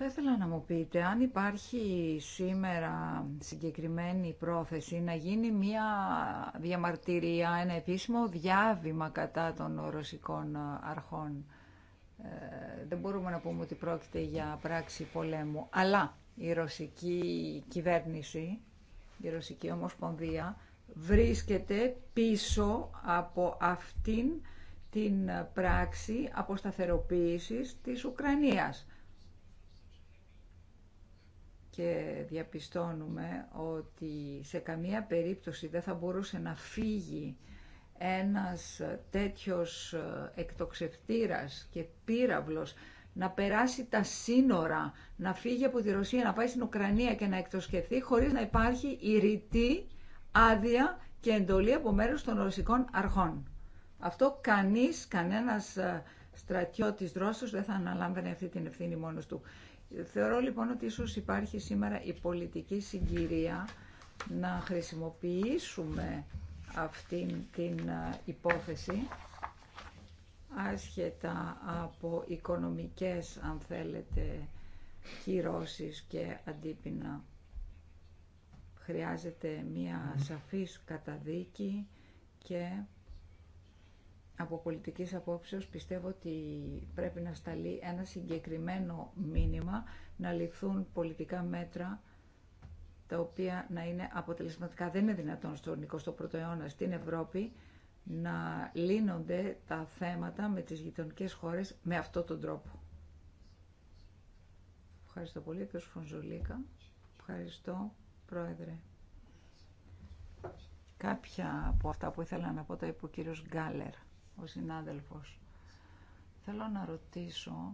Speaker 3: Θα ήθελα να μου πείτε αν υπάρχει σήμερα συγκεκριμένη πρόθεση να γίνει μια διαμαρτυρία, ένα επίσημο διάβημα κατά των ρωσικών αρχών. Ε, δεν μπορούμε να πούμε ότι πρόκειται για πράξη πολέμου, αλλά η ρωσική κυβέρνηση, η ρωσική ομοσπονδία βρίσκεται πίσω από αυτήν την πράξη αποσταθεροποίησης της Ουκρανίας και διαπιστώνουμε ότι σε καμία περίπτωση δεν θα μπορούσε να φύγει ένας τέτοιος ε, εκτοξευτήρας και πύραυλος να περάσει τα σύνορα, να φύγει από τη Ρωσία, να πάει στην Ουκρανία και να εκτοσκευθεί χωρίς να υπάρχει ρητή άδεια και εντολή από μέρους των ρωσικών αρχών. Αυτό κανείς, κανένας ε, στρατιώτης Ρώσος δεν θα αναλάμβανε αυτή την ευθύνη μόνος του. Θεωρώ λοιπόν ότι ίσως υπάρχει σήμερα η πολιτική συγκυρία να χρησιμοποιήσουμε αυτή την υπόθεση άσχετα από οικονομικές αν θέλετε κυρώσεις και αντίπεινα. Χρειάζεται μία σαφής καταδίκη και από πολιτικής απόψεως πιστεύω ότι πρέπει να σταλεί ένα συγκεκριμένο μήνυμα, να ληφθούν πολιτικά μέτρα τα οποία να είναι αποτελεσματικά. Δεν είναι δυνατόν στον 21ο αιώνα στην Ευρώπη να λύνονται τα θέματα με τις γειτονικέ χώρες με αυτόν τον τρόπο. Ευχαριστώ πολύ, κ. Φωνζουλίκα. Ευχαριστώ, Πρόεδρε. Κάποια από αυτά που ήθελα να πω τα είπε ο κύριος Γκάλερ ο συνάδελφος. Θέλω να ρωτήσω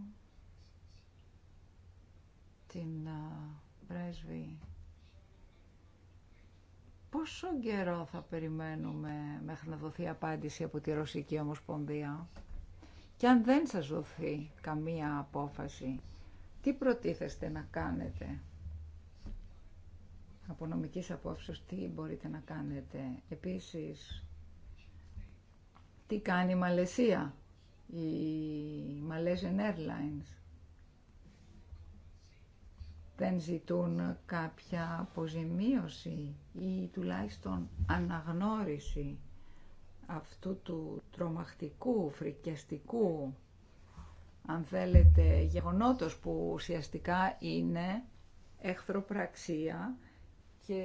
Speaker 3: την πρέσβη πόσο καιρό θα περιμένουμε μέχρι να δοθεί απάντηση από τη Ρωσική Ομοσπονδία και αν δεν σας δοθεί καμία απόφαση τι προτίθεστε να κάνετε από νομικής απόψεως τι μπορείτε να κάνετε επίσης τι κάνει η Μαλαισία, η Malaysian Airlines. Δεν ζητούν κάποια αποζημίωση ή τουλάχιστον αναγνώριση αυτού του τρομακτικού, φρικιαστικού, αν θέλετε, γεγονότος που ουσιαστικά είναι εχθροπραξία και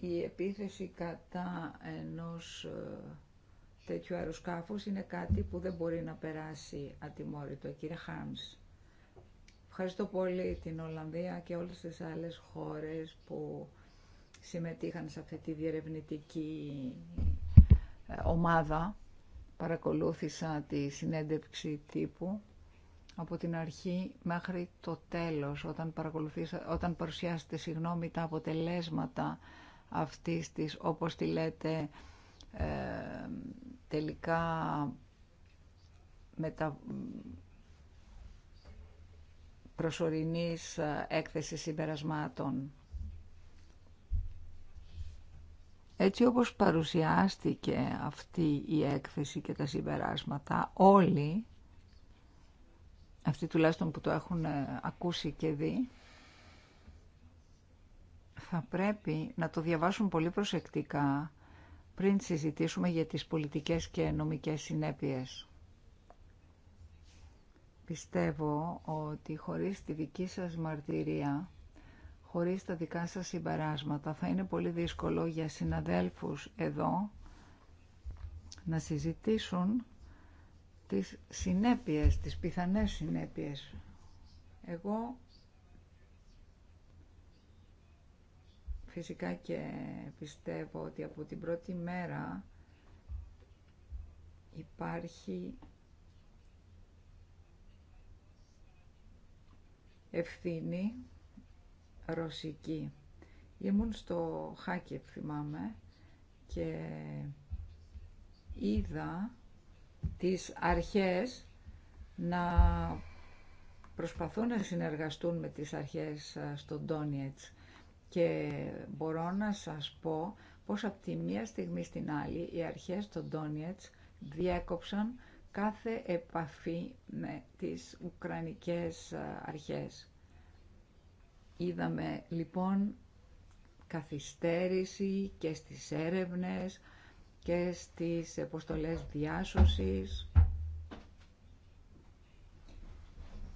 Speaker 3: η επίθεση κατά ενός ε, Τέτοιο αεροσκάφο είναι κάτι που δεν μπορεί να περάσει ατιμόρυτο. Κύριε Χάμ. ευχαριστώ πολύ την Ολλανδία και όλες τις άλλες χώρες που συμμετείχαν σε αυτή τη διερευνητική ε, ομάδα. Παρακολούθησα τη συνέντευξη τύπου από την αρχή μέχρι το τέλος, όταν, όταν παρουσιάσετε συγγνώμη τα αποτελέσματα αυτής της, όπως τη λέτε, ε, τελικά τα προσωρινής έκθεσης συμπερασμάτων. Έτσι όπως παρουσιάστηκε αυτή η έκθεση και τα συμπεράσματα, όλοι, αυτοί τουλάχιστον που το έχουν ε, ακούσει και δει, θα πρέπει να το διαβάσουν πολύ προσεκτικά πριν συζητήσουμε για τις πολιτικές και νομικές συνέπειες. Πιστεύω ότι χωρίς τη δική σας μαρτυρία, χωρίς τα δικά σας συμπεράσματα, θα είναι πολύ δύσκολο για συναδέλφους εδώ να συζητήσουν τις συνέπειες, τις πιθανές συνέπειες. Εγώ Φυσικά και πιστεύω ότι από την πρώτη μέρα υπάρχει ευθύνη ρωσική. Ήμουν στο Χάκεπ θυμάμαι και είδα τις αρχές να προσπαθούν να συνεργαστούν με τις αρχές ε, στον Ντόνιετς και μπορώ να σας πω πως από τη μία στιγμή στην άλλη οι αρχές των Ντόνιετς διέκοψαν κάθε επαφή με τις Ουκρανικές ε, αρχές. Είδαμε λοιπόν καθυστέρηση και στις έρευνες και στις εποστολές διάσωσης.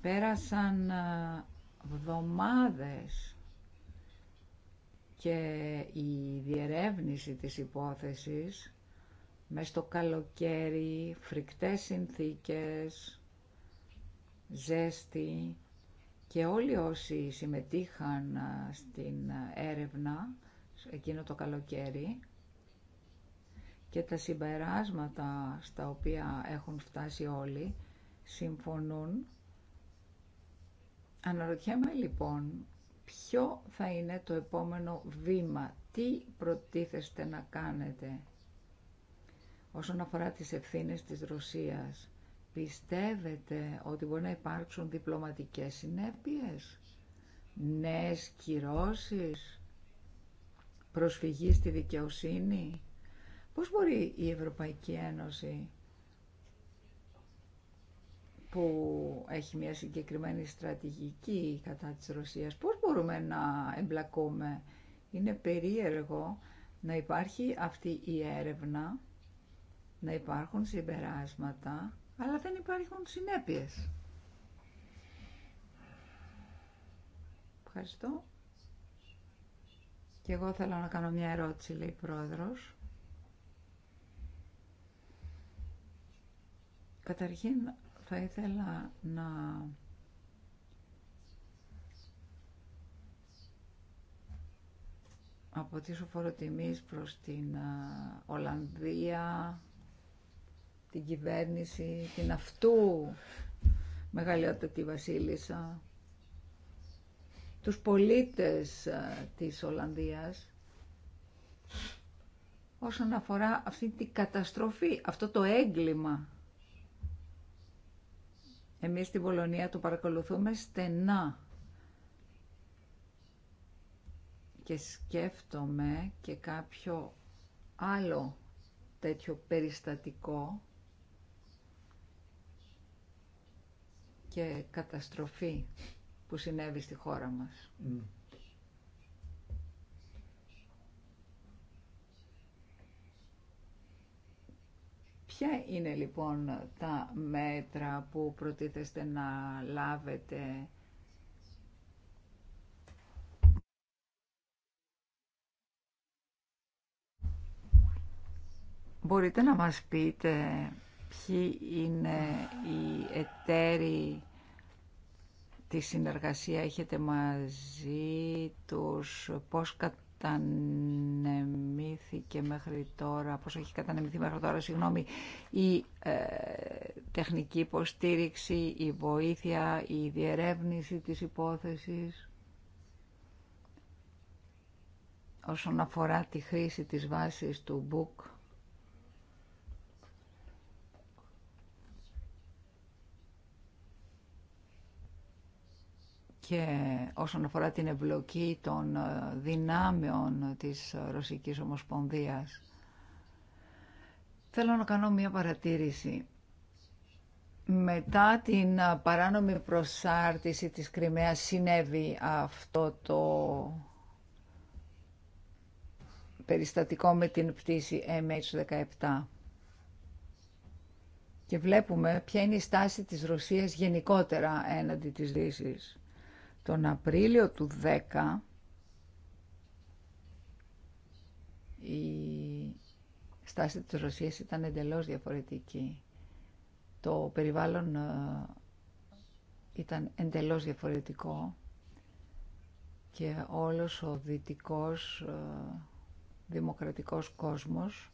Speaker 3: Πέρασαν ε, βδομάδες και η διερεύνηση της υπόθεσης με στο καλοκαίρι, φρικτές συνθήκες, ζέστη και όλοι όσοι συμμετείχαν στην έρευνα εκείνο το καλοκαίρι και τα συμπεράσματα στα οποία έχουν φτάσει όλοι συμφωνούν. Αναρωτιέμαι λοιπόν ποιο θα είναι το επόμενο βήμα, τι προτίθεστε να κάνετε όσον αφορά τις ευθύνες της Ρωσίας. Πιστεύετε ότι μπορεί να υπάρξουν διπλωματικές συνέπειες, νέες κυρώσεις, προσφυγή στη δικαιοσύνη. Πώς μπορεί η Ευρωπαϊκή Ένωση που έχει μια συγκεκριμένη στρατηγική κατά της Ρωσίας. Πώς μπορούμε να εμπλακούμε. Είναι περίεργο να υπάρχει αυτή η έρευνα, να υπάρχουν συμπεράσματα, αλλά δεν υπάρχουν συνέπειες. Ευχαριστώ. Και εγώ θέλω να κάνω μια ερώτηση, λέει Πρόεδρος. Θα ήθελα να αποτίσω φοροτιμής προς την Ολλανδία, την κυβέρνηση, την αυτού τη βασίλισσα, τους πολίτες της Ολλανδίας όσον αφορά αυτή την καταστροφή, αυτό το έγκλημα εμείς στην Πολωνία το παρακολουθούμε στενά και σκέφτομαι και κάποιο άλλο τέτοιο περιστατικό και καταστροφή που συνέβη στη χώρα μας. Ποια είναι λοιπόν τα μέτρα που προτίθεστε να λάβετε Μπορείτε να μας πείτε ποιοι είναι οι εταίροι τη συνεργασία έχετε μαζί τους, πώς κατανεμήθηκε μέχρι τώρα, πώς έχει κατανεμηθεί μέχρι τώρα, συγγνώμη, η ε, τεχνική υποστήριξη, η βοήθεια, η διερεύνηση της υπόθεσης όσον αφορά τη χρήση της βάσης του book και όσον αφορά την εμπλοκή των ε, δυνάμεων της Ρωσικής Ομοσπονδίας. Θέλω να κάνω μία παρατήρηση. Μετά την ε, παράνομη προσάρτηση της Κρυμαίας συνέβη αυτό το περιστατικό με την πτήση MH17. Και βλέπουμε ποια είναι η στάση της Ρωσίας γενικότερα έναντι της Δύσης. Τον Απρίλιο του 10 η στάση της Ρωσίας ήταν εντελώς διαφορετική. Το περιβάλλον ε, ήταν εντελώς διαφορετικό και όλος ο δυτικός ε, δημοκρατικός κόσμος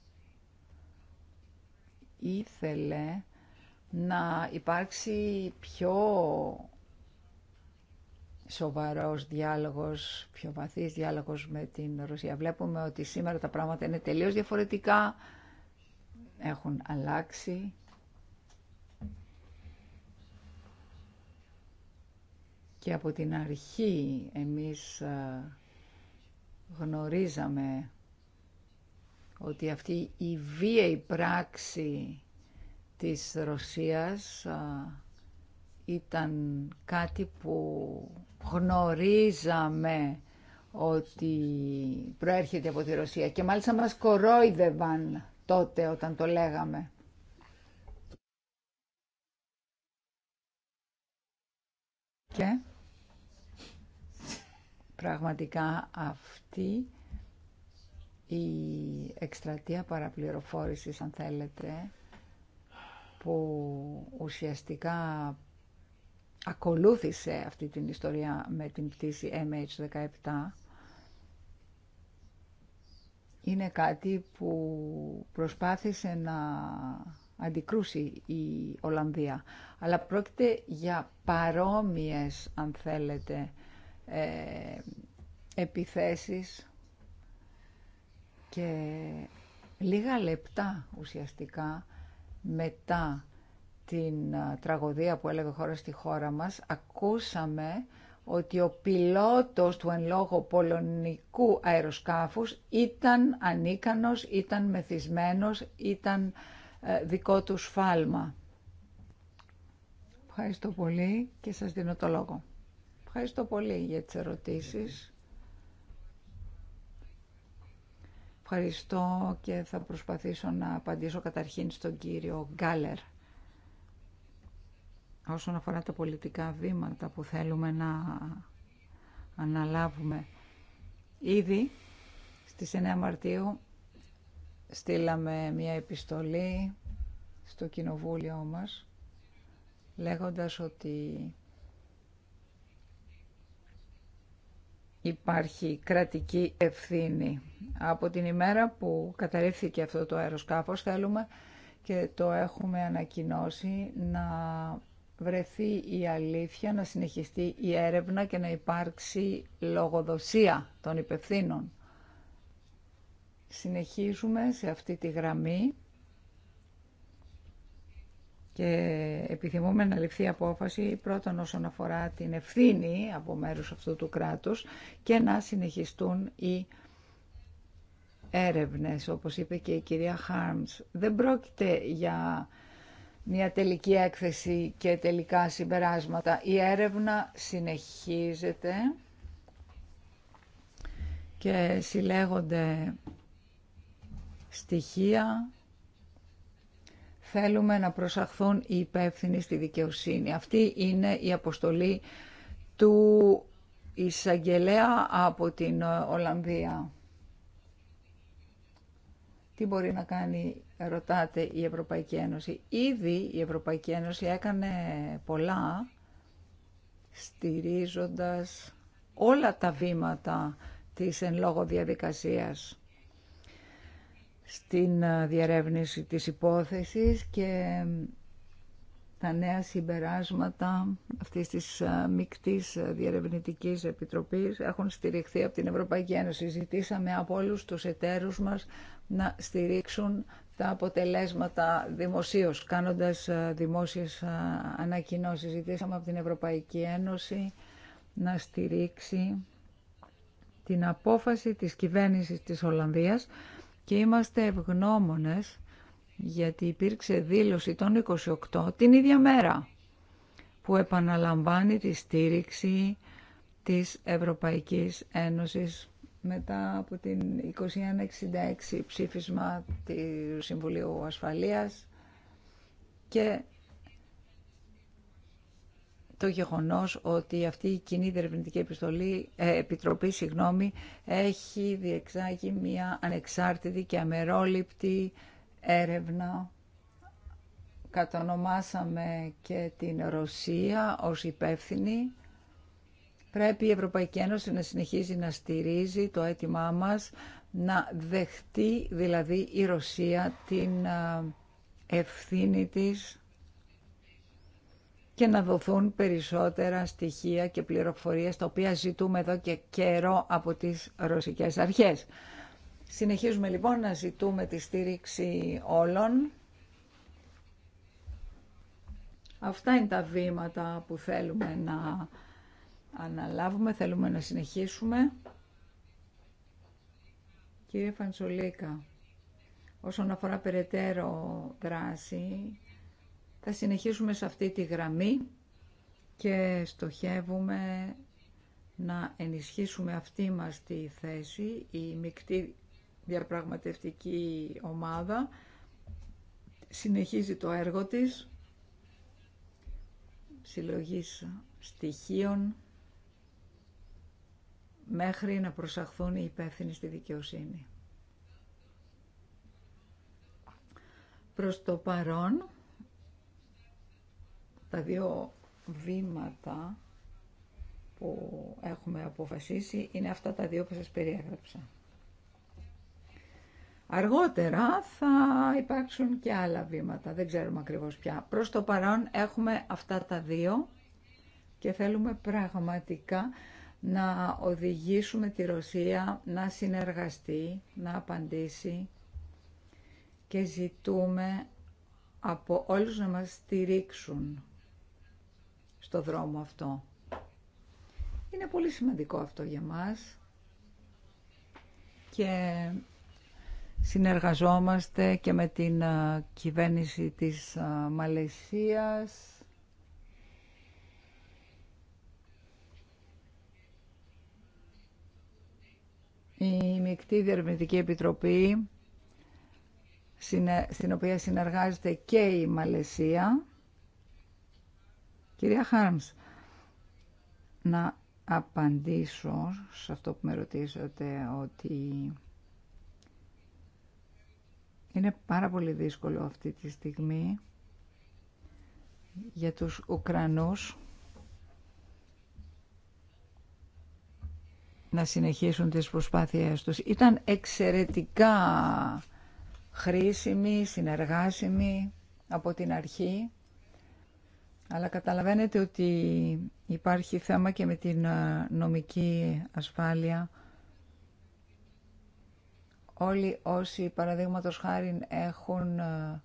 Speaker 3: ήθελε να υπάρξει πιο σοβαρός διάλογος, πιο βαθύς διάλογος με την Ρωσία. Βλέπουμε ότι σήμερα τα πράγματα είναι τελείως διαφορετικά, έχουν αλλάξει. Και από την αρχή εμείς ε, γνωρίζαμε ότι αυτή η βίαιη πράξη της Ρωσίας ε, ήταν κάτι που γνωρίζαμε ότι προέρχεται από τη Ρωσία και μάλιστα μας κορόιδευαν τότε όταν το λέγαμε. Και πραγματικά αυτή η εκστρατεία παραπληροφόρησης αν θέλετε που ουσιαστικά ακολούθησε αυτή την ιστορία με την πτήση MH17 είναι κάτι που προσπάθησε να αντικρούσει η Ολλανδία. Αλλά πρόκειται για παρόμοιες, αν θέλετε, ε, επιθέσεις και λίγα λεπτά ουσιαστικά μετά την τραγωδία που έλεγε χώρα στη χώρα μας, ακούσαμε ότι ο πιλότος του εν λόγω πολωνικού αεροσκάφους ήταν ανίκανος, ήταν μεθυσμένος, ήταν ε, δικό του φάλμα. Ευχαριστώ πολύ και σας δίνω το λόγο. Ευχαριστώ πολύ για τις ερωτήσεις. Ευχαριστώ και θα προσπαθήσω να απαντήσω καταρχήν στον κύριο Γκάλερ όσον αφορά τα πολιτικά βήματα που θέλουμε να αναλάβουμε. Ήδη στις 9 Μαρτίου στείλαμε μια επιστολή στο κοινοβούλιο μας λέγοντας ότι υπάρχει κρατική ευθύνη. Από την ημέρα που καταρρίφθηκε αυτό το αεροσκάφος θέλουμε και το έχουμε ανακοινώσει να βρεθεί η αλήθεια, να συνεχιστεί η έρευνα και να υπάρξει λογοδοσία των υπευθύνων. Συνεχίζουμε σε αυτή τη γραμμή και επιθυμούμε να ληφθεί απόφαση πρώτον όσον αφορά την ευθύνη από μέρους αυτού του κράτους και να συνεχιστούν οι έρευνες, όπως είπε και η κυρία Χάρμς. Δεν πρόκειται για μια τελική έκθεση και τελικά συμπεράσματα. Η έρευνα συνεχίζεται και συλλέγονται στοιχεία. Θέλουμε να προσαχθούν οι υπεύθυνοι στη δικαιοσύνη. Αυτή είναι η αποστολή του εισαγγελέα από την Ολλανδία. Τι μπορεί να κάνει, ρωτάτε, η Ευρωπαϊκή Ένωση. Ήδη η Ευρωπαϊκή Ένωση έκανε πολλά στηρίζοντας όλα τα βήματα της εν λόγω διαδικασίας στην ε, διαρεύνηση της υπόθεσης και τα νέα συμπεράσματα αυτής της ε, μικτής ε, διερευνητικής επιτροπής έχουν στηριχθεί από την Ευρωπαϊκή Ένωση. Ζητήσαμε από όλους τους εταίρους μας να στηρίξουν τα αποτελέσματα δημοσίως, κάνοντας ε, δημόσιες ανακοινώσεις. Ζητήσαμε από την Ευρωπαϊκή Ένωση να στηρίξει την απόφαση της κυβέρνησης της Ολλανδίας και είμαστε ευγνώμονες γιατί υπήρξε δήλωση των 28 την ίδια μέρα που επαναλαμβάνει τη στήριξη της Ευρωπαϊκής Ένωσης μετά από την 2166 ψήφισμα του Συμβουλίου Ασφαλείας και το γεγονός ότι αυτή η κοινή διερευνητική επιστολή, ε, επιτροπή έχει διεξάγει μια ανεξάρτητη και αμερόληπτη έρευνα κατονομάσαμε και την Ρωσία ως υπεύθυνη. Πρέπει η Ευρωπαϊκή Ένωση να συνεχίζει να στηρίζει το αίτημά μας να δεχτεί δηλαδή η Ρωσία την ευθύνη της και να δοθούν περισσότερα στοιχεία και πληροφορίες τα οποία ζητούμε εδώ και καιρό από τις ρωσικές αρχές. Συνεχίζουμε λοιπόν να ζητούμε τη στήριξη όλων. Αυτά είναι τα βήματα που θέλουμε να αναλάβουμε, θέλουμε να συνεχίσουμε. Κύριε Φανσολίκα, όσον αφορά περαιτέρω δράση, θα συνεχίσουμε σε αυτή τη γραμμή και στοχεύουμε να ενισχύσουμε αυτή μας τη θέση. Η μεικτή διαπραγματευτική ομάδα συνεχίζει το έργο της συλλογής στοιχείων μέχρι να προσαχθούν οι υπεύθυνοι στη δικαιοσύνη. Προς το παρόν, τα δύο βήματα που έχουμε αποφασίσει είναι αυτά τα δύο που σας περιέγραψα. Αργότερα θα υπάρξουν και άλλα βήματα, δεν ξέρουμε ακριβώς πια. Προς το παρόν έχουμε αυτά τα δύο και θέλουμε πραγματικά να οδηγήσουμε τη Ρωσία να συνεργαστεί, να απαντήσει και ζητούμε από όλους να μας στηρίξουν στο δρόμο αυτό. Είναι πολύ σημαντικό αυτό για μας και Συνεργαζόμαστε και με την κυβέρνηση της Μαλαισίας. Η Μικτή Διερευνητική Επιτροπή, στην οποία συνεργάζεται και η Μαλαισία. Κυρία Χάρμς, να απαντήσω σε αυτό που με ρωτήσατε ότι είναι πάρα πολύ δύσκολο αυτή τη στιγμή για τους Ουκρανούς να συνεχίσουν τις προσπάθειές τους. Ήταν εξαιρετικά χρήσιμη, συνεργάσιμη από την αρχή, αλλά καταλαβαίνετε ότι υπάρχει θέμα και με την ε, νομική ασφάλεια όλοι όσοι παραδείγματο χάρη έχουν ε,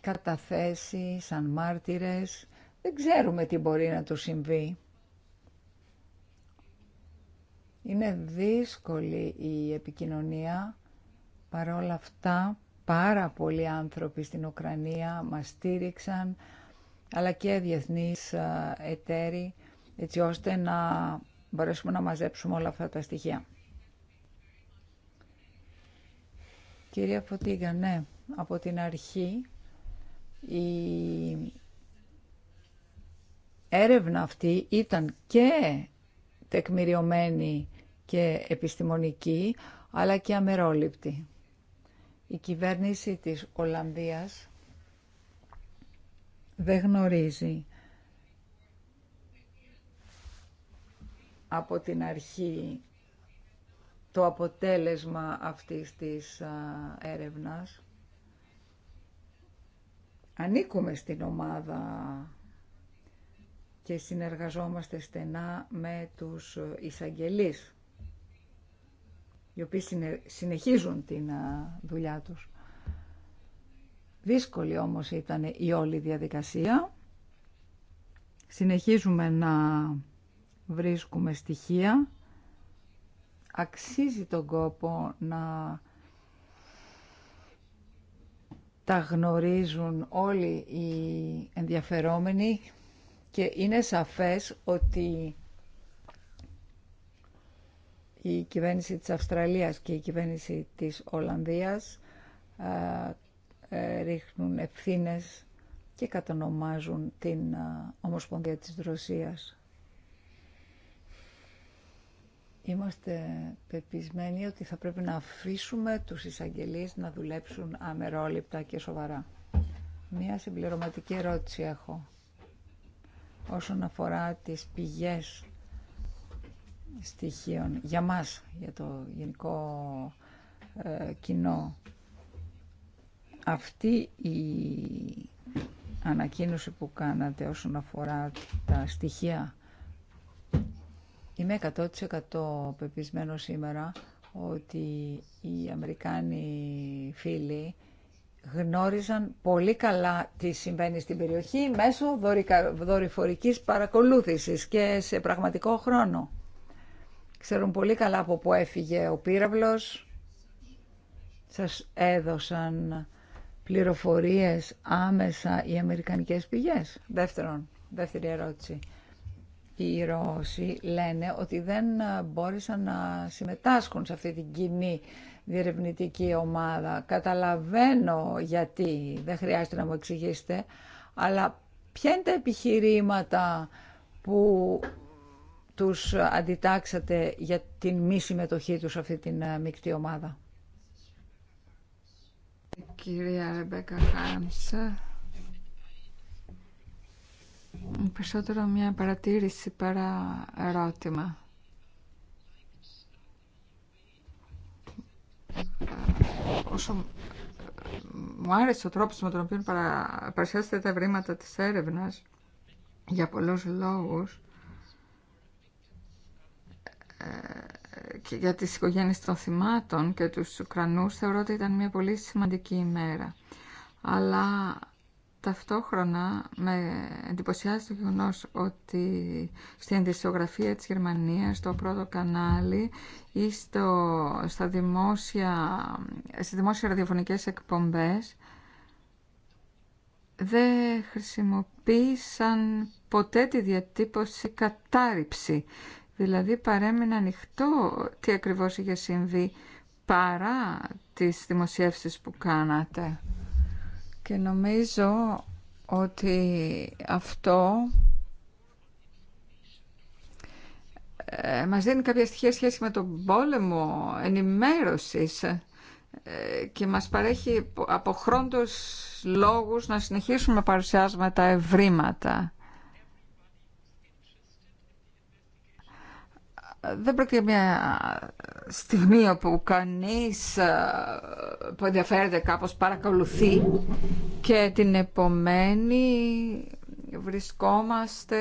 Speaker 3: καταθέσει σαν μάρτυρες, δεν ξέρουμε τι μπορεί να του συμβεί. Είναι δύσκολη η επικοινωνία, παρόλα αυτά πάρα πολλοί άνθρωποι στην Ουκρανία μας στήριξαν, αλλά και διεθνείς ε, εταίροι, έτσι ώστε να μπορέσουμε να μαζέψουμε όλα αυτά τα στοιχεία. Κυρία Φωτίγα, ναι, από την αρχή η έρευνα αυτή ήταν και τεκμηριωμένη και επιστημονική, αλλά και αμερόληπτη. Η κυβέρνηση της Ολλανδίας δεν γνωρίζει από την αρχή το αποτέλεσμα αυτής της έρευνας. Ανήκουμε στην ομάδα και συνεργαζόμαστε στενά με τους εισαγγελείς, οι οποίοι συνεχίζουν την δουλειά τους. Δύσκολη όμως ήταν η όλη διαδικασία. Συνεχίζουμε να βρίσκουμε στοιχεία αξίζει τον κόπο να τα γνωρίζουν όλοι οι ενδιαφερόμενοι και είναι σαφές ότι η κυβέρνηση της Αυστραλίας και η κυβέρνηση της Ολλανδίας ε, ρίχνουν ευθύνες και κατανομάζουν την Ομοσπονδία της Ρωσίας. Είμαστε πεπισμένοι ότι θα πρέπει να αφήσουμε τους εισαγγελείς να δουλέψουν αμερόληπτα και σοβαρά. Μία συμπληρωματική ερώτηση έχω όσον αφορά τις πηγές στοιχείων για μας, για το γενικό ε, κοινό. Αυτή η ανακοίνωση που κάνατε όσον αφορά τα στοιχεία Είμαι 100% πεπισμένο σήμερα ότι οι Αμερικάνοι φίλοι γνώριζαν πολύ καλά τι συμβαίνει στην περιοχή μέσω δορυφορικής παρακολούθησης και σε πραγματικό χρόνο. Ξέρουν πολύ καλά από πού έφυγε ο πύραυλος. Σας έδωσαν πληροφορίες άμεσα οι αμερικανικές πηγές. Δεύτερον, δεύτερη ερώτηση οι Ρώσοι λένε ότι δεν ε, μπόρεσαν να συμμετάσχουν σε αυτή την κοινή διερευνητική ομάδα. Καταλαβαίνω γιατί, δεν χρειάζεται να μου εξηγήσετε, αλλά ποια είναι τα επιχειρήματα που τους αντιτάξατε για την μη συμμετοχή τους σε αυτή την ε, μεικτή ομάδα. Κυρία Ρεμπέκα Περισσότερο μια παρατήρηση παρά ερώτημα. Όσο μου άρεσε ο τρόπος με τον οποίο παρουσιάσετε τα βρήματα της έρευνας για πολλούς λόγους ε, και για τις οικογένειες των θυμάτων και τους Ουκρανούς θεωρώ ότι ήταν μια πολύ σημαντική ημέρα. Αλλά Ταυτόχρονα με εντυπωσιάζει το γεγονό ότι στην δισογραφία της Γερμανίας, στο πρώτο κανάλι ή στο, στα δημόσια, στις δημόσια ραδιοφωνικές εκπομπές δεν χρησιμοποίησαν ποτέ τη διατύπωση κατάρριψη. Δηλαδή παρέμεινε ανοιχτό τι ακριβώς είχε συμβεί παρά τις δημοσιεύσεις που κάνατε. Και νομίζω ότι αυτό ε, μας δίνει κάποια στοιχεία σχέση με τον πόλεμο ενημέρωσης ε, και μας παρέχει αποχρόντως λόγους να συνεχίσουμε να τα ευρήματα. δεν πρόκειται μια στιγμή όπου κανείς ε, που ενδιαφέρεται κάπως παρακολουθεί και την επομένη βρισκόμαστε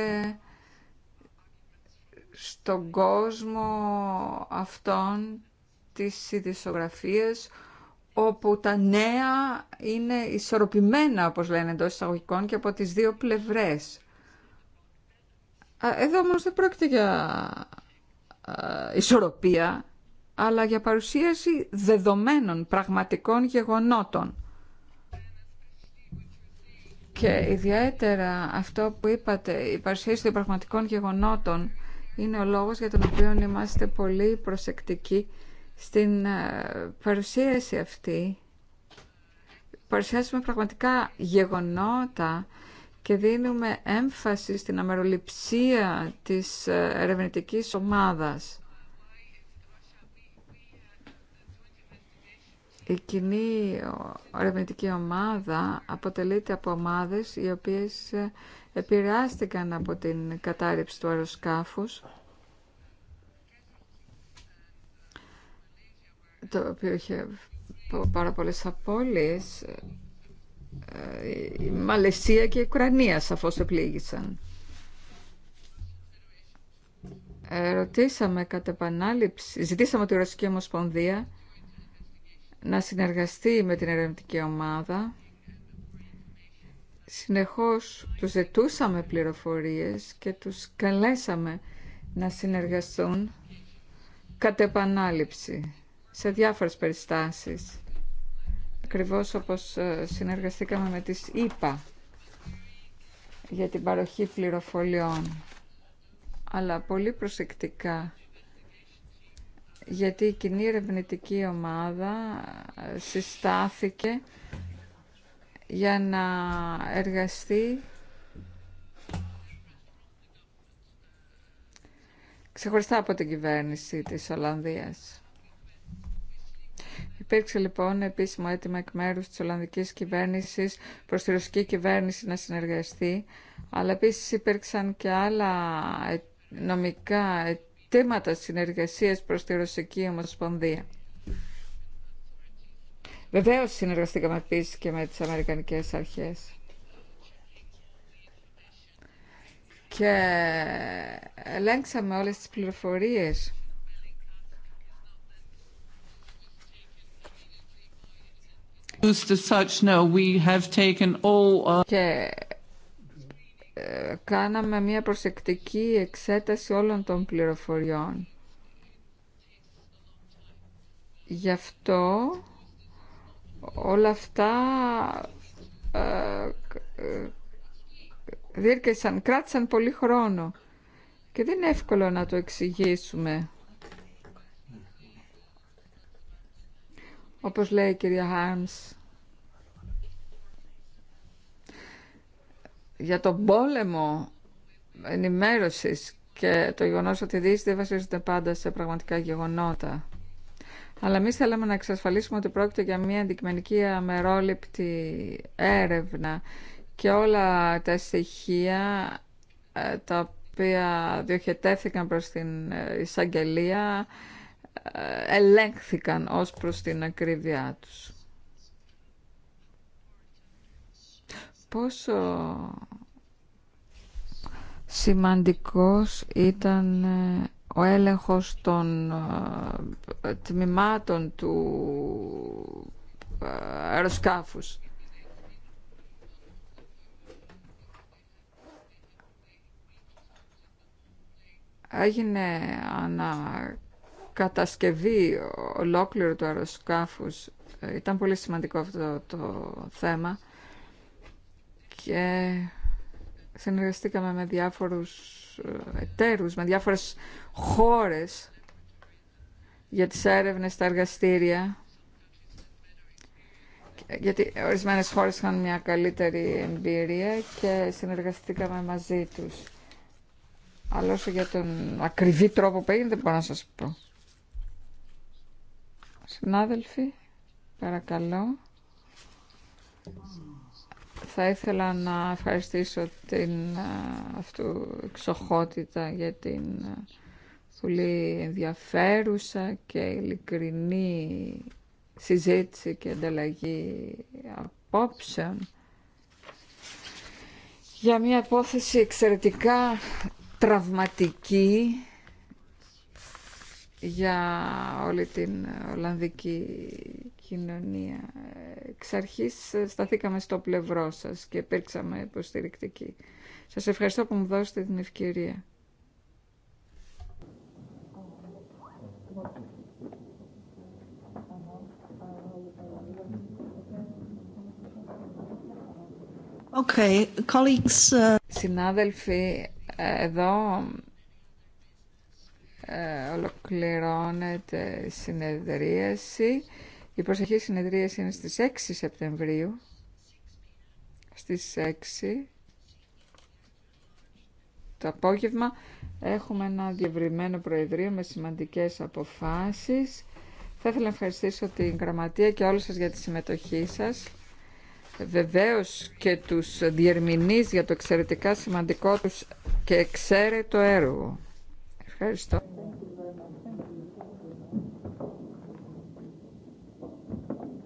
Speaker 3: στον κόσμο αυτών της ειδησογραφίας όπου τα νέα είναι ισορροπημένα όπως λένε εντό εισαγωγικών και από τις δύο πλευρές. Εδώ όμως δεν πρόκειται για ισορροπία, αλλά για παρουσίαση δεδομένων πραγματικών γεγονότων. Και ιδιαίτερα αυτό που είπατε, η παρουσίαση των πραγματικών γεγονότων, είναι ο λόγος για τον οποίο είμαστε πολύ προσεκτικοί στην παρουσίαση αυτή. Παρουσιάσουμε πραγματικά γεγονότα και δίνουμε έμφαση στην αμεροληψία της ε, ερευνητικής ομάδας. Η κοινή ερευνητική ομάδα αποτελείται από ομάδες οι οποίες ε, επηρεάστηκαν από την κατάρριψη του αεροσκάφους το οποίο είχε πάρα πολλές απώλειες ε, ε, η Μαλαισία και η Ουκρανία σαφώς επλήγησαν. Ρωτήσαμε κατά επανάληψη, ζητήσαμε τη Ρωσική Ομοσπονδία να συνεργαστεί με την ερευνητική ομάδα. Συνεχώς τους ζητούσαμε πληροφορίες και τους καλέσαμε να συνεργαστούν κατ' επανάληψη σε διάφορες περιστάσεις ακριβώς όπως ε, συνεργαστήκαμε με τις ΙΠΑ για την παροχή πληροφοριών αλλά πολύ προσεκτικά γιατί η κοινή ερευνητική ομάδα ε, συστάθηκε για να εργαστεί ξεχωριστά από την κυβέρνηση της Ολλανδίας. Υπήρξε λοιπόν επίσημο αίτημα εκ μέρους τη Ολλανδική κυβέρνησης προ τη Ρωσική κυβέρνηση να συνεργαστεί, αλλά επίσης υπήρξαν και άλλα ε, νομικά αιτήματα συνεργασία προ τη Ρωσική Ομοσπονδία. Βεβαίω συνεργαστήκαμε επίση και με τι Αμερικανικές αρχές. Και ελέγξαμε όλες τις πληροφορίες Και ε, κάναμε μια προσεκτική εξέταση όλων των πληροφοριών. Γι' αυτό όλα αυτά ε, ε, ε κράτησαν πολύ χρόνο και δεν είναι εύκολο να το εξηγήσουμε. όπως λέει η κυρία Χάρμς, για τον πόλεμο ενημέρωσης και το γεγονό ότι οι δεν βασίζονται πάντα σε πραγματικά γεγονότα. Αλλά εμεί θέλαμε να εξασφαλίσουμε ότι πρόκειται για μια αντικειμενική αμερόληπτη έρευνα και όλα τα στοιχεία ε, τα οποία διοχετεύθηκαν προς την ε, εισαγγελία ελέγχθηκαν ως προς την ακρίβειά τους. Πόσο σημαντικός ήταν ε, ο έλεγχος των ε, τμήματων του ε, αεροσκάφους. Έγινε ανα κατασκευή ολόκληρου του αεροσκάφους. Ε, ήταν πολύ σημαντικό αυτό το, θέμα και συνεργαστήκαμε με διάφορους ε, εταίρους, με διάφορες χώρες για τις έρευνες στα εργαστήρια γιατί ορισμένες χώρες είχαν μια καλύτερη εμπειρία και συνεργαστήκαμε μαζί τους. Αλλά όσο για τον ακριβή τρόπο που έγινε δεν μπορώ να σας πω. Συνάδελφοι, παρακαλώ. Θα ήθελα να ευχαριστήσω την αυτού εξοχότητα για την πολύ ενδιαφέρουσα και ειλικρινή συζήτηση και ανταλλαγή απόψεων για μια απόθεση εξαιρετικά τραυματική για όλη την Ολλανδική κοινωνία. Εξ αρχής ε, σταθήκαμε στο πλευρό σας και υπήρξαμε υποστηρικτικοί. Σας ευχαριστώ που μου δώσετε την ευκαιρία. Okay, colleagues. Uh, Συνάδελφοι, ε, εδώ ε, ολοκληρώνεται η συνεδρίαση. Η προσεχή συνεδρίαση είναι στις 6 Σεπτεμβρίου. Στις 6 το απόγευμα έχουμε ένα διευρυμένο προεδρείο με σημαντικές αποφάσεις. Θα ήθελα να ευχαριστήσω την Γραμματεία και όλους σας για τη συμμετοχή σας. Βεβαίως και τους διερμηνείς για το εξαιρετικά σημαντικό τους και εξαίρετο έργο. Ευχαριστώ.